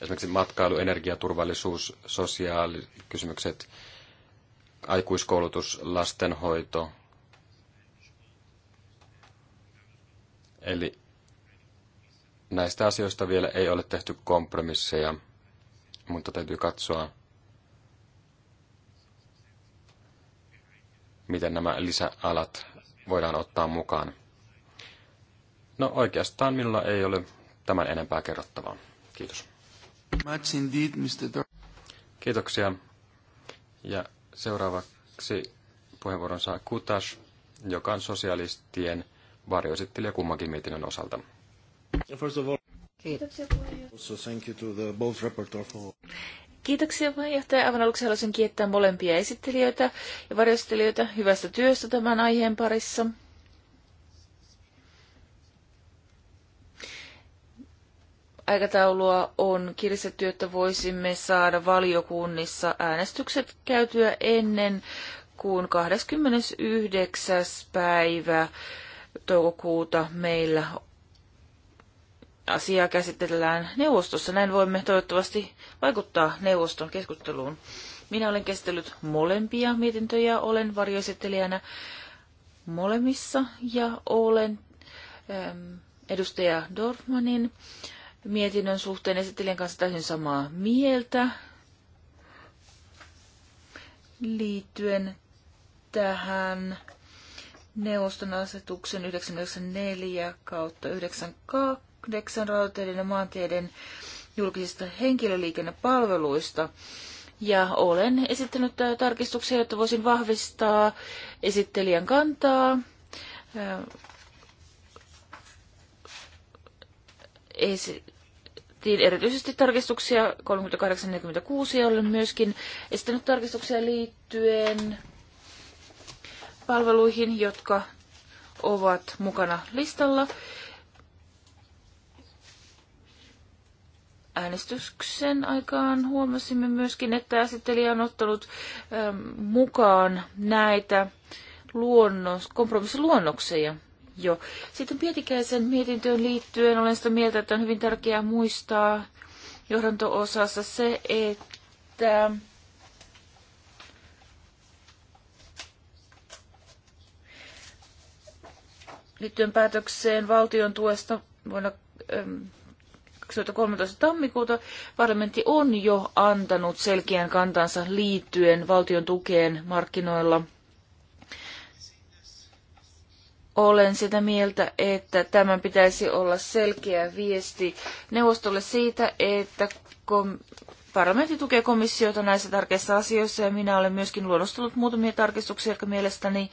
Esimerkiksi matkailu, energiaturvallisuus, sosiaalikysymykset, aikuiskoulutus, lastenhoito. Eli näistä asioista vielä ei ole tehty kompromisseja, mutta täytyy katsoa, miten nämä lisäalat voidaan ottaa mukaan. No oikeastaan minulla ei ole tämän enempää kerrottavaa. Kiitos. Kiitoksia. Ja Seuraavaksi puheenvuoron saa Kutas, joka on sosialistien varjoesittelijä kummankin mietinnön osalta. First of all, Kiitoksia puheenjohtaja. Kiitoksia puheenjohtaja. Aivan aluksi haluaisin kiittää molempia esittelijöitä ja varjostelijoita hyvästä työstä tämän aiheen parissa. aikataulua on kiristetty, että voisimme saada valiokunnissa äänestykset käytyä ennen kuin 29. päivä toukokuuta meillä asiaa käsitellään neuvostossa. Näin voimme toivottavasti vaikuttaa neuvoston keskusteluun. Minä olen käsitellyt molempia mietintöjä, olen varjoesittelijänä molemmissa ja olen ehm, edustaja Dorfmanin äh, mietinnön suhteen esittelijän kanssa täysin samaa mieltä liittyen tähän neuvoston asetuksen 994 kautta 98 rautateiden ja maanteiden julkisista henkilöliikennepalveluista. Ja olen esittänyt tarkistuksia, jotta voisin vahvistaa esittelijän kantaa. Esi- tehtiin erityisesti tarkistuksia 3846 ja olen myöskin esittänyt tarkistuksia liittyen palveluihin, jotka ovat mukana listalla. Äänestyksen aikaan huomasimme myöskin, että esittelijä on ottanut ähm, mukaan näitä luonnos, kompromissiluonnoksia jo. Sitten Pietikäisen mietintöön liittyen olen sitä mieltä, että on hyvin tärkeää muistaa johdanto-osassa se, että liittyen päätökseen valtion tuesta vuonna 2013 tammikuuta parlamentti on jo antanut selkeän kantansa liittyen valtion tukeen markkinoilla – olen sitä mieltä, että tämän pitäisi olla selkeä viesti neuvostolle siitä, että kom- parlamentti tukee komissiota näissä tärkeissä asioissa ja minä olen myöskin luonnostellut muutamia tarkistuksia, jotka mielestäni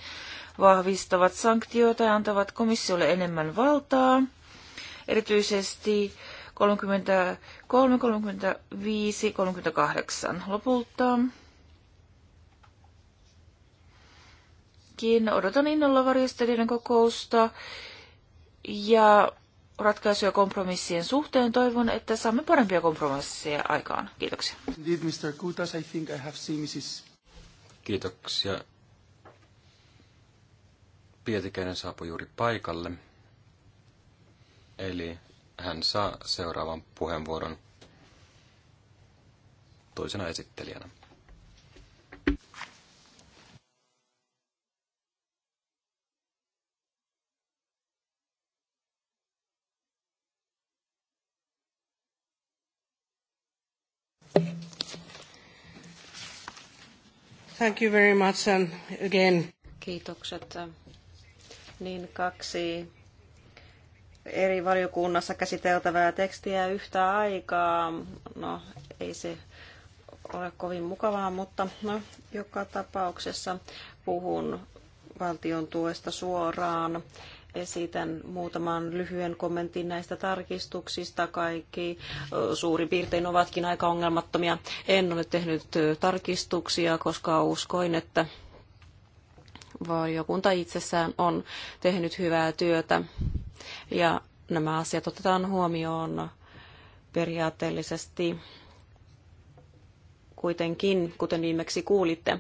vahvistavat sanktioita ja antavat komissiolle enemmän valtaa. Erityisesti 33, 35, 38 lopulta. myöskin. Odotan innolla varjostelijoiden kokousta ja ratkaisuja kompromissien suhteen. Toivon, että saamme parempia kompromisseja aikaan. Kiitoksia. Indeed, Mr. Kutas, I think I have seen Mrs. Kiitoksia. Pietikäinen saapui juuri paikalle. Eli hän saa seuraavan puheenvuoron toisena esittelijänä. Thank you very much and again. Kiitokset. Niin kaksi eri valiokunnassa käsiteltävää tekstiä yhtä aikaa. No, ei se ole kovin mukavaa, mutta no, joka tapauksessa puhun valtion tuesta suoraan esitän muutaman lyhyen kommentin näistä tarkistuksista. Kaikki suurin piirtein ovatkin aika ongelmattomia. En ole tehnyt tarkistuksia, koska uskoin, että valiokunta itsessään on tehnyt hyvää työtä ja nämä asiat otetaan huomioon periaatteellisesti kuitenkin, kuten viimeksi kuulitte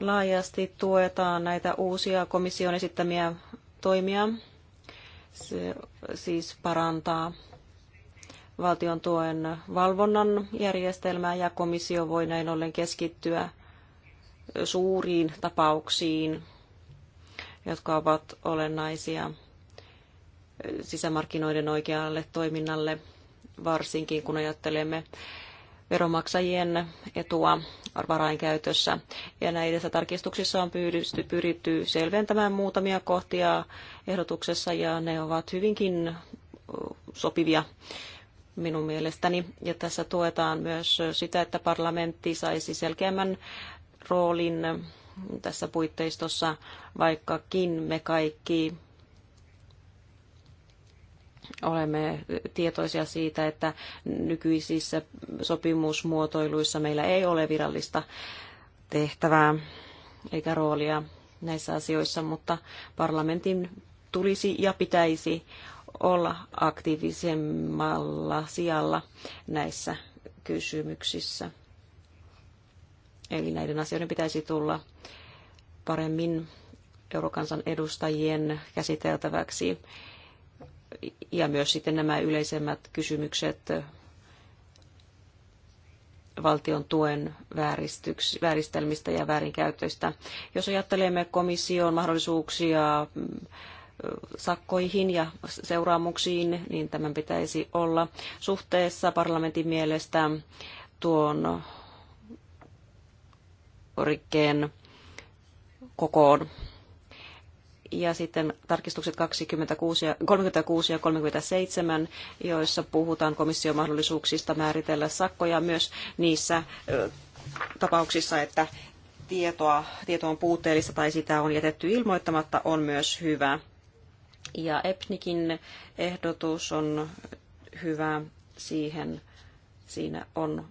laajasti tuetaan näitä uusia komission esittämiä toimia. Se siis parantaa valtion tuen valvonnan järjestelmää ja komissio voi näin ollen keskittyä suuriin tapauksiin, jotka ovat olennaisia sisämarkkinoiden oikealle toiminnalle, varsinkin kun ajattelemme veronmaksajien etua varainkäytössä. Ja näissä tarkistuksissa on pyydysty, pyritty selventämään muutamia kohtia ehdotuksessa ja ne ovat hyvinkin sopivia minun mielestäni. Ja tässä tuetaan myös sitä, että parlamentti saisi selkeämmän roolin tässä puitteistossa, vaikkakin me kaikki olemme tietoisia siitä, että nykyisissä sopimusmuotoiluissa meillä ei ole virallista tehtävää eikä roolia näissä asioissa, mutta parlamentin tulisi ja pitäisi olla aktiivisemmalla sijalla näissä kysymyksissä. Eli näiden asioiden pitäisi tulla paremmin eurokansan edustajien käsiteltäväksi ja myös sitten nämä yleisemmät kysymykset valtion tuen vääristelmistä ja väärinkäytöistä. Jos ajattelemme komission mahdollisuuksia mm, sakkoihin ja seuraamuksiin, niin tämän pitäisi olla suhteessa parlamentin mielestä tuon rikkeen kokoon ja sitten tarkistukset 26 ja 36 ja 37, joissa puhutaan komission mahdollisuuksista määritellä sakkoja myös niissä tapauksissa, että tietoa, tieto on puutteellista tai sitä on jätetty ilmoittamatta, on myös hyvä. Ja Epnikin ehdotus on hyvä siihen. Siinä on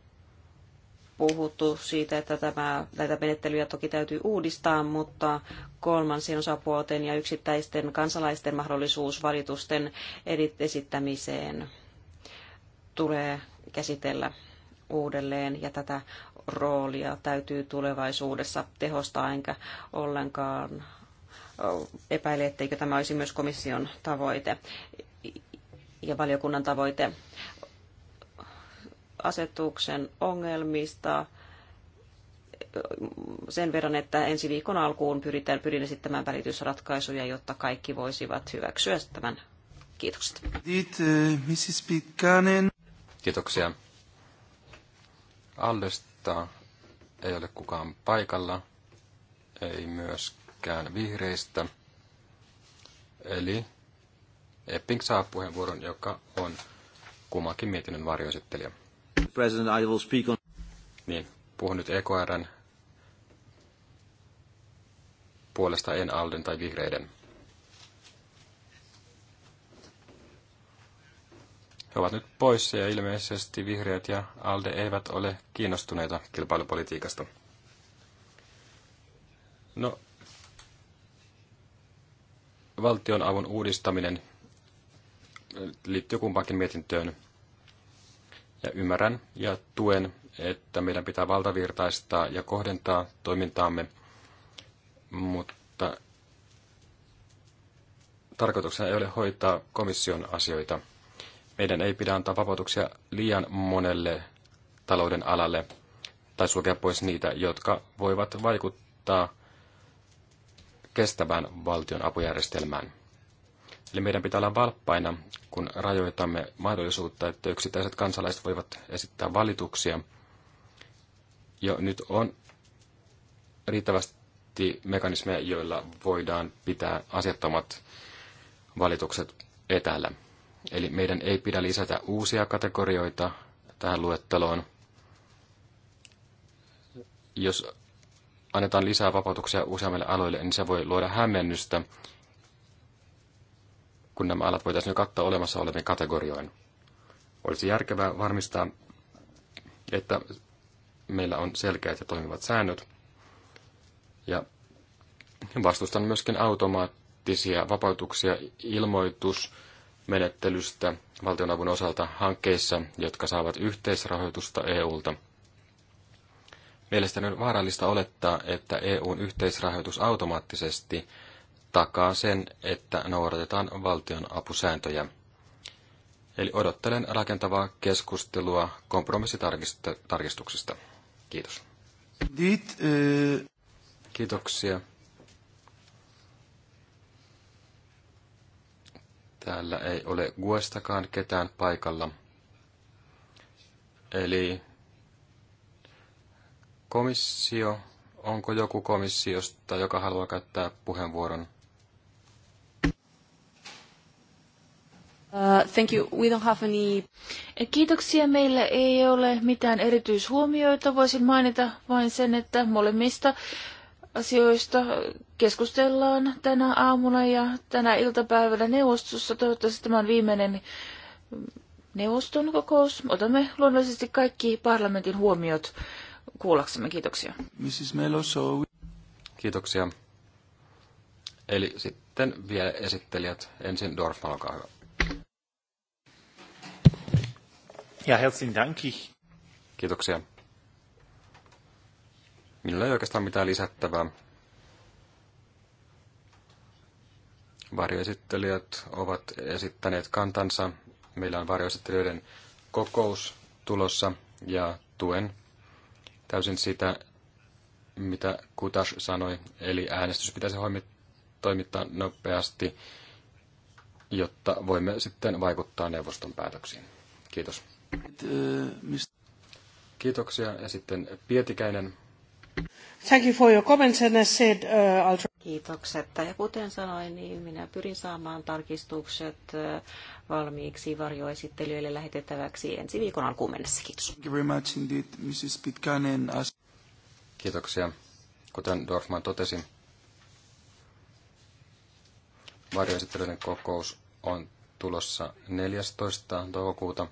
puhuttu siitä, että tämä, näitä menettelyjä toki täytyy uudistaa, mutta kolmansien osapuolten ja yksittäisten kansalaisten mahdollisuus valitusten esittämiseen tulee käsitellä uudelleen ja tätä roolia täytyy tulevaisuudessa tehostaa, enkä ollenkaan epäile, etteikö tämä olisi myös komission tavoite ja valiokunnan tavoite asetuksen ongelmista sen verran, että ensi viikon alkuun pyritään, pyrin esittämään välitysratkaisuja, jotta kaikki voisivat hyväksyä tämän. Kiitokset. Eh, Kiitoksia. Allesta ei ole kukaan paikalla, ei myöskään vihreistä. Eli Epping saa puheenvuoron, joka on kummankin mietinnön varjoesittelijä. President, I will speak on... Niin, puhun nyt EKRn puolesta, en Alden tai Vihreiden. He ovat nyt poissa ja ilmeisesti vihreät ja ALDE eivät ole kiinnostuneita kilpailupolitiikasta. No, valtion avun uudistaminen liittyy kumpaankin mietintöön. Ja ymmärrän ja tuen, että meidän pitää valtavirtaistaa ja kohdentaa toimintaamme, mutta tarkoituksena ei ole hoitaa komission asioita. Meidän ei pidä antaa vapautuksia liian monelle talouden alalle tai sulkea pois niitä, jotka voivat vaikuttaa kestävään valtion apujärjestelmään. Eli meidän pitää olla valppaina, kun rajoitamme mahdollisuutta, että yksittäiset kansalaiset voivat esittää valituksia. Jo nyt on riittävästi mekanismeja, joilla voidaan pitää asiattomat valitukset etäällä. Eli meidän ei pidä lisätä uusia kategorioita tähän luetteloon. Jos annetaan lisää vapautuksia useammille aloille, niin se voi luoda hämmennystä kun nämä alat voitaisiin jo kattaa olemassa olevien kategorioin. Olisi järkevää varmistaa, että meillä on selkeät ja toimivat säännöt. Ja vastustan myöskin automaattisia vapautuksia ilmoitusmenettelystä valtionavun osalta hankkeissa, jotka saavat yhteisrahoitusta EUlta. Mielestäni on vaarallista olettaa, että EUn yhteisrahoitus automaattisesti – takaa sen, että noudatetaan valtion apusääntöjä. Eli odottelen rakentavaa keskustelua kompromissitarkistuksista. Kiitos. Dit, uh... Kiitoksia. Täällä ei ole Guestakaan ketään paikalla. Eli komissio, onko joku komissiosta, joka haluaa käyttää puheenvuoron? Uh, thank you. We don't have any... Kiitoksia. Meillä ei ole mitään erityishuomioita. Voisin mainita vain sen, että molemmista asioista keskustellaan tänä aamuna ja tänä iltapäivällä neuvostossa. Toivottavasti tämä on viimeinen neuvoston kokous. Otamme luonnollisesti kaikki parlamentin huomiot kuullaksemme. Kiitoksia. Mrs. Meloso. Kiitoksia. Eli sitten vielä esittelijät. Ensin Dorfman, olkaa hyvä. Ja herzlichen Dank. Kiitoksia. Minulla ei oikeastaan mitään lisättävää. Varjoesittelijät ovat esittäneet kantansa. Meillä on varjoesittelijöiden kokous tulossa ja tuen täysin sitä, mitä Kutas sanoi. Eli äänestys pitäisi toimittaa nopeasti, jotta voimme sitten vaikuttaa neuvoston päätöksiin. Kiitos. Kiitoksia. Ja sitten Pietikäinen. Thank you for your comments and I said, uh, I'll... Kiitokset. Ja kuten sanoin, niin minä pyrin saamaan tarkistukset uh, valmiiksi varjoesittelijöille lähetettäväksi ensi viikon alkuun mennessä. Kiitos. Thank you very much indeed, Mrs. Pitkanen. Kiitoksia. Kuten Dorfman totesi, varjoesittelyiden kokous on tulossa 14. toukokuuta.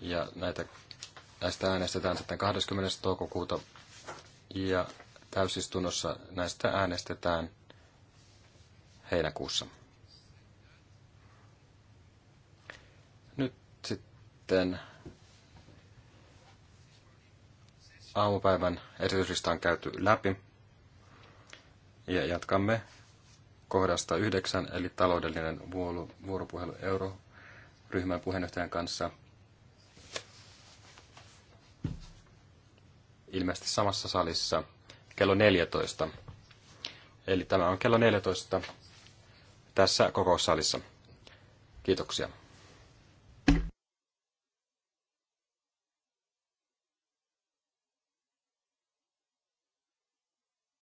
Ja näitä, näistä äänestetään sitten 20. toukokuuta ja täysistunnossa näistä äänestetään heinäkuussa. Nyt sitten aamupäivän esityslista on käyty läpi. Ja jatkamme kohdasta yhdeksän, eli taloudellinen vuoropuhelu euroryhmän puheenjohtajan kanssa. ilmeisesti samassa salissa kello 14. Eli tämä on kello 14 tässä kokoussalissa. Kiitoksia.